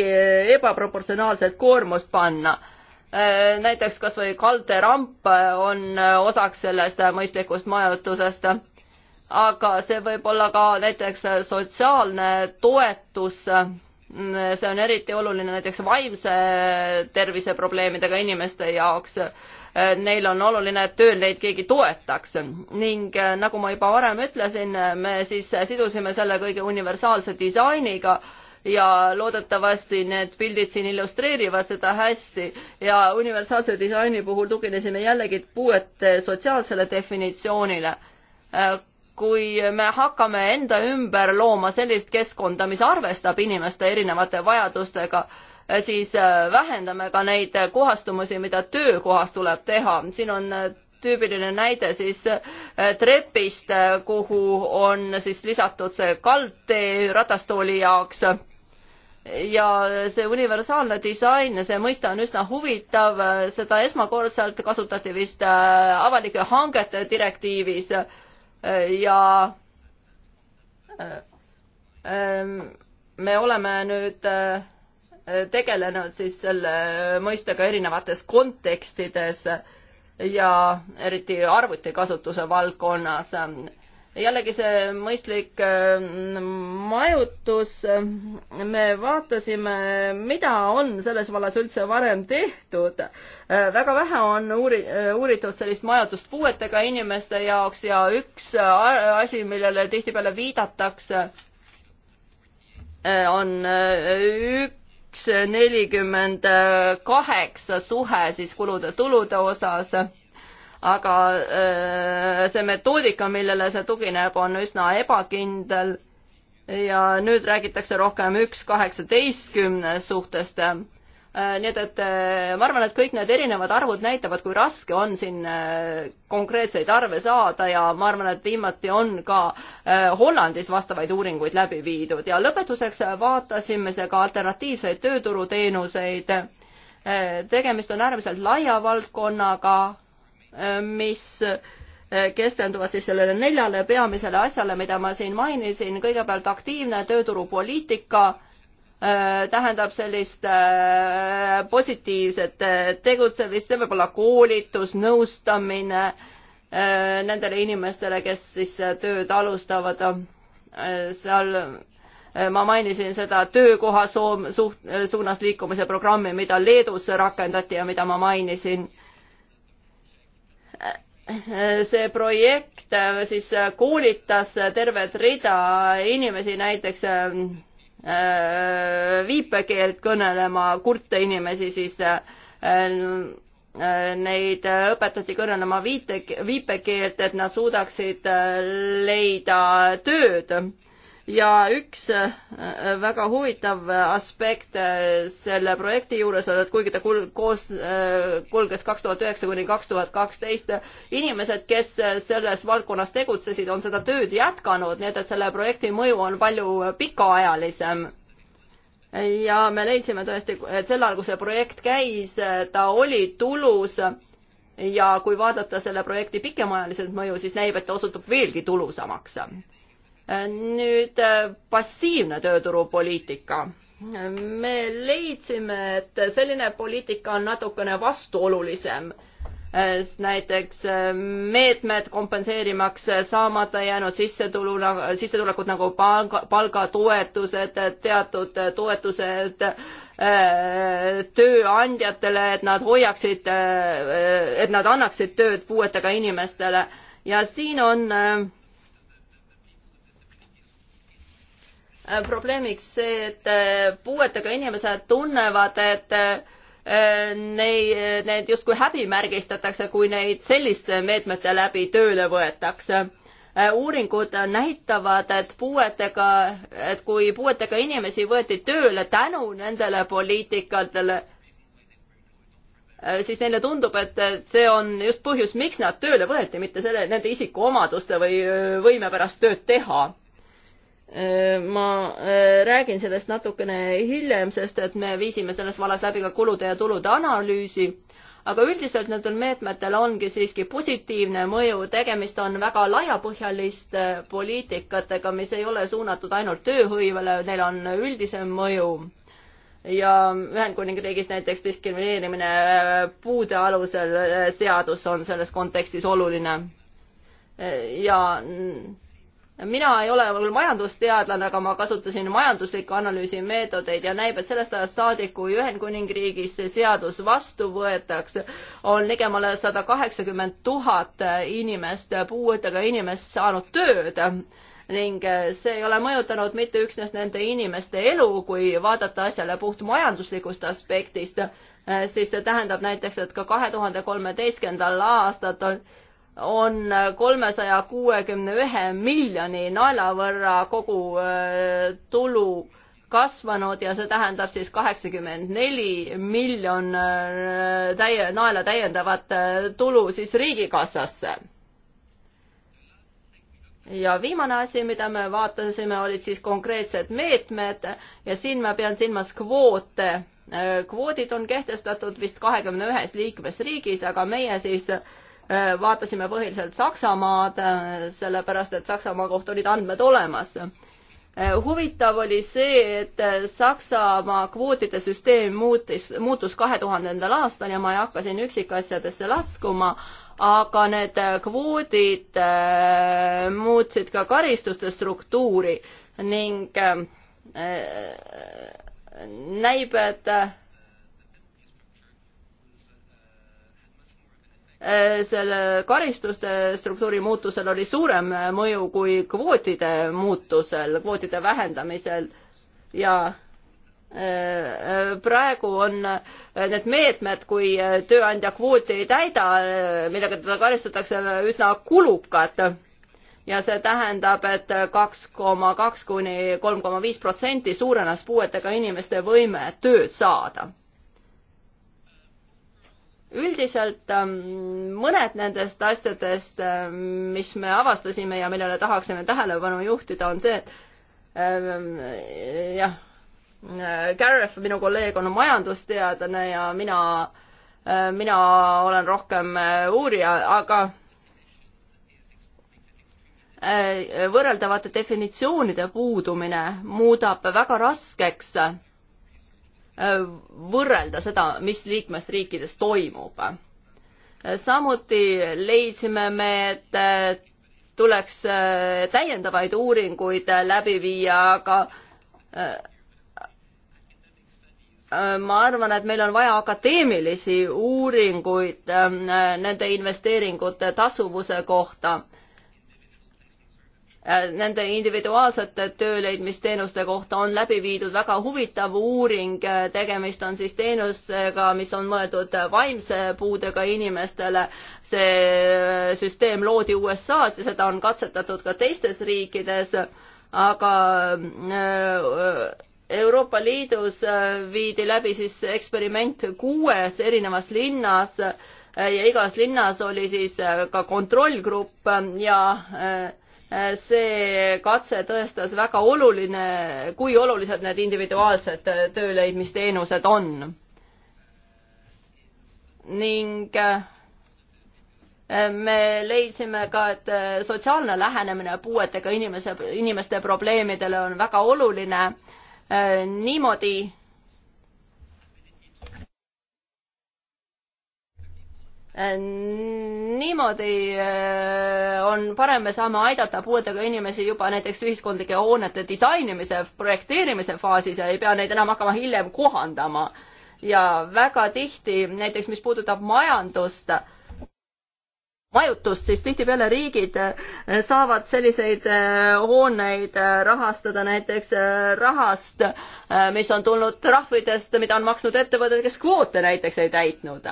ebaproportsionaalset koormust panna. näiteks kas või kalderamp on osaks sellest mõistlikust majutusest. aga see võib olla ka näiteks sotsiaalne toetus, see on eriti oluline näiteks vaimse tervise probleemidega inimeste jaoks Äh, neil on oluline, et tööl neid keegi toetaks ning äh, nagu ma juba varem ütlesin, äh, me siis sidusime selle kõige universaalse disainiga ja loodetavasti need pildid siin illustreerivad seda hästi ja universaalse disaini puhul tuginesime jällegi puuete sotsiaalsele definitsioonile kui me hakkame enda ümber looma sellist keskkonda, mis arvestab inimeste erinevate vajadustega, Äh, siis äh, vähendame ka neid kohastumusi, mida töökohas tuleb teha. siin on äh, tüüpiline näide siis trepist, kuhu on siis lisatud see kaldtee ratastooli jaoks. ja see universaalne disain, see mõiste on üsna huvitav, seda esmakordselt kasutati vist avalike hangete direktiivis ja ähm, me oleme nüüd tegelenud siis selle mõistega erinevates kontekstides ja eriti arvutikasutuse valdkonnas. jällegi see mõistlik mm, majutus, me vaatasime, mida on selles vallas üldse varem tehtud. väga vähe on uuri-, uuritud sellist majutust puuetega inimeste jaoks ja üks asi, millele tihtipeale viidatakse, on ük-, üks nelikümmend kaheksa suhe siis kulude-tulude osas. aga äh, see metoodika, millele see tugineb, on üsna ebakindel ja nüüd räägitakse rohkem üks kaheksateistkümne suhtest Äh, nii et, et äh, ma arvan, et kõik need erinevad arvud näitavad, kui raske on siin äh, konkreetseid arve saada ja ma arvan, et viimati on ka Hollandis vastavaid uuringuid läbi viidud ja lõpetuseks vaatasime ka alternatiivseid tööturuteenuseid. tegemist on äärmiselt laia valdkonnaga, mis keskenduvad siis sellele neljale peamisele asjale, mida ma siin mainisin, kõigepealt aktiivne tööturupoliitika Äh, tähendab sellist äh, positiivset äh, tegutsemist, võib-olla koolitus, nõustamine nendele inimestele, kes siis tööd alustavad. seal ma mainisin seda töökoha suht-, suunas liikumise programmi, mida Leedus rakendati ja mida ma mainisin. see projekt siis koolitas tervet rida inimesi, näiteks Äh, viipekeelt kõnelema kurte inimesi, siis äh, äh, neid õpetati kõnelema viite, viipekeelt, et nad suudaksid leida tööd ja üks äh, väga huvitav aspekt äh, selle projekti juures on, et kuigi ta kul-, koos, äh, kulges kaks tuhat üheksa kuni kaks tuhat kaksteist, inimesed, kes selles valdkonnas tegutsesid, on seda tööd jätkanud, nii et, et selle projekti mõju on palju pikaajalisem ja me leidsime tõesti, et sel ajal, kui see projekt käis, ta oli tulus ja kui vaadata selle projekti pikemaajaliselt mõju, siis näib, et ta osutub veelgi tulusamaks nüüd äh, passiivne tööturupoliitika. me leidsime, et selline poliitika on natukene vastuolulisem äh, näiteks äh, meetmed kompenseerimaks saamata jäänud sissetulu, sissetulekud nagu palga, palgatoetused, teatud toetused tööandjatele, et nad hoiaksid, et nad annaksid tööd puuetega inimestele ja siin on Äh, probleemiks see, et äh, puuetega inimesed tunnevad, et äh, neid, need justkui häbimärgistatakse, kui neid selliste meetmete läbi tööle võetakse. uuringud näitavad, et puuetega, et kui puuetega inimesi võeti tööle tänu nendele poliitikatele, siis neile tundub, et see on just põhjus, miks nad tööle võeti, mitte selle, nende isikuomaduste või võime pärast tööd teha Äh, ma äh, räägin sellest natukene hiljem, sest et me viisime selles vallas läbi ka kulude ja tulude analüüsi, aga üldiselt nendel meetmetel ongi siiski positiivne mõju, tegemist on väga laiapõhjaliste poliitikatega, mis ei ole suunatud ainult tööhõivele, neil on üldisem mõju ja Ühendkuningriigis näiteks diskrimineerimine äh, puude alusel seadus on selles kontekstis oluline ja mina ei ole küll majandusteadlane, aga ma kasutasin majandusliku analüüsi meetodeid ja näib, et sellest ajast saadik, kui Ühendkuningriigis see seadus vastu võetakse, on ligemale sada kaheksakümmend tuhat inimest, puuetega inimest saanud tööd ning see ei ole mõjutanud mitte üksnes nende inimeste elu, kui vaadata asjale puht majanduslikust aspektist, siis see tähendab näiteks, et ka kahe tuhande kolmeteistkümnendal aastal on kolmesaja kuuekümne ühe miljoni naela võrra kogu äh, tulu kasvanud ja see tähendab siis kaheksakümmend neli miljon äh, täie, naela täiendavat äh, tulu siis riigikassasse. ja viimane asi, mida me vaatasime, olid siis konkreetsed meetmed ja siin ma pean silmas kvoote. kvoodid on kehtestatud vist kahekümne ühes liikmesriigis, aga meie siis äh, Äh, vaatasime põhiliselt Saksamaad, äh, sellepärast et Saksamaa kohta olid andmed olemas. Äh, huvitav oli see, et Saksamaa kvootide süsteem muutis, muutus kahe tuhandendal aastal ja ma ei hakka siin üksikasjadesse laskuma, aga need kvoodid äh, muutsid ka karistuste struktuuri ning äh, näib, et äh, Äh, selle karistuste struktuuri muutusel oli suurem äh, mõju kui kvootide muutusel, kvootide vähendamisel ja äh, praegu on need meetmed, kui tööandja kvooti ei täida, millega teda karistatakse, üsna kulukad. ja see tähendab et, et kaks koma kaks kuni kolm koma viis protsenti suurenes puuetega inimeste võime tööd saada üldiselt ähm, mõned nendest asjadest, ähm, mis me avastasime ja millele tahaksime tähelepanu juhtida, on see, et ähm, jah, äh, Gareth, minu kolleeg, on majandusteadlane ja mina, äh, mina olen rohkem äh, uurija, aga võrreldavate definitsioonide puudumine muudab väga raskeks Äh, võrrelda seda, mis liikmesriikides toimub. samuti leidsime me, et äh, tuleks äh, täiendavaid uuringuid läbi viia, aga ma arvan, et meil on vaja akadeemilisi uuringuid nende investeeringute tasuvuse kohta Äh, nende individuaalsete tööleidmisteenuste kohta on läbi viidud väga huvitav uuring, äh, tegemist on siis teenusega, mis on mõeldud vaimse puudega inimestele. see äh, süsteem loodi USA-s ja seda on katsetatud ka teistes riikides, aga Euroopa Liidus viidi läbi siis eksperiment kuues erinevas linnas ja igas linnas oli siis ka kontrollgrupp ja Äh, see katse tõestas väga oluline, kui olulised need individuaalsed äh, tööleidmisteenused on. ning äh, me leidsime ka, et sotsiaalne lähenemine puuetega inimese, inimeste probleemidele on väga oluline. niimoodi Äh, niimoodi äh, on parem, me saame aidata puuetega inimesi juba näiteks ühiskondlike hoonete disainimise, projekteerimise faasis ja ei pea neid enam hakkama hiljem kohandama. ja väga tihti, näiteks mis puudutab majandust, majutust, siis tihtipeale riigid äh, saavad selliseid hooneid rahastada näiteks rahast, mis on tulnud trahvidest, mida on maksnud ettevõtted, kes kvoote näiteks ei täitnud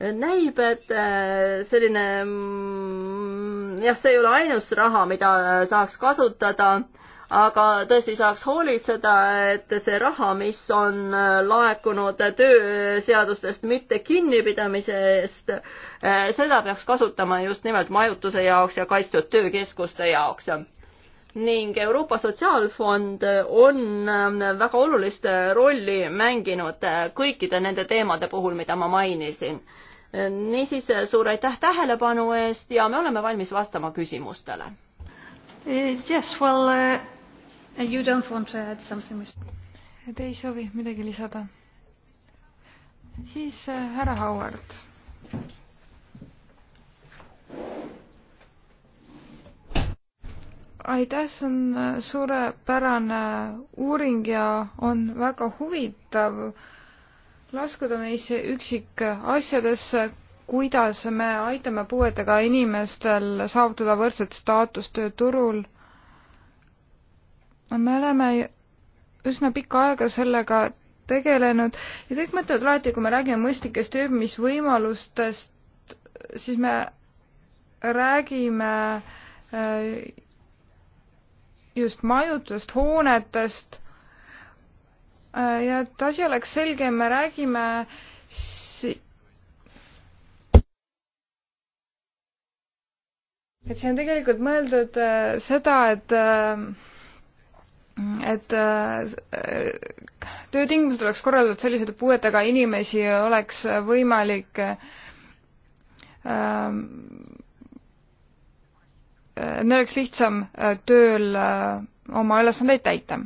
näib, et äh, selline mm, jah, see ei ole ainus raha, mida äh, saaks kasutada, aga tõesti saaks hoolitseda, et see raha, mis on äh, laekunud tööseadustest mitte kinnipidamise eest, seda peaks kasutama just nimelt majutuse jaoks ja kaitstud töökeskuste jaoks ning Euroopa Sotsiaalfond on ähm, väga olulist rolli mänginud kõikide nende teemade puhul, mida ma mainisin niisiis, suur aitäh tähelepanu eest ja me oleme valmis vastama küsimustele. Eh, yes, well uh, you don't want to add something, Mr. Te ei soovi midagi lisada? siis äh, härra uh, Howard. aitäh, see on äh, suurepärane äh, uuring ja on väga huvitav laskuda neisse üksikasjadesse, kuidas me aitame puuetega inimestel saavutada võrdset staatust tööturul. me oleme üsna pikka aega sellega tegelenud ja kõik mõtlevad alati, kui me räägime mõistlikest ööbimisvõimalustest, siis me räägime äh, just majutusest, hoonetest Äh, ja et asi oleks selge, me räägime si et see on tegelikult mõeldud äh, seda, et äh, et äh, töötingimused oleks korraldatud sellised, et puuetega inimesi oleks võimalik äh, äh, Neil oleks lihtsam tööl oma ülesandeid täita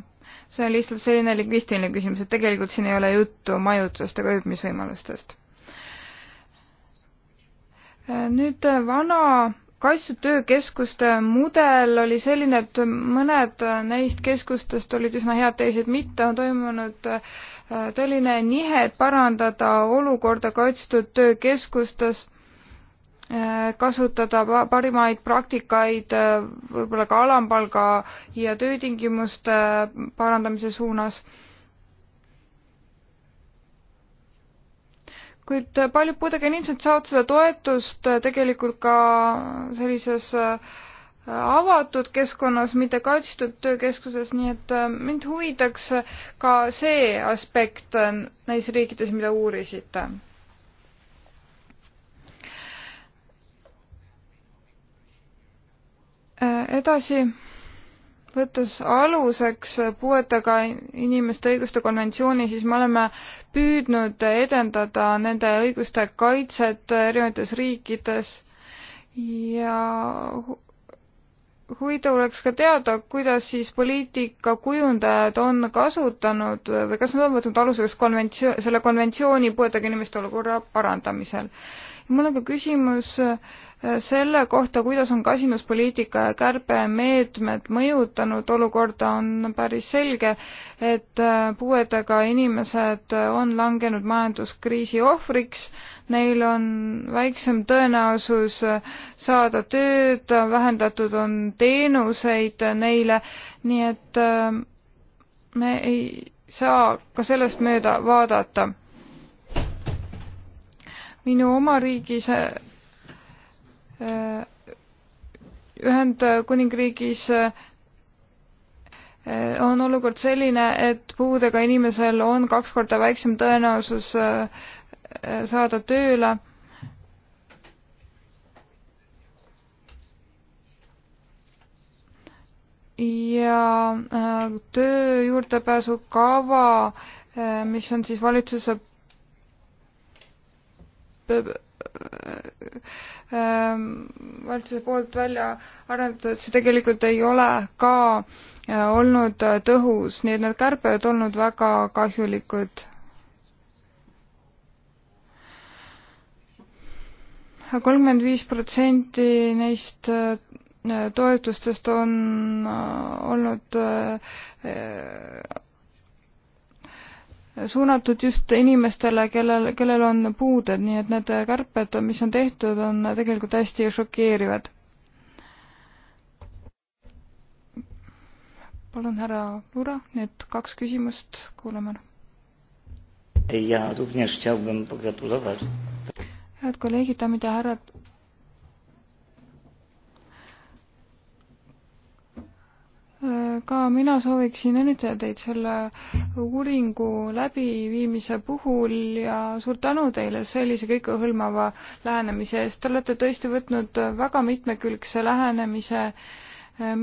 see on lihtsalt selline lingvistiline küsimus, et tegelikult siin ei ole juttu majutusest ega ööbimisvõimalustest. nüüd äh, vana kaitsetöökeskuste mudel oli selline, et mõned äh, neist keskustest olid üsna head, teised mitte, on toimunud äh, tõeline nihe, et parandada olukorda kaitstud töökeskustes kasutada parimaid praktikaid äh, võib-olla ka alampalga ja töötingimuste parandamise suunas. kuid paljud puudega inimesed saavad seda toetust tegelikult ka sellises äh, avatud keskkonnas, mitte kaitstud töökeskuses, nii et äh, mind huvitaks ka see aspekt neis riikides, mida uurisite Äh, edasi, võttes aluseks puuetega inimeste õiguste konventsiooni, siis me oleme püüdnud edendada nende õiguste kaitset erinevates riikides ja huvitav oleks ka teada, kuidas siis poliitikakujundajad on kasutanud või kas nad on võtnud aluseks konventsioon, selle konventsiooni puuetega inimeste olukorra parandamisel. mul on ka küsimus äh, Äh, selle kohta, kuidas on kasinuspoliitika ja kärbemeetmed mõjutanud olukorda, on päris selge, et äh, puuetega inimesed on langenud majanduskriisi ohvriks, neil on väiksem tõenäosus äh, saada tööd, vähendatud on teenuseid neile, nii et me ei saa ka sellest mööda vaadata. minu oma riigis Äh, Ühendkuningriigis äh, on olukord selline, et puudega inimesel on kaks korda väiksem tõenäosus äh, saada tööle. ja töö juurdepääsukava, mis on siis valitsuse Ähm, valitsuse poolt välja arendatud, see tegelikult ei ole ka äh, olnud äh, tõhus, nii et need kärped olnud väga kahjulikud. kolmkümmend viis protsenti neist äh, toetustest on olnud suunatud just inimestele, kellel, kellel on puuded, nii et need kärped, mis on tehtud, on tegelikult hästi šokeerivad. palun, härra Lura, need kaks küsimust kuulame ära. head kolleegid, daamid ja härrad, ka mina sooviksin õnnitleda teid selle uuringu läbiviimise puhul ja suur tänu teile sellise kõikehõlmava lähenemise eest. Te olete tõesti võtnud väga mitmekülgse lähenemise,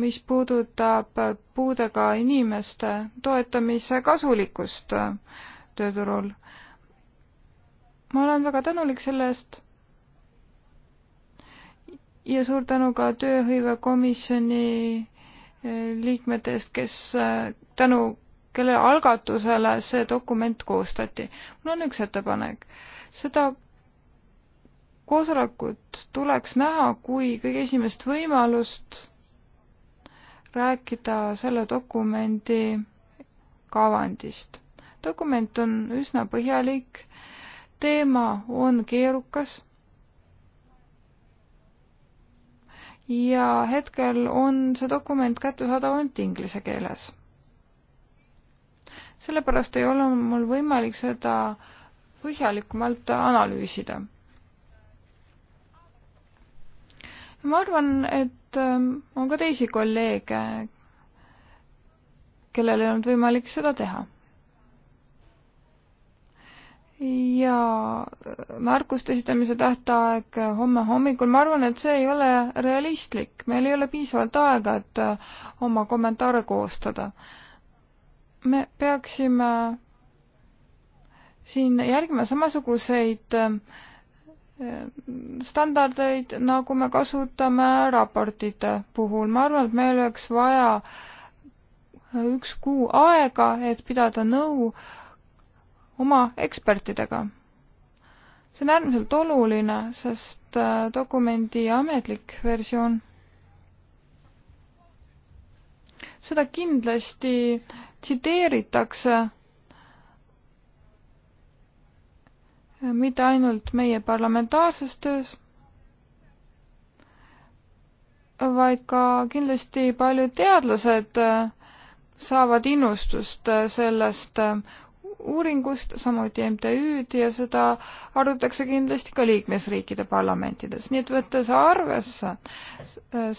mis puudutab puudega inimeste toetamise kasulikkust tööturul. ma olen väga tänulik selle eest ja suur tänu ka tööhõivekomisjoni liikmetest, kes äh, tänu kelle algatusele see dokument koostati. mul on üks ettepanek. seda koosolekut tuleks näha kui kõige esimest võimalust rääkida selle dokumendi kavandist. dokument on üsna põhjalik, teema on keerukas ja hetkel on see dokument kättesaadav ainult inglise keeles. sellepärast ei ole mul võimalik seda põhjalikumalt analüüsida. ma arvan, et ähm, on ka teisi kolleege, kellel ei olnud võimalik seda teha ja märkuste esitamise tähtaeg homme hommikul, ma arvan, et see ei ole realistlik, meil ei ole piisavalt aega, et äh, oma kommentaare koostada. me peaksime siin järgima samasuguseid äh, standardeid, nagu me kasutame raportite puhul, ma arvan, et meil oleks vaja äh, üks kuu aega, et pidada nõu äh, oma ekspertidega. see on äärmiselt oluline, sest äh, dokumendi ametlik versioon seda kindlasti tsiteeritakse äh, mitte ainult meie parlamentaarses töös, vaid ka kindlasti paljud teadlased äh, saavad innustust sellest uuringust, samuti MTÜ-d ja seda arutatakse kindlasti ka liikmesriikide parlamentides. nii et võttes arvesse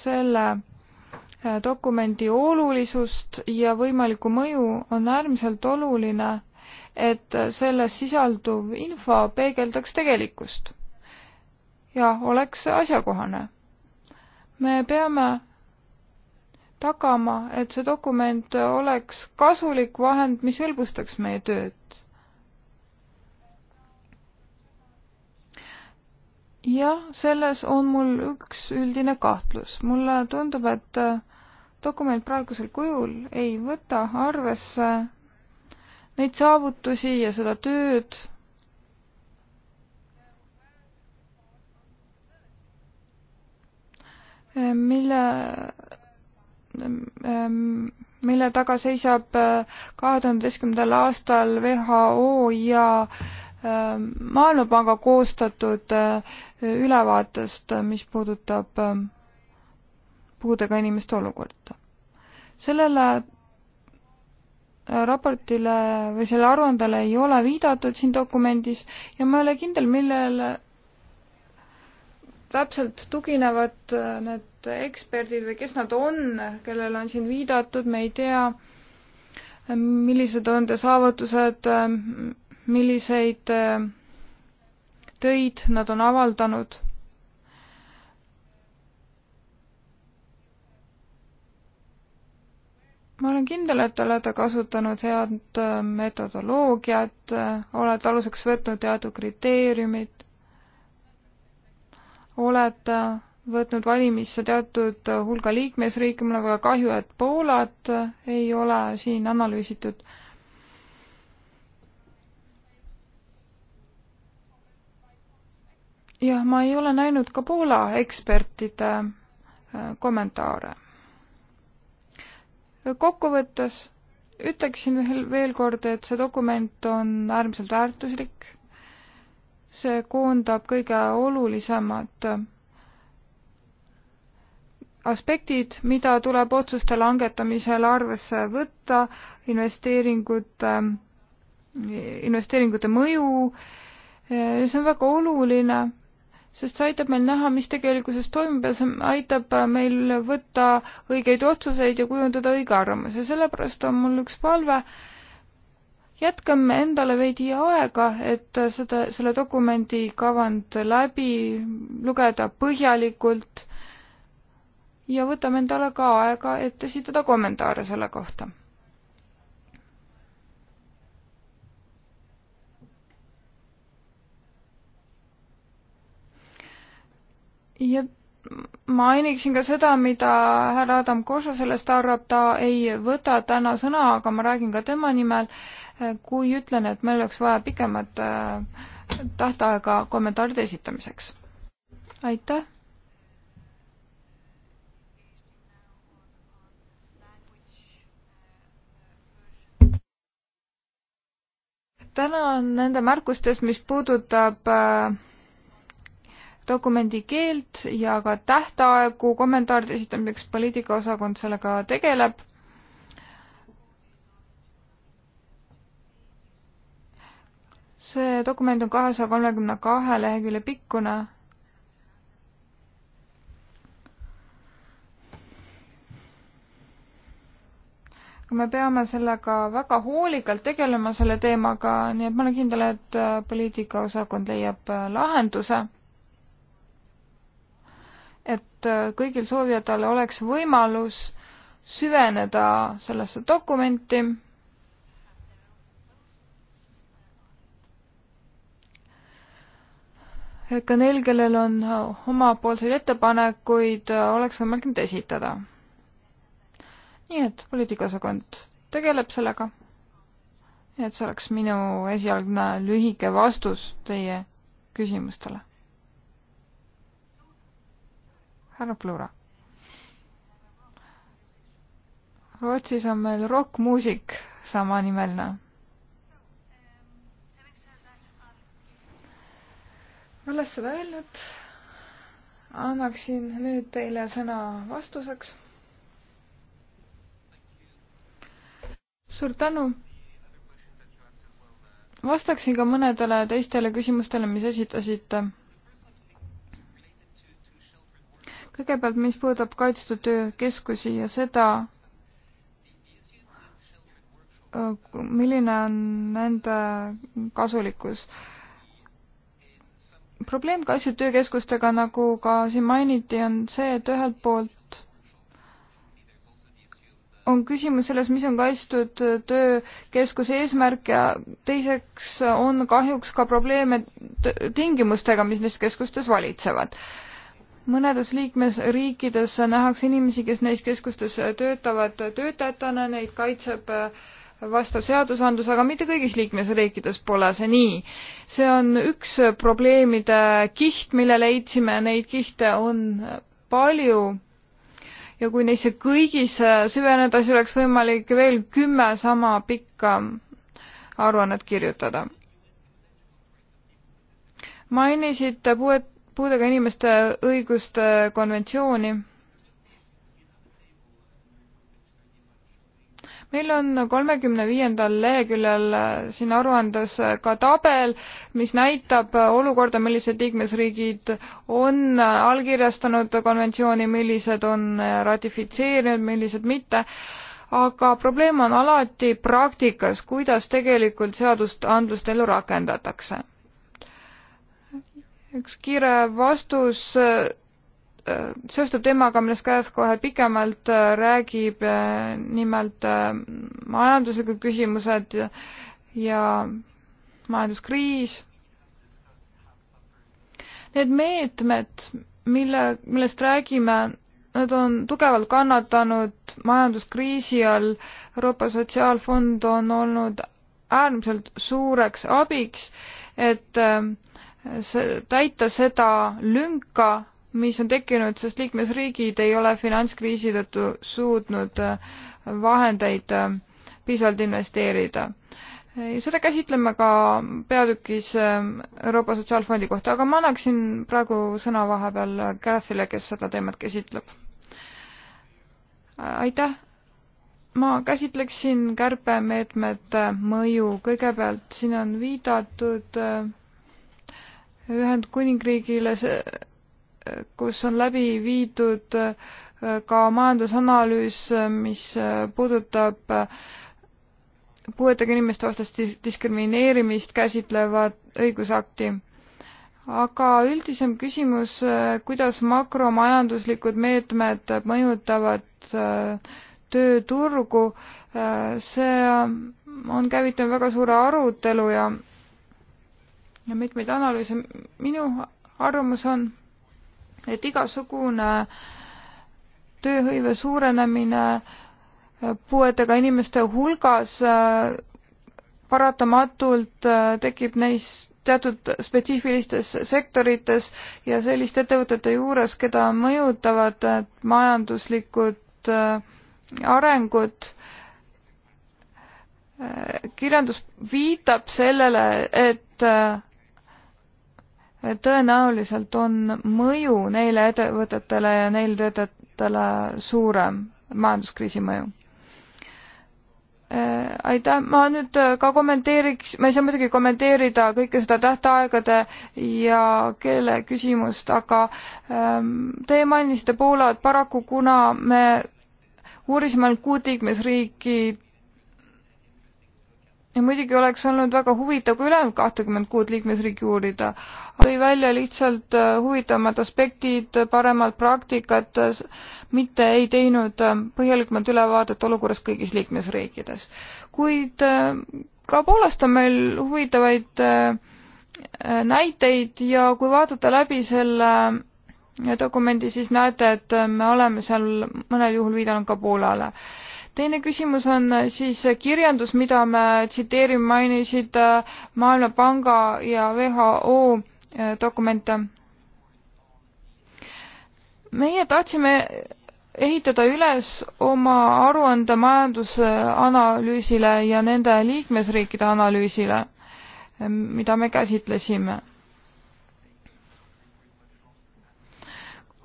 selle äh, dokumendi olulisust ja võimalikku mõju, on äärmiselt oluline, et selles sisalduv info peegeldaks tegelikkust ja oleks asjakohane. me peame tagama, et see dokument oleks kasulik vahend, mis hõlbustaks meie tööd. jah, selles on mul üks üldine kahtlus. mulle tundub, et dokument praegusel kujul ei võta arvesse neid saavutusi ja seda tööd, mille Ehm, ehm, mille taga seisab äh, kahe tuhande üheteistkümnendal aastal WHO ja ehm, Maailmapanga koostatud äh, ülevaatest, mis puudutab puudega inimeste olukorda. sellele äh, raportile või selle aruandele ei ole viidatud siin dokumendis ja ma ei ole kindel, millele täpselt tuginevad need eksperdid või kes nad on, kellele on siin viidatud, me ei tea, millised on nende saavutused, milliseid eh, töid nad on avaldanud. ma olen kindel, et te olete kasutanud head eh, metodoloogiat, eh, olete aluseks võtnud teatud kriteeriumid, olete võtnud valimisse teatud hulga liikmesriike, mul on väga kahju, et Poolat ei ole siin analüüsitud. jah, ma ei ole näinud ka Poola ekspertide äh, kommentaare. kokkuvõttes ütleksin veel, veel kord, et see dokument on äärmiselt väärtuslik. see koondab kõige olulisemad aspektid, mida tuleb otsuste langetamisel arvesse võtta, investeeringute, investeeringute mõju, see on väga oluline, sest see aitab meil näha, mis tegelikkuses toimub ja see aitab meil võtta õigeid otsuseid ja kujundada õige arvamus ja sellepärast on mul üks palve, jätkame endale veidi aega, et seda, selle dokumendi kavand läbi lugeda põhjalikult ja võtame endale ka aega, et esitada kommentaare selle kohta. ja mainiksin ka seda, mida härra Adam Koša sellest arvab, ta ei võta täna sõna, aga ma räägin ka tema nimel, kui ütlen, et meil oleks vaja pikemat äh, tähtaega kommentaaride esitamiseks. aitäh! tänan nende märkustest, mis puudutab äh, dokumendi keelt ja ka tähtaegu kommentaaride esitamiseks poliitikaosakond sellega tegeleb. see dokument on kahesaja kolmekümne kahe lehekülje pikkune aga me peame sellega väga hoolikalt tegelema, selle teemaga, nii et ma olen kindel, et äh, poliitikaosakond leiab äh, lahenduse. et äh, kõigil soovijatel oleks võimalus süveneda sellesse dokumenti. et ka neil, kellel on omapoolseid ettepanekuid, oleks võimalik need esitada nii et poliitikaosakond tegeleb sellega. et see oleks minu esialgne lühike vastus teie küsimustele. härra Plura. Rootsis on meil rokkmuusik samanimeline. olles seda öelnud, annaksin nüüd teile sõna vastuseks suur tänu. vastaksin ka mõnedele teistele küsimustele, mis esitasite. kõigepealt, mis puudutab kaitstud töökeskusi ja seda, milline on nende kasulikkus probleem kaitstud töökeskustega, nagu ka siin mainiti, on see, et ühelt poolt on küsimus selles, mis on kaitstud töökeskuse eesmärk ja teiseks on kahjuks ka probleeme tingimustega, mis neis keskustes valitsevad. mõnedes liikmesriikides nähakse inimesi, kes neis keskustes töötavad töötajatena, neid kaitseb vastav seadusandlus, aga mitte kõigis liikmesriikides pole see nii. see on üks probleemide kiht, mille leidsime, neid kihte on palju ja kui neisse kõigisse äh, süveneda, siis oleks võimalik veel kümme sama pikka aruannet kirjutada. mainisite puuet, puudega inimeste õiguste konventsiooni meil on kolmekümne viiendal leheküljel siin aruandes ka tabel, mis näitab olukorda, millised liikmesriigid on allkirjastanud konventsiooni, millised on ratifitseerinud, millised mitte, aga probleem on alati praktikas, kuidas tegelikult seadustandlust ellu rakendatakse. üks kiire vastus Äh, seostub teemaga, millest käes kohe pikemalt äh, räägib, äh, nimelt majanduslikud küsimused ja majanduskriis. Need meetmed, mille, millest räägime, nad on tugevalt kannatanud majanduskriisi all. Euroopa Sotsiaalfond on olnud äärmiselt suureks abiks, et see, täita seda lünka, mis on tekkinud, sest liikmesriigid ei ole finantskriisi tõttu suutnud äh, vahendeid äh, piisavalt investeerida. Äh, seda käsitleme ka peatükis Euroopa Sotsiaalfondi kohta, aga ma annaksin praegu sõna vahepeal Kärsile, kes seda teemat käsitleb. aitäh! ma käsitleksin kärpemeetmete mõju. kõigepealt siin on viidatud Ühendkuningriigile see kus on läbi viidud äh, ka majandusanalüüs, äh, mis äh, puudutab puuetega inimeste vastast diskrimineerimist käsitlevat õigusakti. aga üldisem küsimus, kuidas makromajanduslikud meetmed mõjutavad tööturgu, see on käivitanud väga suure arutelu ja ja mitmeid analüüse. minu arvamus on et igasugune tööhõive suurenemine puuetega inimeste hulgas äh, paratamatult äh, tekib neis teatud spetsiifilistes sektorites ja selliste ettevõtete juures, keda mõjutavad äh, majanduslikud arengud. kirjandus viitab sellele, et tõenäoliselt on mõju neile ettevõtetele ja neil töötajatele suurem, majanduskriisi mõju. Äh, aitäh, ma nüüd ka kommenteeriks, ma ei saa muidugi kommenteerida kõike seda tähtaegade ja keele küsimust, aga ähm, teie mainisite Poolat, paraku kuna me uurisime ainult kuut liikmesriiki ja muidugi oleks olnud väga huvitav ka ülejäänud kahtekümmet kuud liikmesriiki uurida. tõi välja lihtsalt äh, huvitavamad aspektid, paremad praktikad, äh, mitte ei teinud äh, põhjalikumat ülevaadet olukorrast kõigis liikmesriikides. kuid ka Poolast on meil huvitavaid näiteid ja kui vaadata läbi selle dokumendi, siis näete, et me oleme seal mõnel juhul viidanud ka Poolale teine küsimus on äh, siis äh, kirjandus, mida me äh, tsiteerime, mainisid Maailmapanga ja WHO dokumente. meie tahtsime ehitada üles oma aruande majandusanalüüsile ja nende liikmesriikide analüüsile, mida me käsitlesime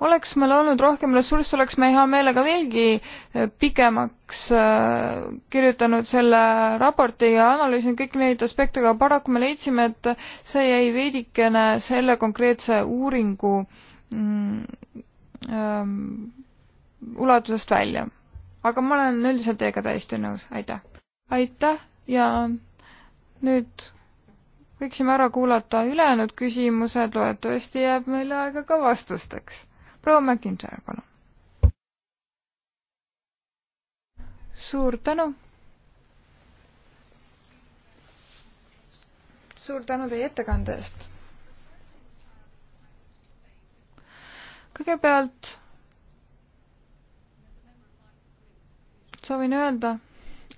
oleks meil olnud rohkem ressursse, oleks me hea meelega veelgi eh, pikemaks eh, kirjutanud selle raporti ja analüüsinud kõiki neid aspekte, aga paraku me leidsime, et see jäi veidikene selle konkreetse uuringu mm, ehm, ulatusest välja. aga ma olen üldiselt teiega täiesti nõus, aitäh! aitäh ja nüüd võiksime ära kuulata ülejäänud küsimused, loodetavasti jääb meil aega ka vastusteks proua McIntyre, palun. suur tänu. suur tänu teie ettekande eest. kõigepealt soovin öelda,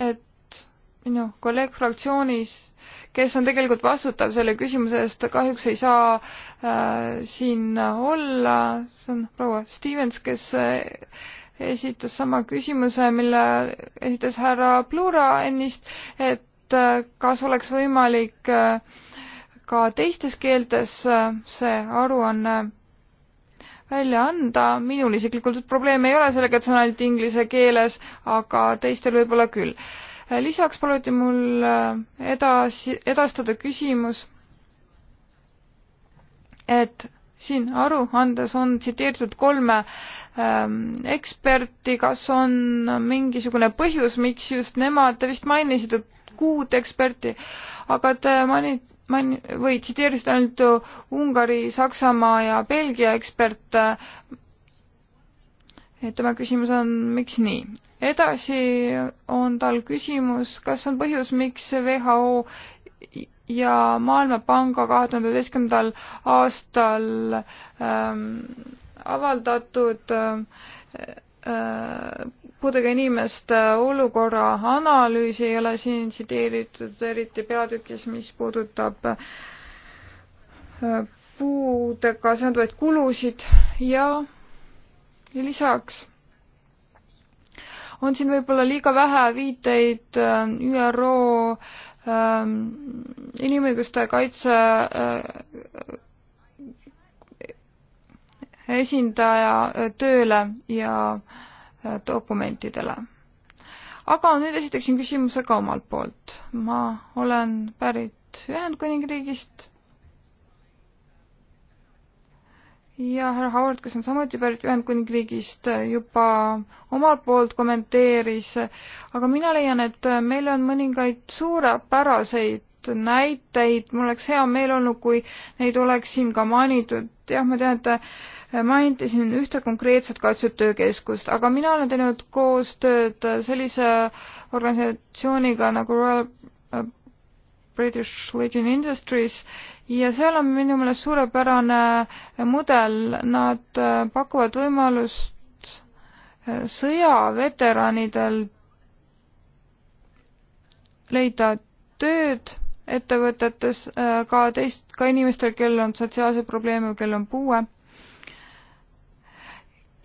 et minu kolleeg fraktsioonist kes on tegelikult vastutav selle küsimuse eest, kahjuks ei saa äh, siin olla, see on proua Stevens, kes äh, esitas sama küsimuse, mille esitas härra Plura ennist, et äh, kas oleks võimalik äh, ka teistes keeltes äh, see aruanne äh, välja anda, minul isiklikult probleeme ei ole sellega, et see on ainult inglise keeles, aga teistel võib-olla küll äh, lisaks paluti mul äh, edasi, edastada küsimus, et siin aruandes on tsiteeritud kolme ähm, eksperti, kas on mingisugune põhjus, miks just nemad, te vist mainisite kuut eksperti, aga te mainite main-, või tsiteerisite ainult Ungari, Saksamaa ja Belgia eksperte. et tema küsimus on, miks nii? edasi on tal küsimus, kas on põhjus, miks WHO ja Maailmapanga kahe tuhande üheteistkümnendal aastal ähm, avaldatud ähm, äh, puudega inimeste olukorra analüüsi ei ole siin tsiteeritud eriti peatükis, mis puudutab äh, puudega seonduvaid kulusid ja, ja lisaks on siin võib-olla liiga vähe viiteid äh, ÜRO ähm, inimõiguste kaitse äh, esindaja äh, tööle ja äh, dokumentidele. aga nüüd esitaksin küsimuse ka omalt poolt. ma olen pärit Ühendkuningriigist ja härra Howard, kes on samuti pärit Ühendkuningriigist, juba omalt poolt kommenteeris, aga mina leian, et meil on mõningaid suurepäraseid näiteid, mul oleks hea meel olnud, kui neid oleks siin ka mainitud, jah, ma tean, et mainiti siin ühte konkreetset kaitsetöökeskust, aga mina olen teinud koostööd sellise organisatsiooniga nagu Royal British Legion Industries ja seal on minu meelest suurepärane mudel, nad äh, pakuvad võimalust äh, sõjaveteranidel leida tööd ettevõtetes, äh, ka teist, ka inimestel, kellel on sotsiaalseid probleeme või kellel on puue.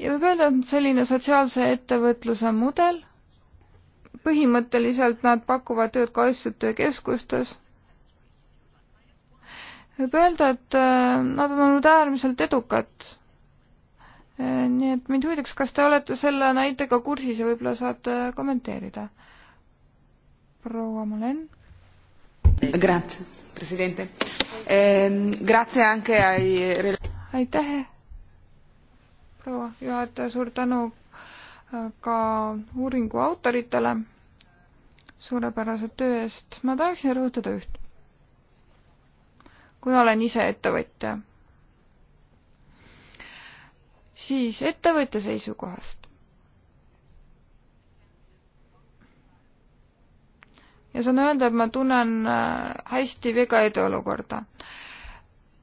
ja võib öelda, et selline sotsiaalse ettevõtluse mudel põhimõtteliselt nad pakuvad tööd ka asjad töökeskustes. võib öelda, et äh, nad on olnud äärmiselt edukad. Äh, nii et mind huvitaks, kas te olete selle näitega kursis ja võib-olla saate kommenteerida. proua Malen. Grazie, president ehm,. Grazie anche ai. aitäh, proua juhataja, suur tänu ka uuringu autoritele suurepärase töö eest. ma tahaksin rõhutada üht. kuna olen ise ettevõtja, siis ettevõtja seisukohast ja saan öelda, et ma tunnen äh, hästi vegaide olukorda.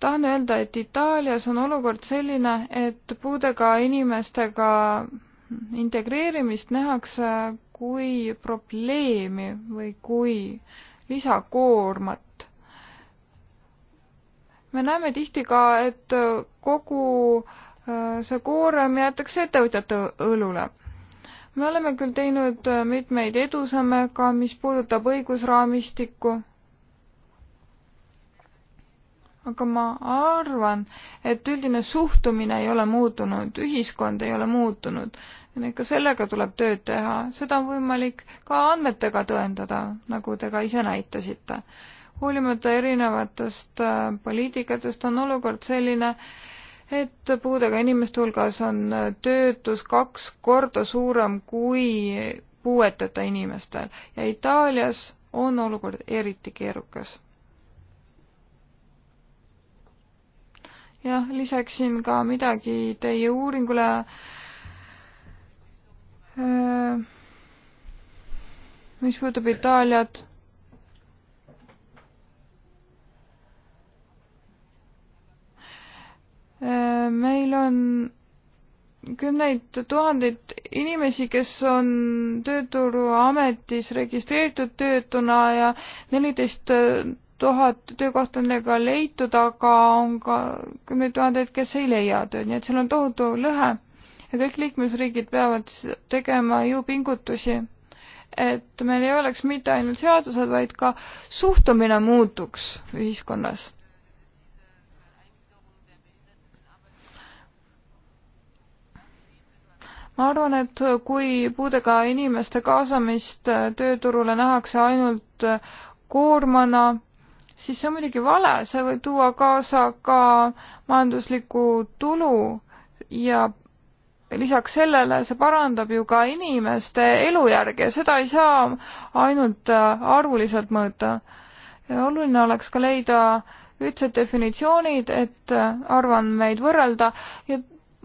tahan öelda, et Itaalias on olukord selline, et puudega inimestega integreerimist nähakse kui probleemi või kui lisakoormat. me näeme tihti ka, et kogu äh, see koorem jäetakse ettevõtjate õlule. me oleme küll teinud äh, mitmeid edusamme ka, mis puudutab õigusraamistikku, aga ma arvan, et üldine suhtumine ei ole muutunud, ühiskond ei ole muutunud ka sellega tuleb tööd teha, seda on võimalik ka andmetega tõendada, nagu te ka ise näitasite. hoolimata erinevatest äh, poliitikatest on olukord selline, et puudega inimeste hulgas on äh, töötus kaks korda suurem kui puueteta inimestel ja Itaalias on olukord eriti keerukas. jah, lisaksin ka midagi teie uuringule äh, Äh, mis puudutab Itaaliat, äh, meil on kümneid tuhandeid inimesi, kes on tööturuametis registreeritud töötuna ja neliteist tuhat töökohta on neile leitud, aga on ka kümneid tuhandeid, kes ei leia tööd, nii et seal on tohutu lõhe ja kõik liikmesriigid peavad tegema ju pingutusi, et meil ei oleks mitte ainult seadused, vaid ka suhtumine muutuks ühiskonnas. ma arvan, et kui puudega inimeste kaasamist tööturule nähakse ainult koormana, siis see on muidugi vale, see võib tuua kaasa ka majanduslikku tulu ja lisaks sellele see parandab ju ka inimeste elujärge ja seda ei saa ainult äh, arvuliselt mõõta. ja oluline oleks ka leida ühtsed definitsioonid, et äh, arvandmeid võrrelda ja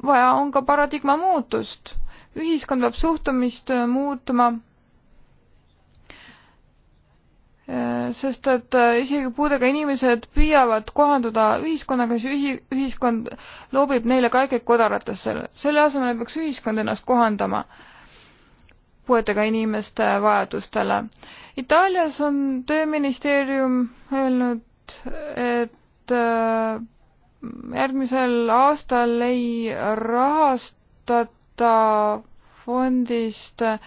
vaja on ka paradigma muutust. ühiskond peab suhtumist äh, muutma sest et äh, isegi puudega inimesed püüavad kohanduda ühiskonnaga, siis ühi-, ühiskond loobib neile kaiged kodaratesse. selle asemel peaks ühiskond ennast kohandama puuetega inimeste vajadustele. Itaalias on tööministeerium öelnud, et äh, järgmisel aastal ei rahastata fondist äh,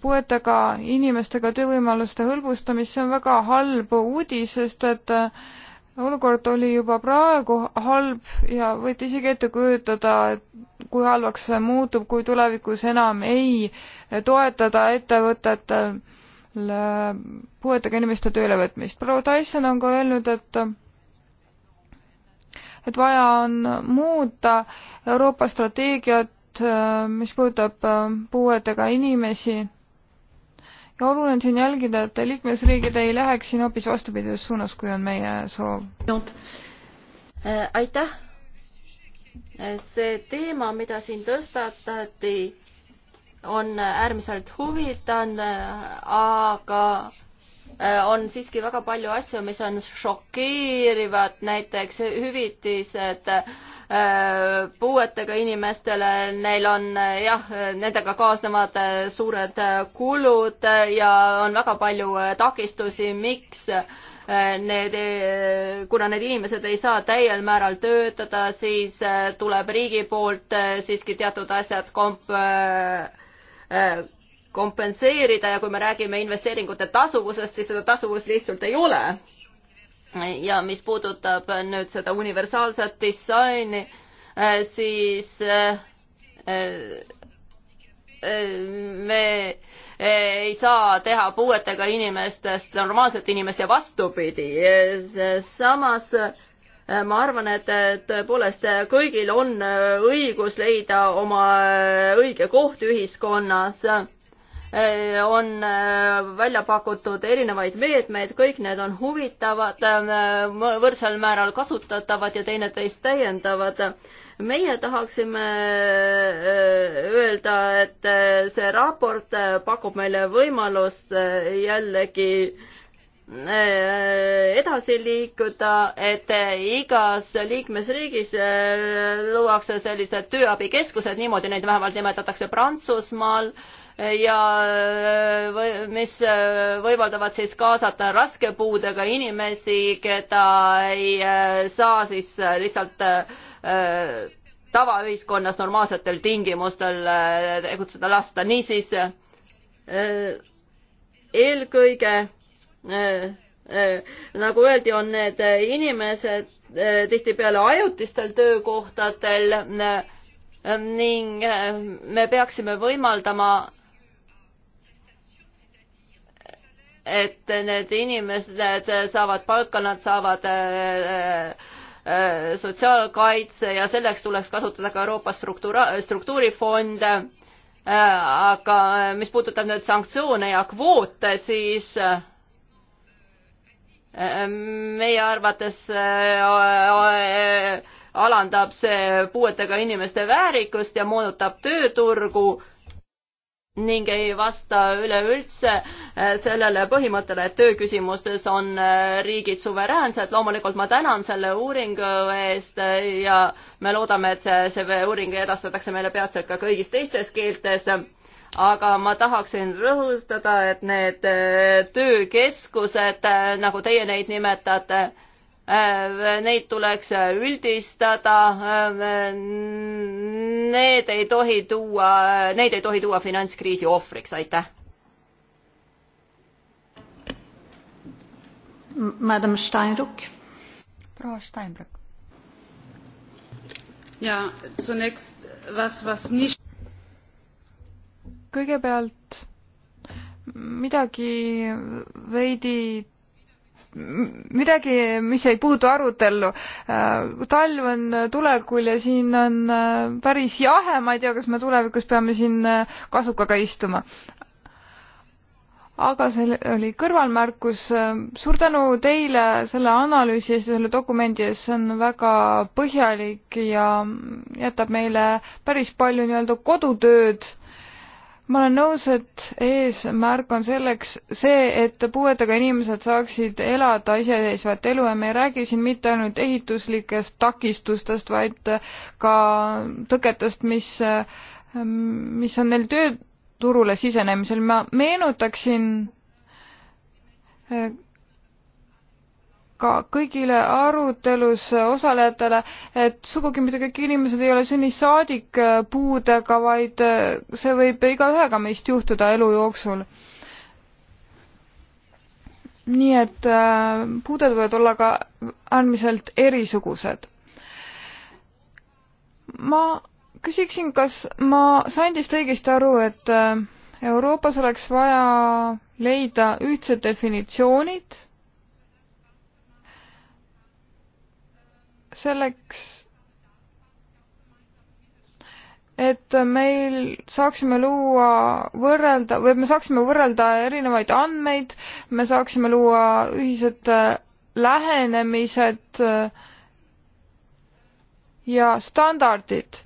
puuetega inimestega töövõimaluste hõlbustamist, see on väga halb uudis, sest et äh, olukord oli juba praegu halb ja võite isegi ette kujutada, et kui halvaks see muutub, kui tulevikus enam ei toetada ettevõtetel puuetega inimeste töölevõtmist. proua Tyson on ka öelnud, et et vaja on muuta Euroopa strateegiat tööd, äh, mis puudutab äh, puuetega inimesi. ja oluline on siin jälgida, et liikmesriigid ei läheks siin hoopis vastupidises suunas, kui on meie soov. Äh, aitäh. see teema, mida siin tõstatati, on äärmiselt huvitav, aga on siiski väga palju asju, mis on šokeerivad, näiteks hüvitised äh, Äh, puuetega inimestele, neil on äh, jah, nendega kaasnevad äh, suured kulud ja on väga palju takistusi, miks need, kuna need inimesed ei saa täiel määral töötada, siis tuleb riigi poolt siiski teatud asjad komp-, kompenseerida ja kui me räägime investeeringute tasuvusest, siis seda tasuvust lihtsalt ei ole ja mis puudutab nüüd seda universaalset disaini, äh, siis äh, äh, me ei saa teha puuetega inimestest normaalset inimest ja vastupidi. samas ma arvan, et tõepoolest kõigil on õigus leida oma õige koht ühiskonnas Äh, on äh, välja pakutud erinevaid meetmeid, kõik need on huvitavad, äh, võrdsel määral kasutatavad ja teineteist täiendavad. meie tahaksime öelda, et see raport pakub meile võimalust jällegi edasi liikuda, et igas liikmesriigis luuakse sellised tööabikeskused, niimoodi neid vähemalt nimetatakse Prantsusmaal ja äh, või, mis äh, võimaldavad siis kaasata raske puudega inimesi, keda ei äh, saa siis lihtsalt tavaühiskonnas normaalsetel tingimustel tegutseda lasta. niisiis eelkõige nagu öeldi, on need inimesed tihtipeale ajutistel töökohtadel ning me peaksime võimaldama et need inimesed saavad palka, nad saavad äh, äh, äh, sotsiaalkaitse ja selleks tuleks kasutada ka Euroopa struktuura, struktuurifonde. aga mis puudutab nüüd sanktsioone ja kvoote, siis meie arvates alandab see puuetega inimeste väärikust ja moonutab tööturgu ning ei vasta üleüldse äh, sellele põhimõttele, et tööküsimustes on äh, riigid suveräänsed. loomulikult ma tänan selle uuringu eest äh, ja me loodame, et see, see uuring edastatakse meile peatselt ka kõigis teistes keeltes. aga ma tahaksin rõhutada, et need töökeskused, nagu teie neid nimetate, Äh, neid tuleks üldistada, äh, need ei tohi tuua, neid ei tohi tuua finantskriisi ohvriks, aitäh. Madam Steinruck. proua Steinruck. ja zunächst was, was nicht. kõigepealt midagi veidi midagi, mis ei puudu arutellu. Äh, talv on tulekul ja siin on äh, päris jahe, ma ei tea, kas me tulevikus peame siin äh, kasukaga istuma. aga see oli kõrvalmärkus. suur tänu teile selle analüüsi eest ja selle dokumendi eest, see on väga põhjalik ja jätab meile päris palju nii-öelda kodutööd ma olen nõus, et eesmärk on selleks see, et puuetega inimesed saaksid elada iseseisvat elu ja me ei räägi siin mitte ainult ehituslikest takistustest, vaid ka tõketest, mis, mis on neil tööturule sisenemisel. ma meenutaksin ka kõigile arutelus osalejatele, et sugugi mitte kõik inimesed ei ole sünnist saadik äh, puudega, vaid äh, see võib igaühega meist juhtuda elu jooksul. nii et äh, puuded võivad olla ka äärmiselt erisugused. ma küsiksin, kas ma sain teist õigesti aru, et Euroopas oleks vaja leida ühtsed definitsioonid selleks, et meil saaksime luua võrrelda või me saaksime võrrelda erinevaid andmeid, me saaksime luua ühised äh, lähenemised äh, ja standardid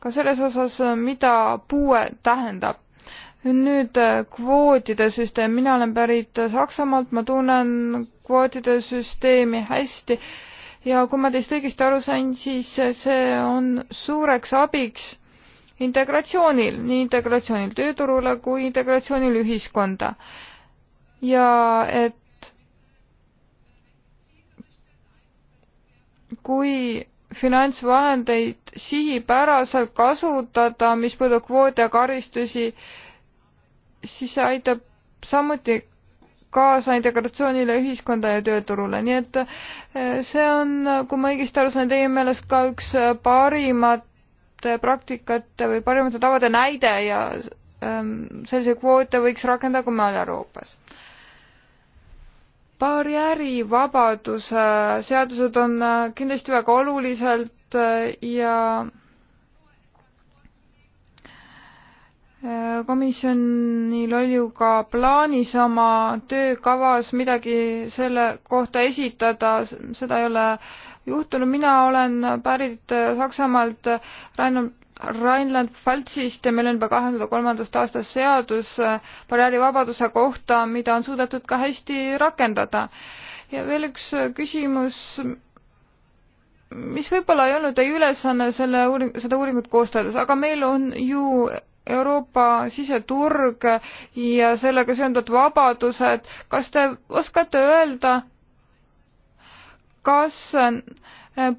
ka selles osas, äh, mida puue tähendab. nüüd kvoodide süsteem, mina olen pärit Saksamaalt, ma tunnen kvoodide süsteemi hästi ja kui ma teist õigesti aru sain, siis see on suureks abiks integratsioonil, nii integratsioonil tööturule kui integratsioonil ühiskonda. ja et kui finantsvahendeid sihipäraselt kasutada, mis puudutab kvoote ja karistusi, siis see aitab samuti kaasa integratsioonile ühiskonda ja tööturule, nii et eh, see on, kui ma õigesti aru sain, teie meelest ka üks parimate praktikate või parimate tavade näide ja ähm, selliseid kvoote võiks rakendada ka mujal Euroopas. barjäärivabaduse seadused on kindlasti väga oluliselt eh, ja komisjonil oli ju ka plaanis oma töökavas midagi selle kohta esitada, seda ei ole juhtunud, mina olen pärit Saksamaalt Rheinland Rheinland-Pfalzist ja meil on juba kahe tuhande kolmandast aastast seadus barjäärivabaduse kohta, mida on suudetud ka hästi rakendada. ja veel üks küsimus, mis võib-olla ei olnud teie ülesanne selle uuring, seda uuringut koostades, aga meil on ju Euroopa siseturg ja sellega seonduvad vabadused, kas te oskate öelda, kas eh,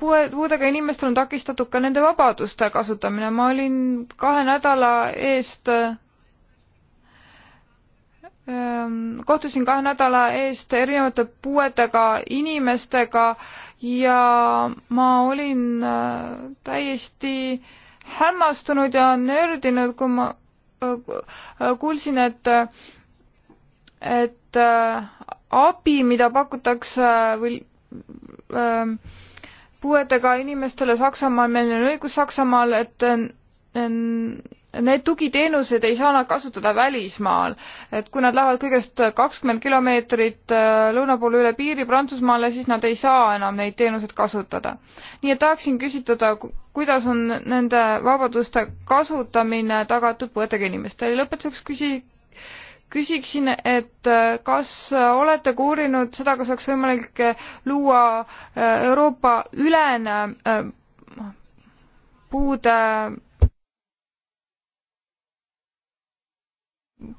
puue, puudega inimestel on takistatud ka nende vabaduste kasutamine, ma olin kahe nädala eest ehm, kohtusin kahe nädala eest erinevate puuetega inimestega ja ma olin eh, täiesti äh, hämmastunud ja nördinud, kui ma äh, kuulsin, et, et äh, abi, mida pakutakse või ähm, puuetega inimestele Saksamaal, meil on õigus Saksamaal, et, et äh, need tugiteenused ei saa nad kasutada välismaal, et kui nad lähevad kõigest kakskümmend kilomeetrit äh, lõuna poole üle piiri Prantsusmaale, siis nad ei saa enam neid teenuseid kasutada. nii et tahaksin küsitleda, kuidas on nende vabaduste kasutamine tagatud puuetega inimestele. lõpetuseks küsi-, küsiksin, et äh, kas olete ka uurinud seda, kas oleks võimalik äh, luua Euroopa ülene puude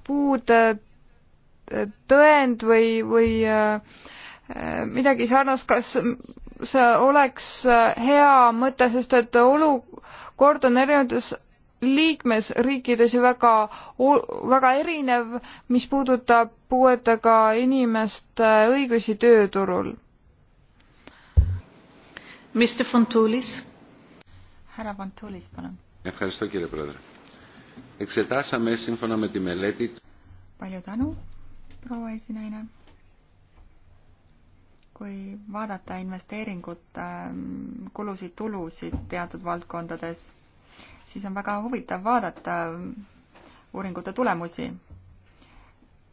puude äh, tõend või, või äh, midagi sarnast, kas see oleks hea mõte, sest et olukord on erinevates liikmesriikides ju väga, väga erinev, mis puudutab puuetega inimeste õigusi tööturul. härra Fontulis, palun εξετάσαμε σύμφωνα με τη μελέτη... Palju tänu, proua esinaine. Kui vaadata investeeringute ähm, kulusid, tulusid teatud valdkondades, siis on väga huvitav vaadata ähm, uuringute tulemusi.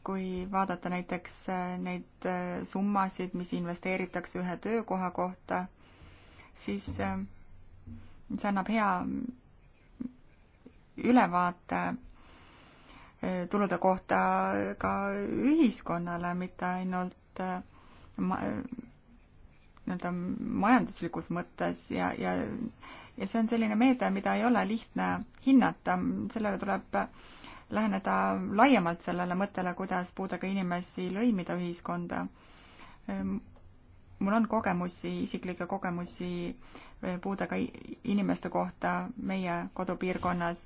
Kui vaadata näiteks äh, neid äh, summasid, mis investeeritakse ühe töökoha kohta, siis ähm, see annab hea ülevaate eh, tulude kohta ka ühiskonnale, mitte ainult eh, nii-öelda majanduslikus mõttes ja, ja, ja see on selline meede, mida ei ole lihtne hinnata, sellele tuleb läheneda laiemalt sellele mõttele, kuidas puudega inimesi lõimida ühiskonda mul on kogemusi, isiklikke kogemusi eh, puudega inimeste kohta meie kodupiirkonnas.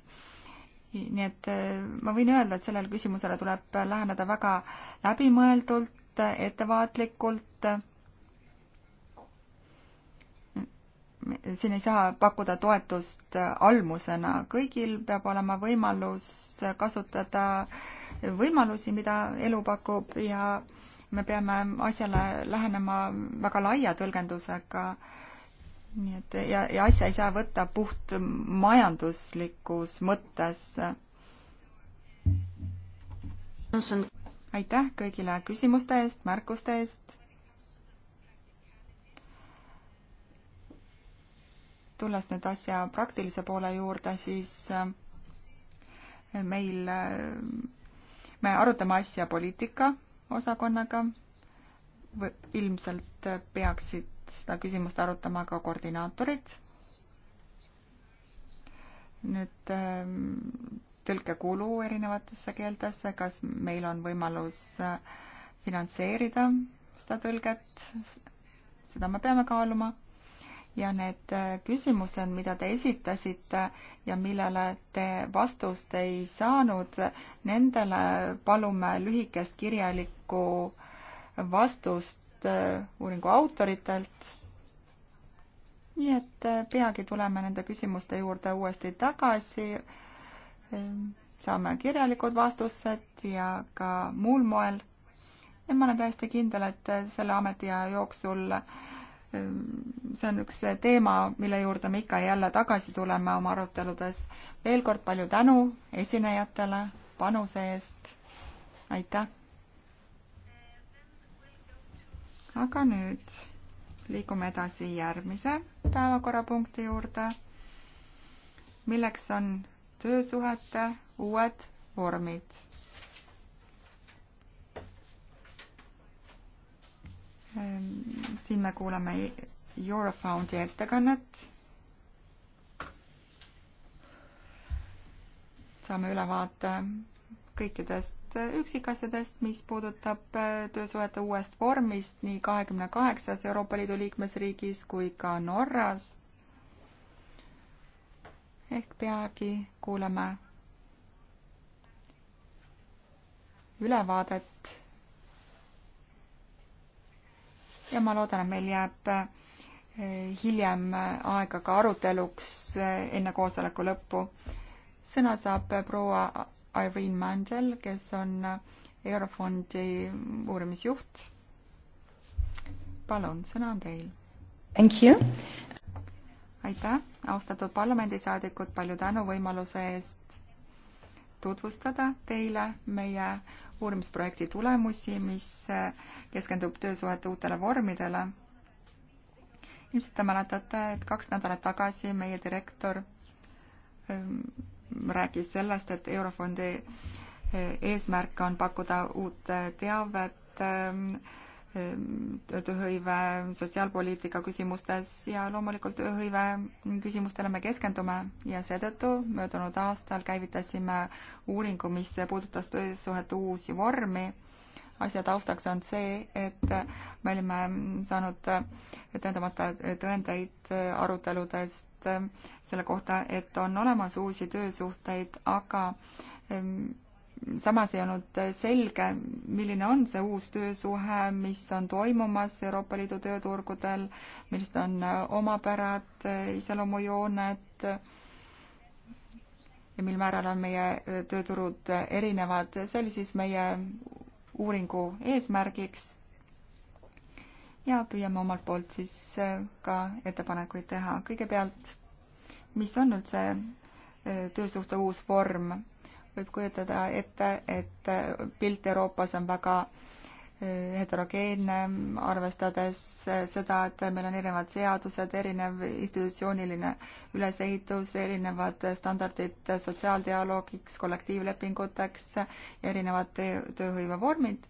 nii et eh, ma võin öelda, et sellele küsimusele tuleb läheneda väga läbimõeldult, ettevaatlikult. siin ei saa pakkuda toetust almusena, kõigil peab olema võimalus kasutada võimalusi, mida elu pakub ja äh, me peame asjale lähenema väga laia tõlgendusega. nii et ja, ja asja ei saa võtta puht majanduslikus mõttes. aitäh kõigile küsimuste eest, märkuste eest. tulles nüüd asja praktilise poole juurde, siis eh, meil, eh, me arutame asja poliitika osakonnaga. ilmselt peaksid seda küsimust arutama ka koordinaatorid. nüüd ähm, tõlkekulu erinevatesse keeltesse, kas meil on võimalus äh, finantseerida seda tõlget, seda me peame kaaluma ja need äh, küsimused, mida te esitasite ja millele te vastust ei saanud, nendele palume lühikest kirjalikku vastust äh, uuringu autoritelt. nii et äh, peagi tuleme nende küsimuste juurde uuesti tagasi. Ähm, saame kirjalikud vastused ja ka muul moel. ja ma olen täiesti kindel, et selle ametiaja jooksul äh, Ehm, see on üks teema, mille juurde me ikka ja jälle tagasi tuleme oma aruteludes. veel kord palju tänu esinejatele panuse eest. aitäh. aga nüüd liigume edasi järgmise päevakorrapunkti juurde, milleks on töösuhete uued vormid Ähm, siin me kuulame Eurofoundi ettekannet. saame ülevaate kõikidest üksikasjadest, mis puudutab äh, töösuhete uuest vormist nii kahekümne kaheksas Euroopa Liidu liikmesriigis kui ka Norras. ehk peagi kuuleme ülevaadet ja ma loodan, et meil jääb eh, hiljem eh, aega ka aruteluks eh, enne koosoleku lõppu. sõna saab proua Irene Mandel, kes on Eurofondi uurimisjuht. palun, sõna on teil. Thank you. aitäh, austatud parlamendisaadikud, palju tänu võimaluse eest tutvustada teile meie uurimisprojekti tulemusi, mis eh, keskendub töösuhete uutele vormidele. ilmselt te mäletate, et kaks nädalat tagasi meie direktor ehm, rääkis sellest, et Eurofondi eh, eesmärk on pakkuda uut eh, teavet ehm, tööhõive, sotsiaalpoliitika küsimustes ja loomulikult tööhõive küsimustele me keskendume ja seetõttu möödunud aastal käivitasime uuringu, mis puudutas töösuhete uusi vormi asja taustaks on see, et me olime saanud tõendamata tõendeid aruteludest selle kohta, et on olemas uusi töösuhteid, aga ehm, samas ei olnud selge, milline on see uus töösuhe, mis on toimumas Euroopa Liidu tööturgudel, millised on omapärad, iseloomujooned ja mil määral on meie tööturud erinevad, see oli siis meie uuringu eesmärgiks. ja püüame omalt poolt siis ka ettepanekuid teha. kõigepealt, mis on üldse töösuhte uus vorm? võib kujutada ette, et pilt Euroopas on väga äh, heterogeenne, arvestades äh, seda, et meil on erinevad seadused, erinev institutsiooniline ülesehitus, erinevad standardid sotsiaaldialoogiks, kollektiivlepinguteks, erinevad tööhõive vormid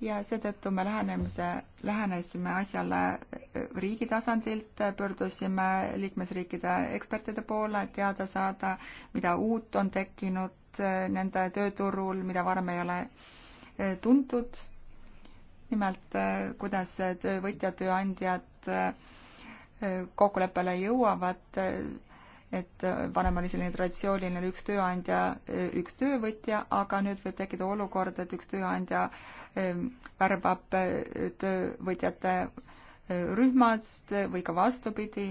ja seetõttu me lähenemise, lähenesime asjale äh, riigi tasandilt, äh, pöördusime liikmesriikide ekspertide poole, et teada saada, mida uut on tekkinud äh, nende tööturul, mida varem ei ole tuntud. nimelt, kuidas töövõtjad, tööandjad kokkuleppele jõuavad et äh, varem oli selline traditsiooniline üks tööandja, äh, üks töövõtja, aga nüüd võib tekkida olukord, et üks tööandja ähm, värbab äh, töövõtjate rühmast või ka vastupidi.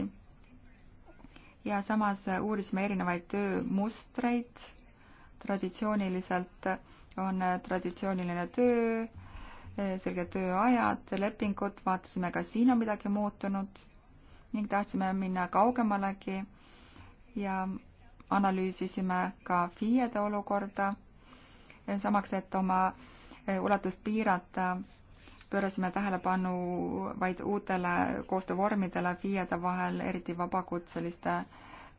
ja samas uurisime erinevaid töömustreid. traditsiooniliselt on traditsiooniline töö, selged tööajad, lepingud, vaatasime, kas siin on midagi muutunud ning tahtsime minna kaugemalegi ja analüüsisime ka FIE-de olukorda. samaks, et oma eh, ulatust piirata, pöörasime tähelepanu vaid uutele koostöövormidele FIE-de vahel, eriti vabakutseliste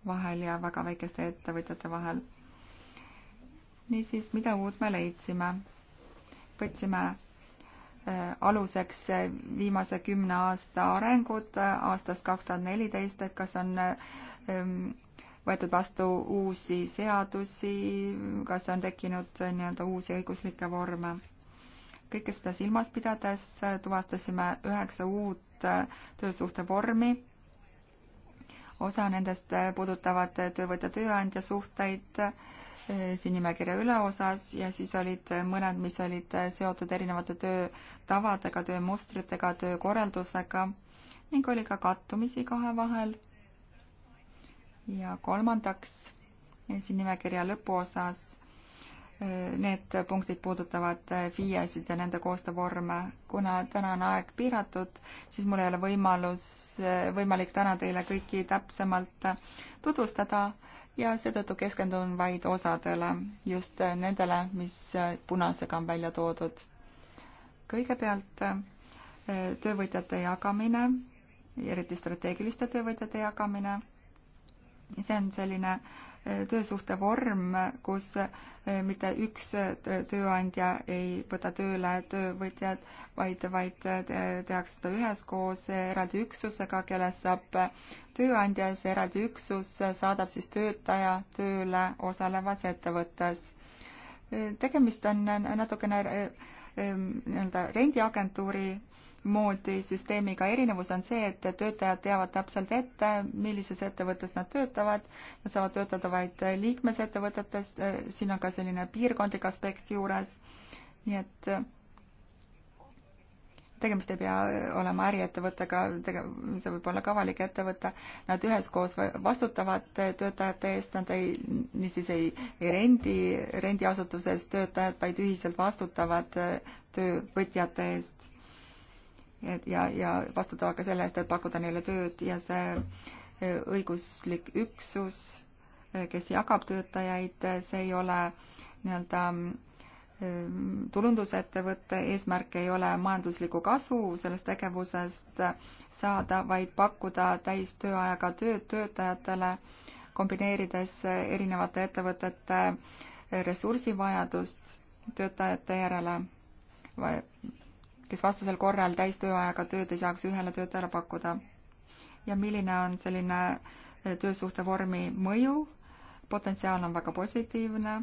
vahel ja väga väikeste ettevõtjate vahel. niisiis, mida uut me leidsime? võtsime eh, aluseks viimase kümne aasta arengud eh, aastast kaks tuhat neliteist, et kas on võetud vastu uusi seadusi, kas on tekkinud äh, nii-öelda uusi õiguslikke vorme. kõike seda silmas pidades äh, tuvastasime üheksa uut äh, töösuhte vormi. osa nendest puudutavad töövõtja tööandja suhteid siin nimekirja üleosas ja siis olid mõned, mis olid seotud erinevate töötavadega, töömustritega, töökorraldusega ning oli ka kattumisi kahe vahel ja kolmandaks siin nimekirja lõpuosas äh, need punktid puudutavad äh, FIE-sid ja nende koostöövorme. kuna täna on aeg piiratud, siis mul ei ole võimalus, äh, võimalik täna teile kõiki täpsemalt tutvustada ja seetõttu keskendun vaid osadele, just nendele, mis punasega on välja toodud. kõigepealt töövõtjate jagamine, eriti strateegiliste töövõtjate jagamine see on selline eh, töösuhte vorm, kus eh, mitte üks eh, tööandja ei võta tööle töövõtjad, vaid, vaid tehakse seda üheskoos eraldi üksusega, kellest saab tööandja ja see eraldi üksus saadab siis töötaja tööle osalevas ettevõttes. tegemist on natukene nii-öelda rendiagentuuri moodi süsteemiga. erinevus on see, et töötajad teavad täpselt ette, millises ettevõttes nad töötavad. Nad saavad töötada vaid liikmesettevõtetes, äh, siin on ka selline piirkondlik aspekt juures. nii et äh, tegemist ei pea äh, olema äriettevõttega, see võib olla ka avalik ettevõte, nad üheskoos vastutavad töötajate eest, nad ei, niisiis ei, ei rendi, rendiasutuses töötajad, vaid ühiselt vastutavad töövõtjate eest et ja, ja vastutada ka selle eest, et pakkuda neile tööd ja see e, õiguslik üksus, e, kes jagab töötajaid, e, see ei ole nii-öelda tulundusettevõtte eesmärk ei ole majanduslikku kasu sellest tegevusest saada, vaid pakkuda täistööajaga tööd töötajatele, kombineerides erinevate ettevõtete ressursivajadust töötajate järele kes vastasel korral täistööajaga tööd ei saaks ühele töötajale pakkuda. ja milline on selline eh, töösuhte vormi mõju? potentsiaal on väga positiivne,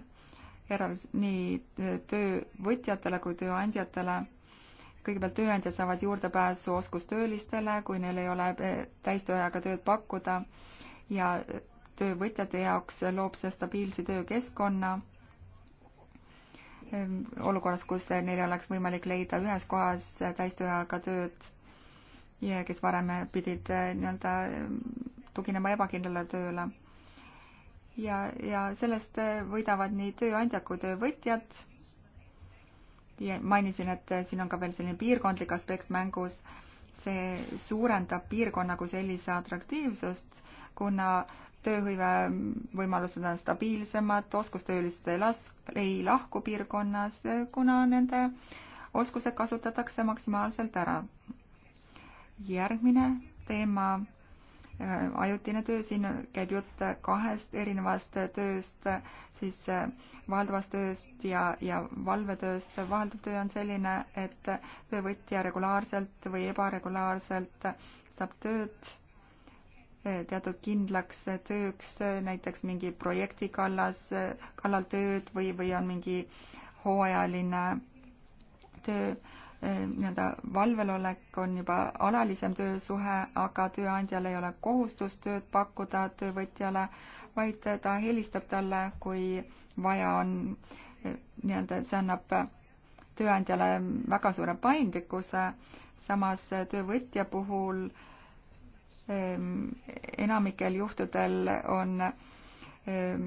eraldas nii eh, töövõtjatele kui tööandjatele. kõigepealt tööandjad saavad juurdepääsu oskustöölistele, kui neil ei ole eh, täistööajaga tööd pakkuda ja töövõtjate jaoks loob see stabiilse töökeskkonna Ehm, olukorras, kus neil oleks võimalik leida ühes kohas täistööajaga tööd ja kes varem pidid eh, nii-öelda ehm, tuginema ebakindlale tööle. ja, ja sellest eh, võidavad nii tööandjad kui töövõtjad. ja mainisin, et eh, siin on ka veel selline piirkondlik aspekt mängus. see suurendab piirkonna kui sellise atraktiivsust, kuna tööhõive võimalused on stabiilsemad, oskustöölised ei las-, ei lahku piirkonnas, kuna nende oskused kasutatakse maksimaalselt ära. järgmine teema, äh, ajutine töö, siin käib jutt kahest erinevast tööst, siis äh, valdavast tööst ja, ja valvetööst. valdav töö on selline, et töövõtja regulaarselt või ebaregulaarselt saab tööd Eh, teatud kindlaks tööks, eh, näiteks mingi projekti kallas, eh, kallal tööd või, või on mingi hooajaline töö, nii-öelda valvelolek on juba alalisem töösuhe, aga tööandjal ei ole kohustust tööd pakkuda töövõtjale, vaid ta helistab talle, kui vaja on. nii-öelda see annab tööandjale väga suure paindlikkuse, samas töövõtja puhul äh, Ehm, enamikel juhtudel on ehm,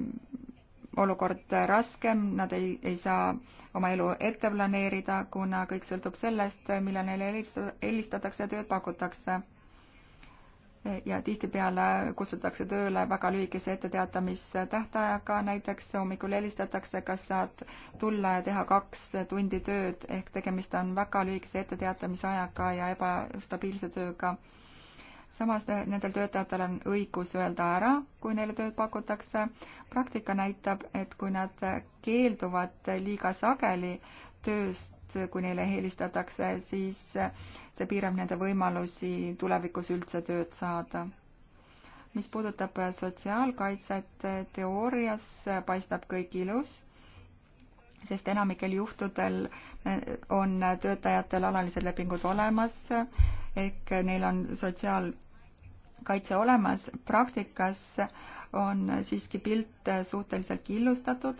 olukord raskem, nad ei, ei saa oma elu ette planeerida, kuna kõik sõltub sellest, millal neile helistatakse ja tööd pakutakse. E, ja tihtipeale kutsutakse tööle väga lühikese etteteatamistähtajaga, näiteks hommikul helistatakse, kas saad tulla ja teha kaks tundi tööd, ehk tegemist on väga lühikese etteteatamisajaga ja ebastabiilse tööga samas nendel töötajatel on õigus öelda ära, kui neile tööd pakutakse. praktika näitab, et kui nad keelduvad liiga sageli tööst, kui neile helistatakse, siis see piirab nende võimalusi tulevikus üldse tööd saada. mis puudutab sotsiaalkaitset, teoorias paistab kõik ilus sest enamikel juhtudel eh, on töötajatel alalised lepingud olemas ehk neil on sotsiaalkaitse olemas. praktikas on siiski pilt suhteliselt killustatud.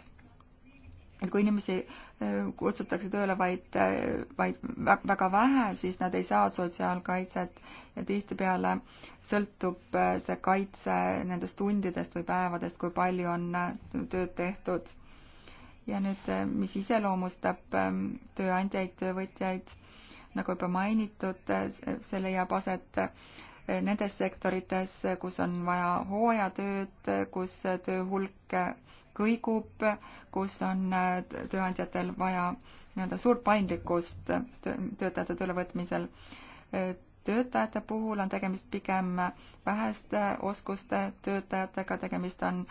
et kui inimesi eh, kutsutakse tööle vaid, eh, vaid väga vähe, siis nad ei saa sotsiaalkaitset ja tihtipeale sõltub see kaitse nendest tundidest või päevadest, kui palju on tööd tehtud ja nüüd, äh, mis iseloomustab ähm, tööandjaid, töövõtjaid, nagu juba mainitud, äh, see leiab aset äh, nendes sektorites, kus on vaja hooajatööd, kus töö hulk kõigub, kus on tööandjatel vaja nii-öelda suurt paindlikkust töötajate töölevõtmisel. töötajate puhul on tegemist pigem väheste oskuste töötajatega, tegemist on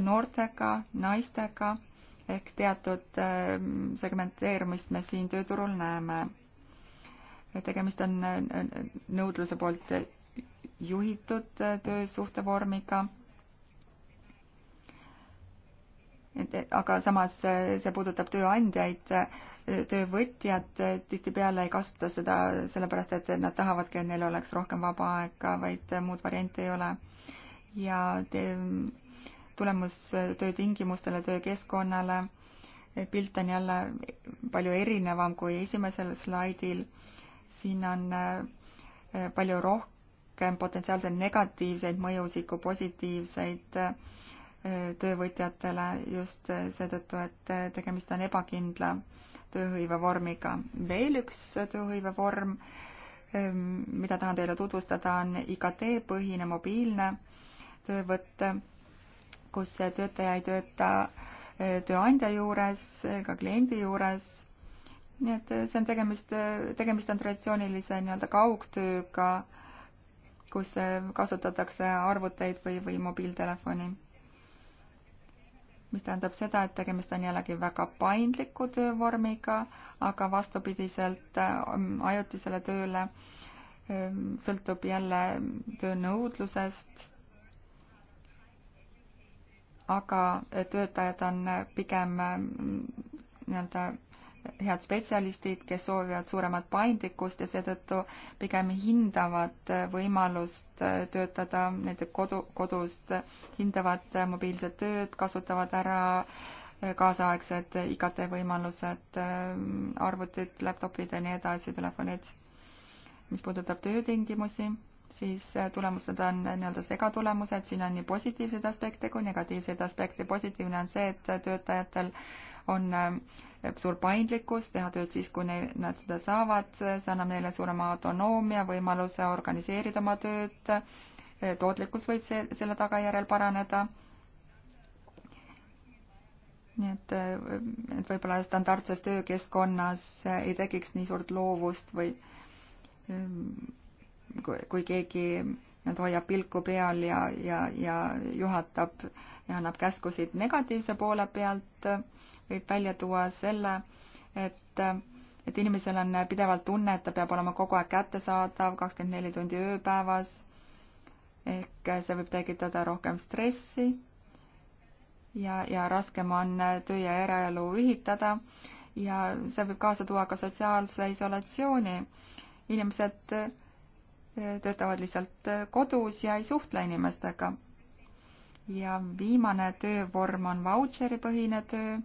noortega, naistega ehk teatud ähm, segmenteerumist me siin tööturul näeme. tegemist on äh, nõudluse poolt juhitud äh, töösuhtevormiga. et aga samas äh, see puudutab tööandjaid, töövõtjad tihtipeale ei kasuta seda sellepärast, et nad tahavadki, et neil oleks rohkem vaba aega, vaid muud varianti ei ole. ja te, tulemustöö tingimustele, töökeskkonnale. pilt on jälle palju erinevam kui esimesel slaidil. siin on äh, palju rohkem potentsiaalselt negatiivseid mõjusid kui positiivseid äh, töövõtjatele just seetõttu, et äh, tegemist on ebakindla tööhõivevormiga. veel üks tööhõivevorm, ähm, mida tahan teile tutvustada, on IKT-põhine mobiilne töövõtt kus töötaja ei tööta äh, tööandja juures ega äh, kliendi juures. nii et äh, see on tegemist, tegemist on traditsioonilise nii-öelda kaugtööga, kus kasutatakse arvuteid või, või mobiiltelefoni. mis tähendab seda, et tegemist on jällegi väga paindliku töövormiga, aga vastupidiselt ajutisele tööle sõltub jälle töö nõudlusest aga eh, töötajad on eh, pigem mm, nii-öelda head spetsialistid, kes soovivad suuremat paindlikkust ja seetõttu pigem hindavad eh, võimalust töötada näiteks kodu, kodust, hindavad mobiilset tööd, kasutavad ära kaasaegsed IKT võimalused, arvutid, laptopid ja nii edasi, telefonid. mis puudutab töötingimusi siis äh, tulemused on nii-öelda segatulemused, siin on nii positiivseid aspekte kui negatiivseid aspekte. positiivne on see, et töötajatel on äh, suur paindlikkus teha tööd siis, kui neil, nad seda saavad, see annab neile suurema autonoomia, võimaluse organiseerida oma tööd, äh, tootlikkus võib see, selle tagajärjel paraneda. nii et, et võib-olla standardses töökeskkonnas ei tekiks nii suurt loovust või ähm, kui keegi nii-öelda hoiab pilku peal ja, ja, ja juhatab ja annab käskusid negatiivse poole pealt, võib välja tuua selle, et, et inimesel on pidevalt tunne, et ta peab olema kogu aeg kättesaadav, kakskümmend neli tundi ööpäevas. ehk see võib tekitada rohkem stressi ja, ja raskem on töö ja eraelu ühitada ja see võib kaasa tuua ka sotsiaalse isolatsiooni. inimesed töötavad lihtsalt äh, kodus ja ei suhtle inimestega. ja viimane töövorm on vautšeripõhine töö.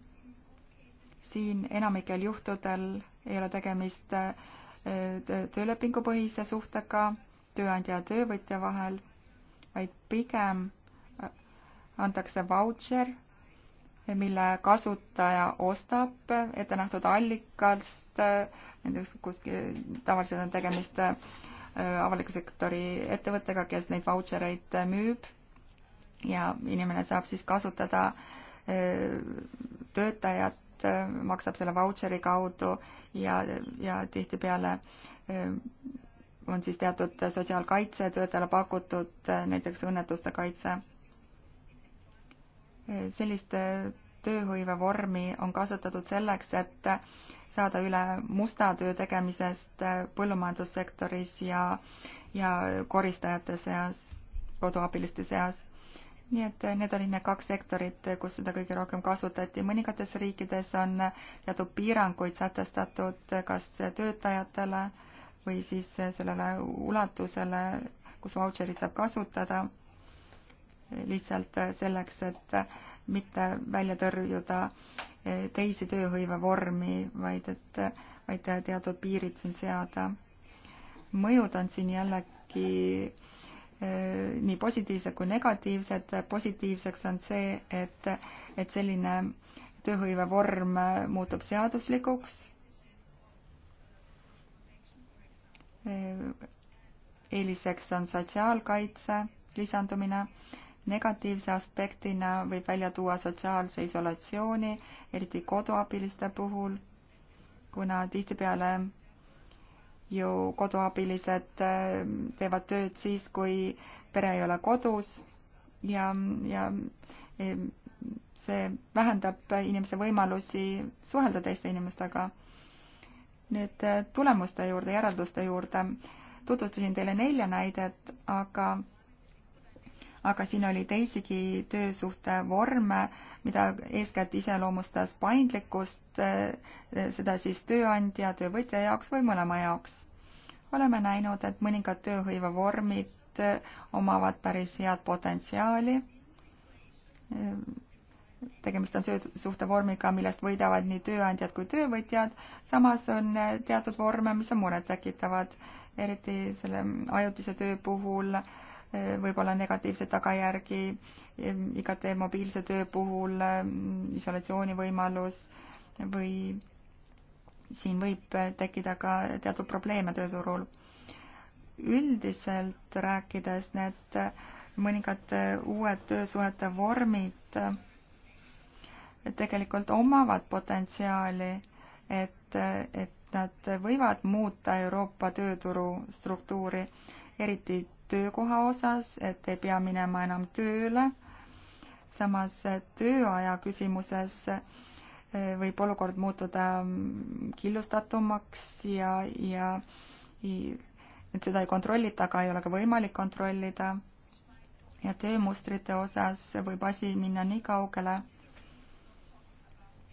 siin enamikel juhtudel ei ole tegemist äh, töölepingupõhise suhtega tööandja ja töövõtja vahel, vaid pigem äh, antakse vautšer, mille kasutaja ostab ettenähtud allikast, näiteks kuskil, tavaliselt on tegemist äh, Äh, avaliku sektori ettevõttega, kes neid vautšereid äh, müüb ja inimene saab siis kasutada äh, töötajat, maksab selle vautšeri kaudu ja, ja tihtipeale on siis teatud sotsiaalkaitse töötajale pakutud, näiteks õnnetuste kaitse. selliste tööhõive vormi on kasutatud selleks, et saada üle musta töö tegemisest põllumajandussektoris ja, ja koristajate seas, koduabiliste seas nii et need olid need kaks sektorit, kus seda kõige rohkem kasutati. mõningates riikides on teatud piiranguid sätestatud kas töötajatele või siis sellele ulatusele, kus vautšerit saab kasutada lihtsalt selleks, et mitte välja tõrjuda e, teisi tööhõivevormi, vaid et, vaid teatud piirid siin seada. mõjud on siin jällegi e, nii positiivsed kui negatiivsed. positiivseks on see, et, et selline tööhõivevorm muutub seaduslikuks. E, eeliseks on sotsiaalkaitse lisandumine negatiivse aspektina võib välja tuua sotsiaalse isolatsiooni, eriti koduabiliste puhul, kuna tihtipeale ju koduabilised äh, teevad tööd siis, kui pere ei ole kodus ja, ja e, see vähendab inimese võimalusi suhelda teiste inimestega. nüüd äh, tulemuste juurde, järelduste juurde tutvustasin teile nelja näidet, aga aga siin oli teisigi töösuhte vorme, mida eeskätt iseloomustas paindlikkust, eh, seda siis tööandja, töövõtja jaoks või mõlema jaoks. oleme näinud, et mõningad tööhõivevormid eh, omavad päris head potentsiaali. Eh, tegemist on suhtevormiga, millest võidavad nii tööandjad kui töövõtjad, samas on teatud vorme, mis on murettekitavad, eriti selle ajutise töö puhul äh, võib-olla negatiivseid tagajärgi IKT mobiilse töö puhul, isolatsiooni võimalus või siin võib tekkida ka teatud probleeme tööturul. üldiselt rääkides need mõningad uued töösuhete vormid tegelikult omavad potentsiaali, et, et nad võivad muuta Euroopa tööturu struktuuri, eriti töökoha osas, et ei pea minema enam tööle. samas tööaja küsimuses eh, võib olukord muutuda mm, killustatumaks ja, ja et seda ei kontrollita, aga ei ole ka võimalik kontrollida. ja töömustrite osas võib asi minna nii kaugele,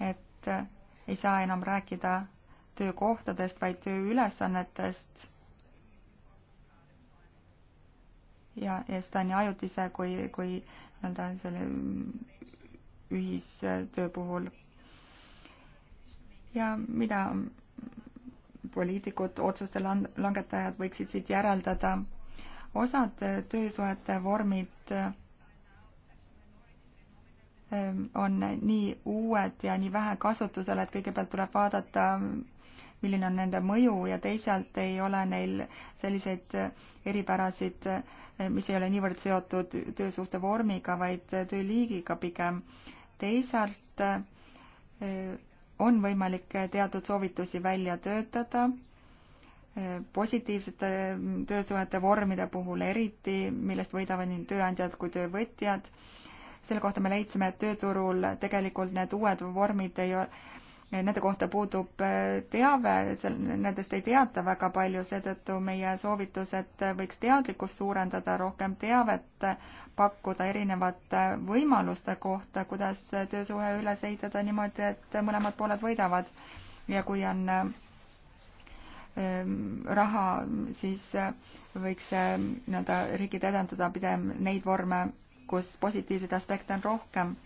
et ei saa enam rääkida töökohtadest, vaid tööülesannetest ja, ja seda nii ajutise kui, kui nii-öelda selle ühistöö puhul. ja mida poliitikud, otsuste langetajad võiksid siit järeldada, osad töösuhete vormid ähm, on nii uued ja nii vähe kasutusel, et kõigepealt tuleb vaadata, milline on nende mõju ja teisalt ei ole neil selliseid eripärasid, mis ei ole niivõrd seotud töösuhte vormiga, vaid tööliigiga pigem. teisalt eh, on võimalik teatud soovitusi välja töötada, eh, positiivsete mm, töösuhete vormide puhul eriti, millest võidavad nii tööandjad kui töövõtjad selle kohta me leidsime, et tööturul tegelikult need uued vormid ei ole, nende kohta puudub äh, teave, nendest ei teata väga palju, seetõttu meie soovitus, et äh, võiks teadlikkust suurendada, rohkem teavet äh, pakkuda erinevate võimaluste kohta, kuidas töösuhe üles ehitada niimoodi, et mõlemad pooled võidavad. ja kui on ähm, raha, siis võiks nii-öelda riigid edendada pigem neid vorme, kus positiivseid aspekte on rohkem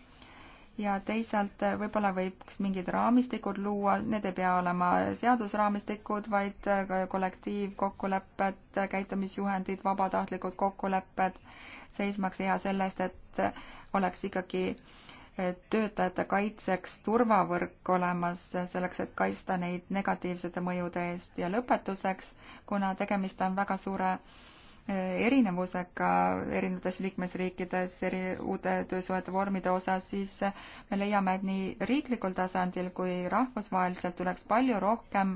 ja teisalt äh, võib-olla võiks mingid raamistikud luua, need ei pea olema seadusraamistikud, vaid äh, kollektiivkokkulepped, käitumisjuhendid, vabatahtlikud kokkulepped, seismaks hea sellest, et äh, oleks ikkagi töötajate kaitseks turvavõrk olemas selleks, et kaitsta neid negatiivsete mõjude eest ja lõpetuseks, kuna tegemist on väga suure erinevusega erinevates liikmesriikides eri uute töösuhete vormide osas, siis me leiame, et nii riiklikul tasandil kui rahvusvaheliselt tuleks palju rohkem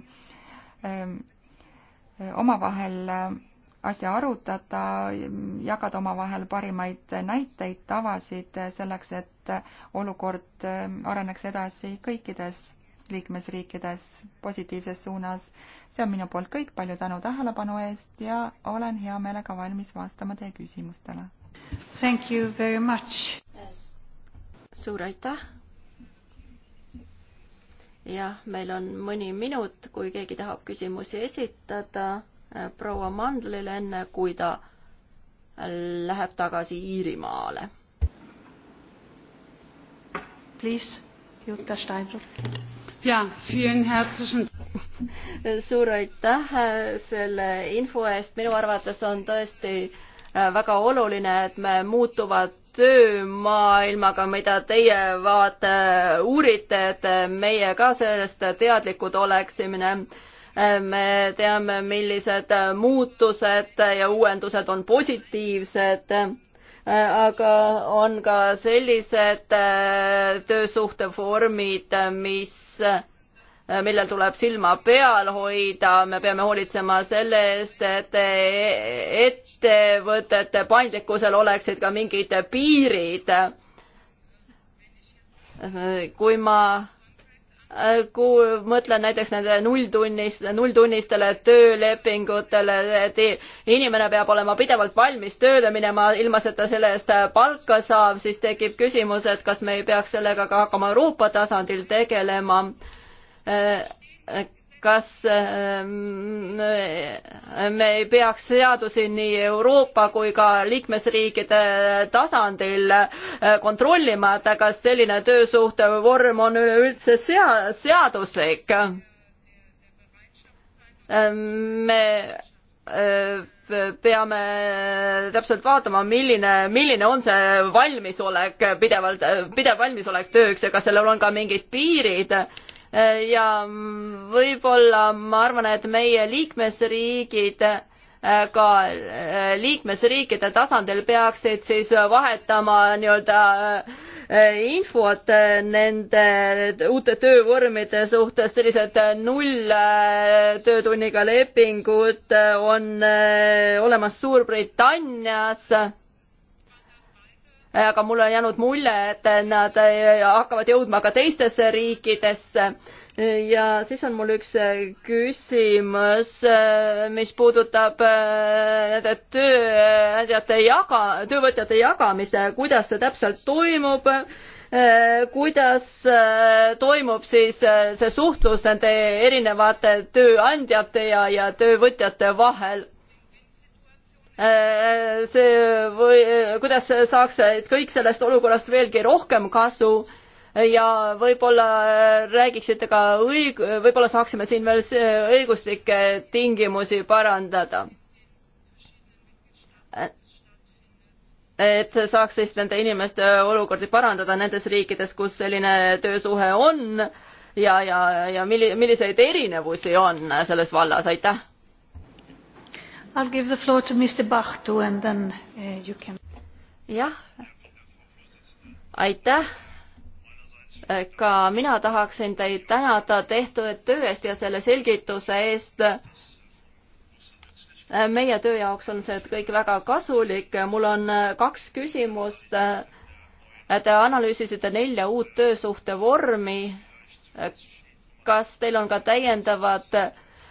ähm, omavahel asja arutada, jagada omavahel parimaid näiteid, tavasid selleks, et olukord ähm, areneks edasi kõikides liikmesriikides positiivses suunas. see on minu poolt kõik, palju tänu tähelepanu eest ja olen hea meelega valmis vastama teie küsimustele. Thank you very much yes.. suur aitäh. jah, meil on mõni minut, kui keegi tahab küsimusi esitada äh, proua Mandlile, enne kui ta äh, läheb tagasi Iirimaale. Please, Jutta Steinruck jaa, vielen herzlichen suur aitäh selle info eest, minu arvates on tõesti äh, väga oluline, et me muutuvad töömaailmaga, mida teie vaate, äh, uurite, et meie ka sellest teadlikud oleksime. Äh, me teame, millised muutused ja uuendused on positiivsed aga on ka sellised äh, töösuhtevormid, äh, mis, äh, millel tuleb silma peal hoida, me peame hoolitsema selle eest, et ettevõtete paindlikkusel oleksid ka mingid piirid. kui ma Äh, kui mõtlen näiteks nende nulltunnis, nulltunnistele töölepingutele, et inimene peab olema pidevalt valmis tööle minema, ilma et ta selle eest äh, palka saab, siis tekib küsimus, et kas me ei peaks sellega ka hakkama Euroopa tasandil tegelema äh, kas ähm, me ei peaks seadusi nii Euroopa kui ka liikmesriikide tasandil äh, kontrollima, et kas selline töösuhte vorm on üleüldse sea-, seaduslik? Ähm, me äh, peame täpselt vaatama, milline, milline on see valmisolek pidevalt, äh, pidev valmisolek tööks ja kas sellel on ka mingid piirid Äh, ja võib-olla ma arvan, et meie liikmesriigid äh, ka äh, liikmesriikide tasandil peaksid siis vahetama nii-öelda infot nende uute töövormide suhtes, sellised null töötunniga lepingud on olemas Suurbritannias aga mulle on jäänud mulje, et nad äh, hakkavad jõudma ka teistesse riikidesse. ja siis on mul üks äh, küsimus, äh, mis puudutab nende tööandjate jaga, töövõtjate jagamist, kuidas see täpselt toimub kuidas toimub siis see suhtlus nende erinevate tööandjate ja, ja töövõtjate vahel Äh, see äh, või äh, kuidas saaks kõik sellest olukorrast veelgi rohkem kasu ja võib-olla räägiksite ka õig-, võib-olla saaksime siin veel õiguslikke tingimusi parandada. et saaks siis nende inimeste olukordi parandada nendes riikides, kus selline töösuhe on ja, ja, ja milli-, milliseid erinevusi on selles vallas, aitäh I will give the floor to Mr Bahtu and then uh, you can. jah, aitäh. ka mina tahaksin teid tänada tehtud töö eest ja selle selgituse eest. meie töö jaoks on see kõik väga kasulik. mul on kaks küsimust. Te analüüsisite nelja uut töösuhte vormi. kas teil on ka täiendavad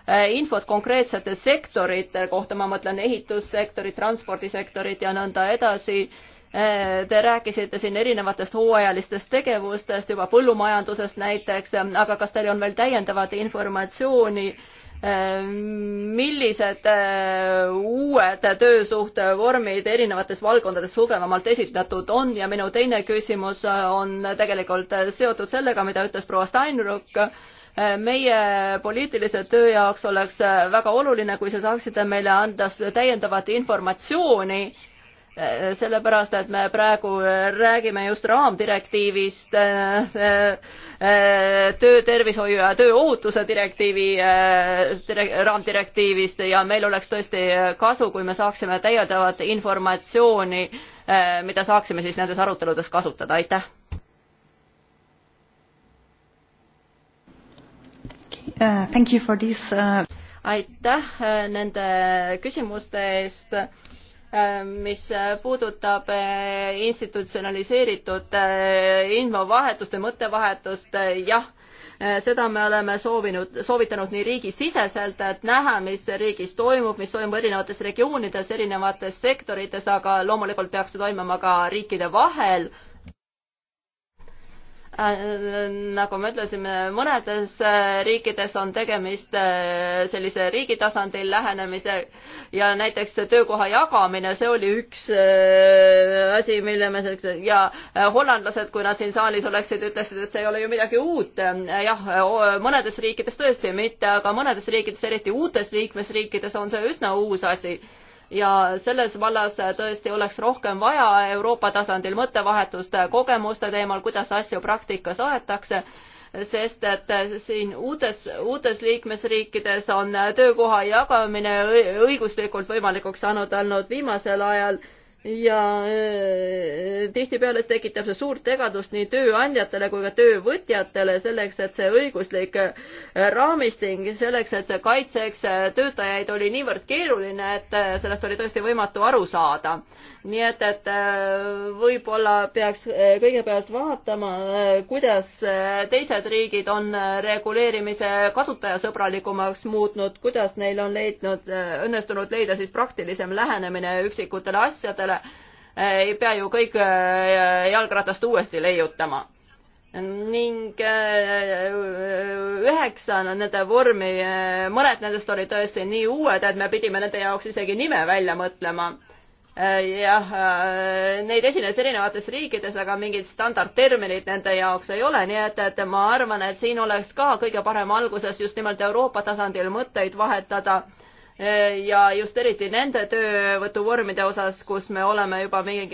Äh, infot konkreetsete sektorite kohta, ma mõtlen ehitussektorit, transpordisektorit ja nõnda edasi. Äh, te rääkisite siin erinevatest hooajalistest tegevustest, juba põllumajandusest näiteks, aga kas teil on veel täiendavat informatsiooni, äh, millised uued töösuhtevormid erinevates valdkondades tugevamalt esitatud on ja minu teine küsimus on tegelikult seotud sellega, mida ütles proua Steinruck meie poliitilise töö jaoks oleks äh, väga oluline, kui sa saaksite meile anda täiendavat informatsiooni äh, sellepärast, et me praegu äh, räägime just raamdirektiivist, töötervishoiu ja tööohutuse direktiivi direk,, raamdirektiivist ja meil oleks tõesti kasu, kui me saaksime täiendavat informatsiooni, mida saaksime siis nendes aruteludes kasutada, aitäh uh,. Uh... aitäh uh, nende küsimuste eest, uh, mis uh, puudutab institutsionaliseeritud infovahetust ja mõttevahetust, jah seda me oleme soovinud, soovitanud nii riigisiseselt, et näha, mis riigis toimub, mis toimub erinevates regioonides, erinevates sektorites, aga loomulikult peaks see toimuma ka riikide vahel Äh, nagu me ütlesime, mõnedes äh, riikides on tegemist äh, sellise riigi tasandil lähenemise ja näiteks töökoha jagamine, see oli üks asi, mille me selleks ja hollandlased, kui nad siin saalis oleksid, ütleksid, et see ei ole ju midagi uut. jah, mõnedes riikides tõesti mitte, aga mõnedes riikides, eriti uutes liikmesriikides on see üsna uus asi ja selles vallas tõesti oleks rohkem vaja Euroopa tasandil mõttevahetust kogemuste teemal, kuidas asju praktikas aetakse sest et siin uutes, uutes liikmesriikides on töökoha jagamine õiguslikult võimalikuks saanud ainult viimasel ajal ja äh, tihtipeale tekitab see suurt segadust nii tööandjatele kui ka töövõtjatele selleks, et see õiguslik äh, raamistik, selleks, et see kaitseks äh, töötajaid oli niivõrd keeruline, et sellest oli tõesti võimatu aru saada nii et, et äh, võib-olla peaks äh, kõigepealt vaatama, äh, kuidas teised riigid on reguleerimise kasutajasõbralikumaks muutnud, kuidas neil on leidnud, õnnestunud leida siis praktilisem lähenemine üksikutele asjadele. ei pea ju kõik jalgratast uuesti leiutama ning üheksa nende vormi, mõned nendest olid tõesti nii uued, et me pidime nende jaoks isegi nime välja mõtlema Äh, jah, äh, neid esines erinevates riikides, aga mingit standardterminit nende jaoks ei ole, nii et, et ma arvan, et siin oleks ka kõige parem alguses just nimelt Euroopa tasandil mõtteid vahetada äh, ja just eriti nende töövõtuvormide osas, kus me oleme juba mingi,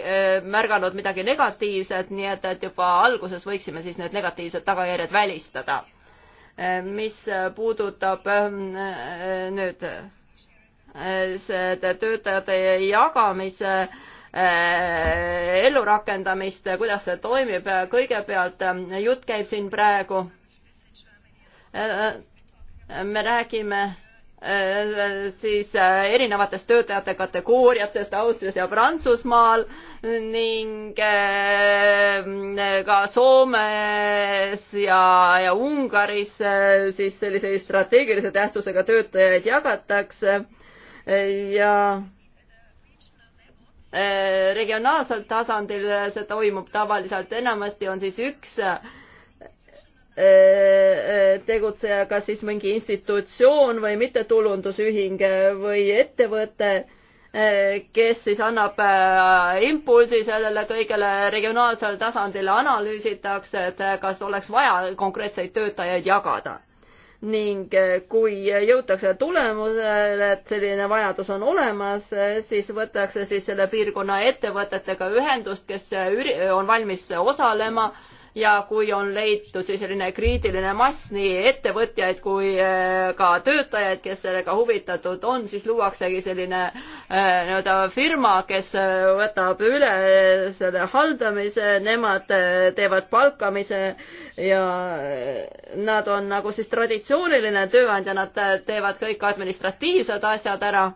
märganud midagi negatiivset, nii et, et juba alguses võiksime siis need negatiivsed tagajärjed välistada. mis puudutab nüüd see töötajate jagamise eh, ellurakendamist, kuidas see toimib, kõigepealt eh, jutt käib siin praegu. Eh, me räägime siis erinevatest töötajate kategooriatest Austrias ja Prantsusmaal ning ka Soomes ja, ja Ungaris siis selliseid strateegilise tähtsusega töötajaid jagatakse ja eh, regionaalsel tasandil see toimub tavaliselt, enamasti on siis üks eh, eh, tegutseja, kas siis mingi institutsioon või mittetulundusühing või ettevõte, kes siis annab impulsi sellele kõigele regionaalsel tasandil, analüüsitakse, et kas oleks vaja konkreetseid töötajaid jagada ning eh, kui jõutakse tulemusele, et selline vajadus on olemas, eh, siis võetakse siis selle piirkonna ettevõtetega ühendust, kes eh, on valmis osalema äh, ja kui on leitud siis selline kriitiline mass nii ettevõtjaid kui äh, ka töötajaid, kes sellega huvitatud on, siis luuaksegi selline äh, nii-öelda firma, kes äh, võtab üle selle haldamise, nemad teevad palkamise ja nad on nagu siis traditsiooniline tööandja, nad teevad kõik administratiivsed asjad ära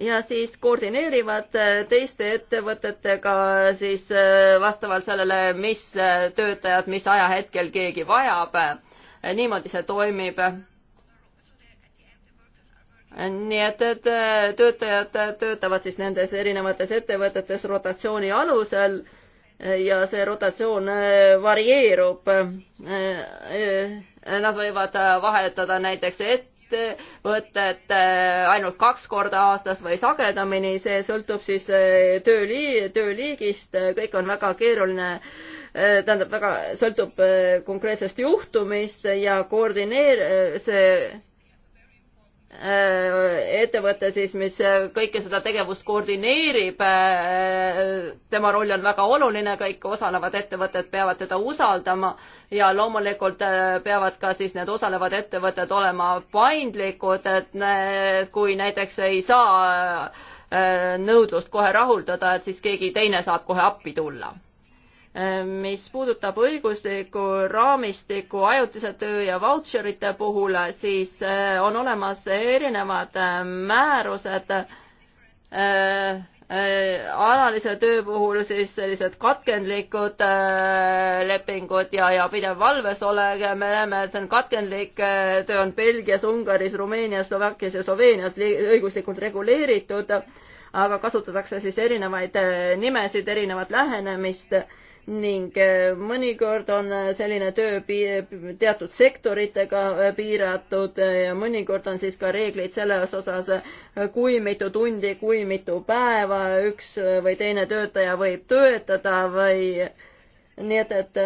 ja siis koordineerivad äh, teiste ettevõtetega siis äh, vastavalt sellele, mis äh, töötajad, mis ajahetkel keegi vajab. niimoodi see toimib. nii et, et töötajad töötavad siis nendes erinevates ettevõtetes rotatsiooni alusel ja see rotatsioon varieerub. Nad võivad vahetada näiteks et ettevõtet äh, ainult kaks korda aastas või sagedamini, see sõltub siis äh, tööli-, tööliigist, äh, kõik on väga keeruline tähendab, väga sõltub konkreetsest juhtumist ja koordineer-, see Äh, ettevõte siis, mis äh, kõike seda tegevust koordineerib, äh, tema roll on väga oluline, kõik osalevad ettevõtted peavad teda usaldama ja loomulikult peavad ka siis need osalevad ettevõtted olema paindlikud, et kui näiteks ei saa nõudlust kohe rahuldada, et siis keegi teine saab kohe appi tulla mis puudutab õiguslikku raamistikku ajutise töö ja vautšerite puhul, siis äh, on olemas erinevad äh, määrused äh, alalise töö puhul siis sellised katkendlikud lepingud ja, ja pidev valves olek, me näeme, et see on katkendlik töö on Belgias, Ungaris, Rumeenias, Slovakkias ja Sloveenias õiguslikult reguleeritud, aga kasutatakse siis erinevaid nimesid, erinevat lähenemist ning äh, mõnikord on äh, selline töö teatud sektoritega äh, piiratud ja mõnikord on siis ka reeglid selles osas, kui mitu tundi, kui mitu päeva üks või teine töötaja võib töötada või nii et, et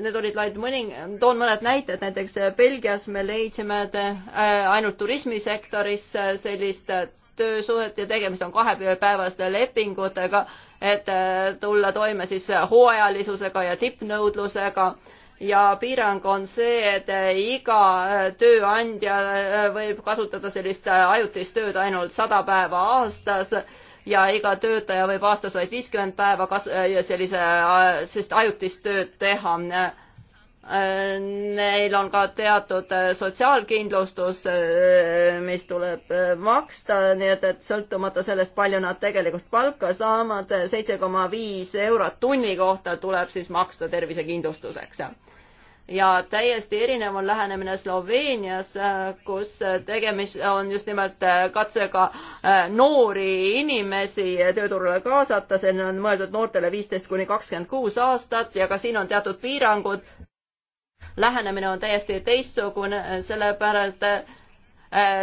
need olid vaid mõning-, toon mõned näited, näiteks Belgias me leidsime ainult turismisektoris sellist töösuhet ja tegemist on kahepäevaste lepingutega et äh, tulla toime siis hooajalisusega ja tippnõudlusega ja piirang on see, et äh, iga äh, tööandja võib kasutada sellist ajutist tööd ainult sada päeva aastas ja iga töötaja võib aastas vaid viiskümmend päeva kas-, sellise, sellist ajutist tööd teha Neil on ka teatud äh, sotsiaalkindlustus, äh, mis tuleb äh, maksta, nii et, et sõltumata sellest, palju nad tegelikult palka saavad, seitse koma viis eurot tunni kohta tuleb siis maksta tervisekindlustuseks. ja täiesti erinev on lähenemine Sloveenias, kus tegemist on just nimelt katsega noori inimesi tööturule kaasata, see on mõeldud noortele viisteist kuni kakskümmend kuus aastat ja ka siin on teatud piirangud lähenemine on täiesti teistsugune, sellepärast äh,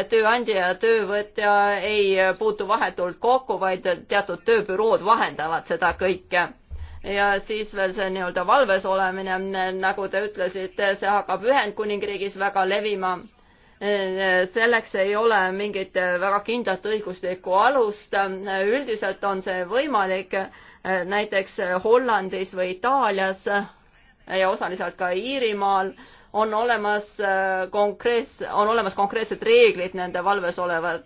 tööandja ja töövõtja ei puutu vahetult kokku, vaid teatud tööbürood vahendavad seda kõike. ja siis veel see nii-öelda valves olemine, nagu te ütlesite, see hakkab Ühendkuningriigis väga levima. Äh, selleks ei ole mingit väga kindlat õiguslikku alust, üldiselt on see võimalik äh, näiteks Hollandis või Itaalias ja osaliselt ka Iirimaal on olemas äh, konkreets-, on olemas konkreetsed reeglid nende valves olevat,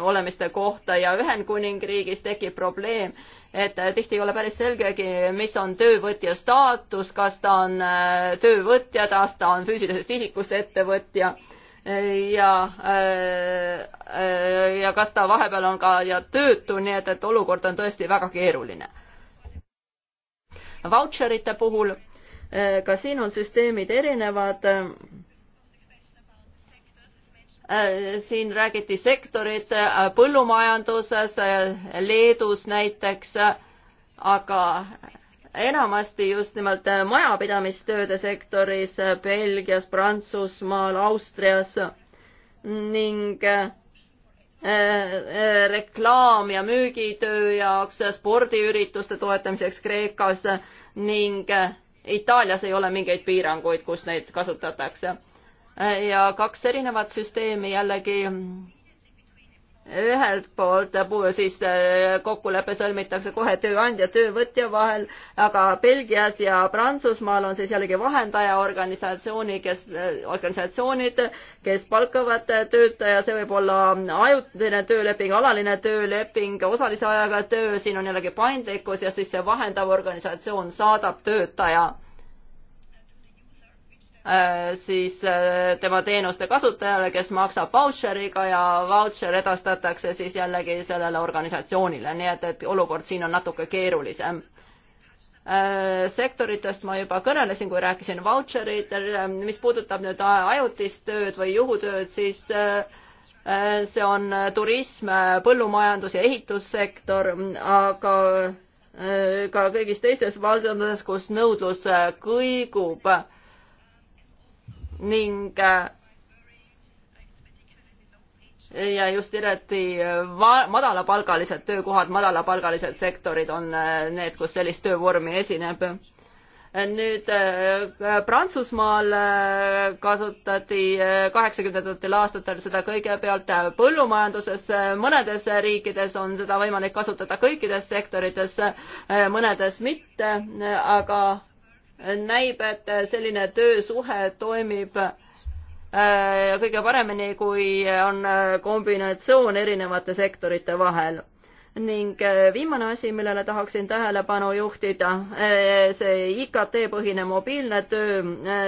olemiste kohta ja Ühendkuningriigis tekib probleem, et äh, tihti ei ole päris selgegi, mis on töövõtja staatus, kas ta on äh, töövõtja, kas ta on füüsilisest isikust ettevõtja ja, ja kas ta vahepeal on ka ja töötu, nii et, et olukord on tõesti väga keeruline. vautšerite puhul Äh, ka siin on süsteemid erinevad. Äh, siin räägiti sektorite äh, põllumajanduses, Leedus näiteks, aga enamasti just nimelt majapidamistööde sektoris Belgias, Prantsusmaal, Austrias ning reklaam- ja müügitöö jaoks, spordiürituste toetamiseks Kreekas ning Itaalias ei ole mingeid piiranguid, kus neid kasutatakse. ja kaks erinevat süsteemi jällegi ühelt poolt siis äh, kokkulepe sõlmitakse kohe tööandja, töövõtja vahel, aga Belgias ja Prantsusmaal on siis jällegi vahendajaorganisatsiooni, kes, äh, organisatsioonid, kes palkavad äh, töötaja, see võib olla ajutine tööleping, alaline tööleping, osalise ajaga töö, siin on jällegi paindlikkus ja siis see vahendav organisatsioon saadab töötaja Äh, siis äh, tema teenuste kasutajale, kes maksab vautšeriga ja vautšer edastatakse siis jällegi sellele organisatsioonile, nii et, et olukord siin on natuke keerulisem. Äh, sektoritest ma juba kõnelesin, kui rääkisin vautšeridel, mis puudutab nüüd ajutist tööd või juhutööd, siis see on turism, põllumajandus ja ehitussektor, aga ka kõigis teistes valdkondades, kus nõudlus kõigub ning äh, ja just eriti madalapalgalised töökohad, madalapalgalised sektorid on äh, need, kus sellist töövormi esineb. nüüd äh, Prantsusmaal kasutati kaheksakümnendatel aastatel seda kõigepealt põllumajanduses, mõnedes riikides on seda võimalik kasutada kõikides sektorites, mõnedes mitte, aga näib, et selline töösuhe toimib äh, kõige paremini, kui on äh, kombinatsioon erinevate sektorite vahel. ning äh, viimane asi, millele tahaksin tähelepanu juhtida, see IKT-põhine mobiilne töö,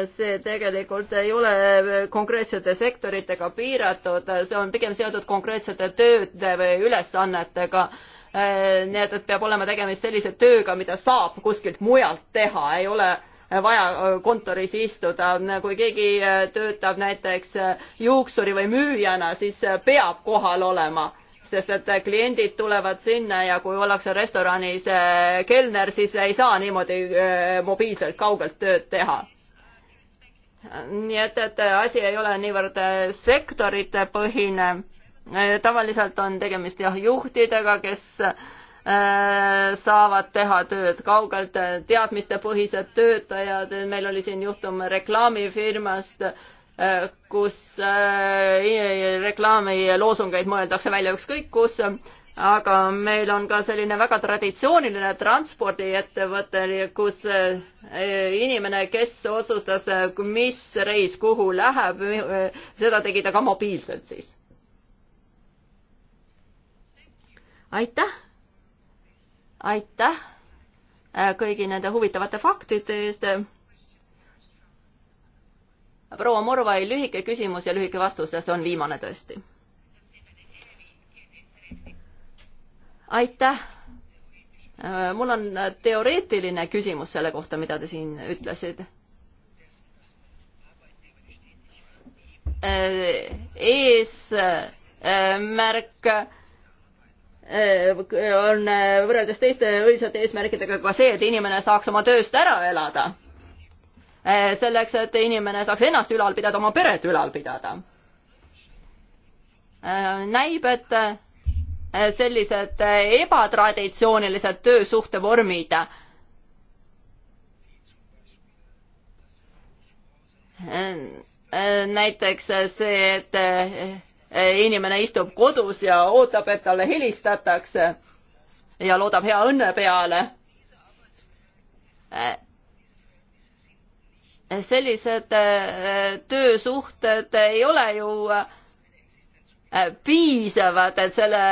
see tegelikult ei ole konkreetsete sektoritega piiratud, see on pigem seotud konkreetsete tööde või ülesannetega Äh, nii et, et peab olema tegemist sellise tööga, mida saab kuskilt mujalt teha, ei ole äh, vaja äh, kontoris istuda, kui keegi töötab näiteks juuksuri või müüjana, siis peab kohal olema sest et kliendid tulevad sinna ja kui ollakse restoranis kelner, siis ei saa niimoodi mobiilselt kaugelt tööd teha. nii et, et asi ei ole niivõrd sektorite põhine Äh, tavaliselt on tegemist jah juhtidega, kes äh, saavad teha tööd kaugelt, äh, teadmistepõhised töötajad, meil oli siin juhtum reklaamifirmast, kus reklaami loosungeid mõeldakse välja ükskõik kus, aga meil on ka selline väga traditsiooniline transpordiettevõte, kus inimene, kes otsustas, mis reis kuhu läheb, seda tegi ta ka mobiilselt siis aitäh, aitäh äh, kõigi nende huvitavate faktide eest. proua Morvai, lühike küsimus ja lühike vastus ja see on viimane tõesti. aitäh. Äh, mul on teoreetiline küsimus selle kohta, mida te siin ütlesid e. Äh, eesmärk Äh, on äh, võrreldes teiste õilsate eesmärkidega ka see, et inimene saaks oma tööst ära elada. Äh, selleks, et inimene saaks ennast ülal pidada, oma peret ülal pidada. näib, et sellised ebatraditsioonilised töösuhtevormid näiteks see, et inimene istub kodus ja ootab, et talle helistatakse ja loodab hea õnne peale. sellised äh, töösuhted ei ole ju äh, piisavad, et selle,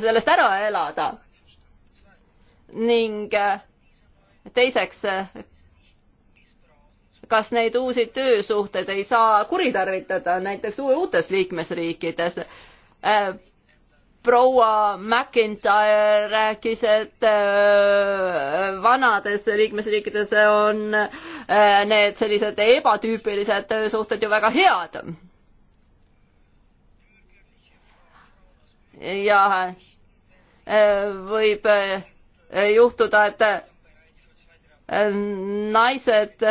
sellest ära elada. ning äh, teiseks, kas neid uusi töösuhteid ei saa kuritarvitada näiteks uutes liikmesriikides? Äh, proua McIntyre rääkis, et äh, vanades liikmesriikides on äh, need sellised ebatüüpilised töösuhted ju väga head. ja võib juhtuda, et naised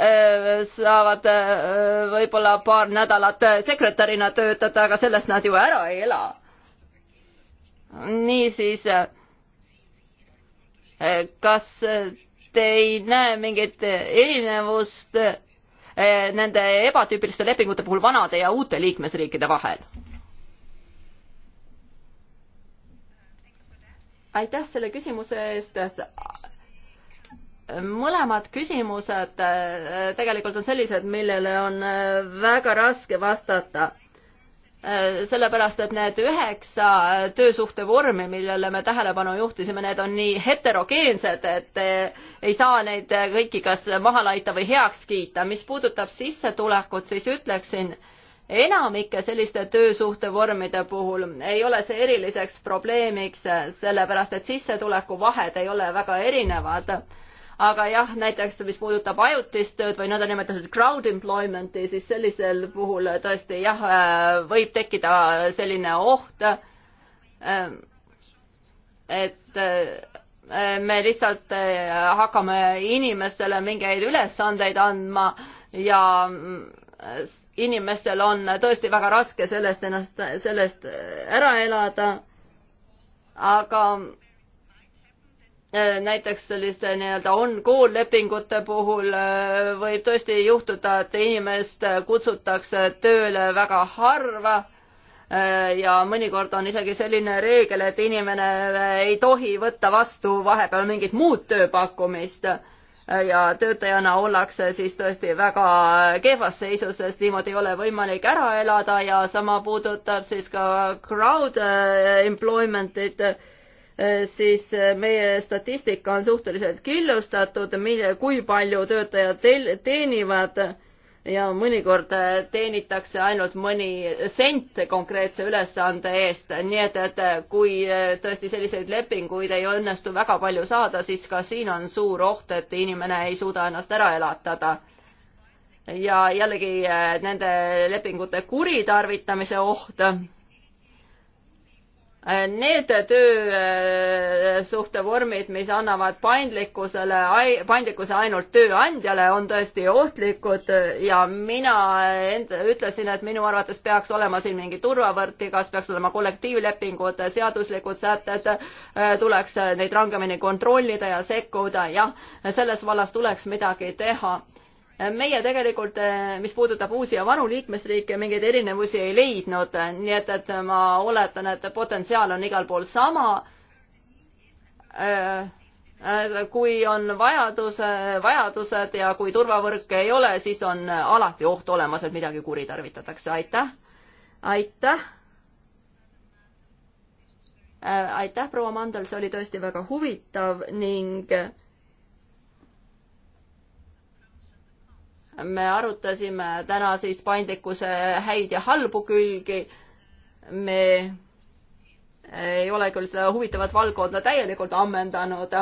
Äh, saavad äh, võib-olla paar nädalat sekretärina töötada, aga sellest nad ju ära ei ela. niisiis, äh, kas te ei näe mingit erinevust nende ebatüüpiliste lepingute puhul vanade ja uute liikmesriikide vahel? aitäh selle küsimuse eest mõlemad küsimused äh, tegelikult on sellised, millele on äh, väga raske vastata. Äh, sellepärast, et need üheksa töösuhte vormi, millele me tähelepanu juhtisime, need on nii heterogeensed, et ei saa neid kõiki kas maha laita või heaks kiita. mis puudutab sissetulekut, siis ütleksin, enamike selliste töösuhtevormide puhul ei ole see eriliseks probleemiks, sellepärast et sissetulekuvahed ei ole väga erinevad aga jah, näiteks mis puudutab ajutist tööd või nõndanimetatud crowd employment'i, siis sellisel puhul tõesti jah, äh, võib tekkida selline oht, ähm, et äh, me lihtsalt äh, hakkame inimestele mingeid ülesandeid andma ja inimestel on tõesti väga raske sellest ennast, sellest ära elada. aga Äh, näiteks selliste nii-öelda on-call lepingute puhul äh, võib tõesti juhtuda, et inimest äh, kutsutakse tööle väga harva ja mõnikord on isegi selline reegel, et inimene ei tohi võtta vastu vahepeal mingit muud tööpakkumist ja töötajana ollakse siis tõesti väga kehvas seisus, sest niimoodi ei ole võimalik ära elada ja sama puudutab siis ka crowd employment'it Äh, siis äh, meie statistika on suhteliselt killustatud, mille, kui palju töötajad teenivad ja mõnikord äh, teenitakse ainult mõni sent konkreetse ülesande eest, nii et, et kui tõesti selliseid lepinguid ei õnnestu väga palju saada, siis ka siin on suur oht, et inimene ei suuda ennast ära elatada. ja jällegi nende lepingute kuritarvitamise oht Need töösuhtevormid, mis annavad paindlikkusele, paindlikkuse ainult tööandjale, on tõesti ohtlikud ja mina end-, ütlesin, et minu arvates peaks olema siin mingi turvavõrd, igas peaks olema kollektiivlepingud, seaduslikud sätted, tuleks neid rangemini kontrollida ja sekkuda, jah, selles vallas tuleks midagi teha meie tegelikult, eh, mis puudutab uusi ja vanu liikmesriike, mingeid erinevusi ei leidnud, nii et, et ma oletan, et potentsiaal on igal pool sama. Eh, eh, kui on vajadus, vajadused ja kui turvavõrke ei ole, siis on alati oht olemas, et midagi kuritarvitatakse, aitäh. aitäh. aitäh, proua Mandel, see oli tõesti väga huvitav ning me arutasime täna siis paindlikkuse häid ja halbu külgi. me ei ole küll seda huvitavat valdkonda täielikult ammendanud,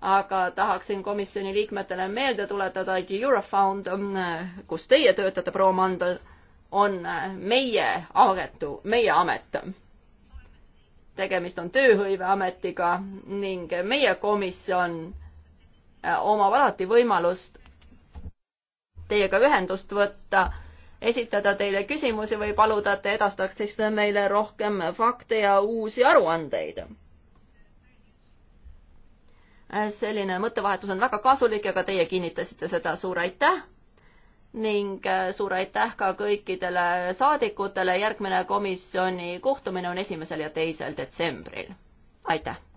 aga tahaksin komisjoni liikmetele meelde tuletada, et Eurofound, kus teie töötate, proua Mandl, on meie agentu, meie amet. tegemist on tööhõiveametiga ning meie komisjon omab alati võimalust teiega ühendust võtta, esitada teile küsimusi või paluda, et te edastaksite meile rohkem fakte ja uusi aruandeid. selline mõttevahetus on väga kasulik ja ka teie kinnitasite seda, suur aitäh! ning äh, suur aitäh ka kõikidele saadikutele, järgmine komisjoni kohtumine on esimesel ja teisel detsembril. aitäh!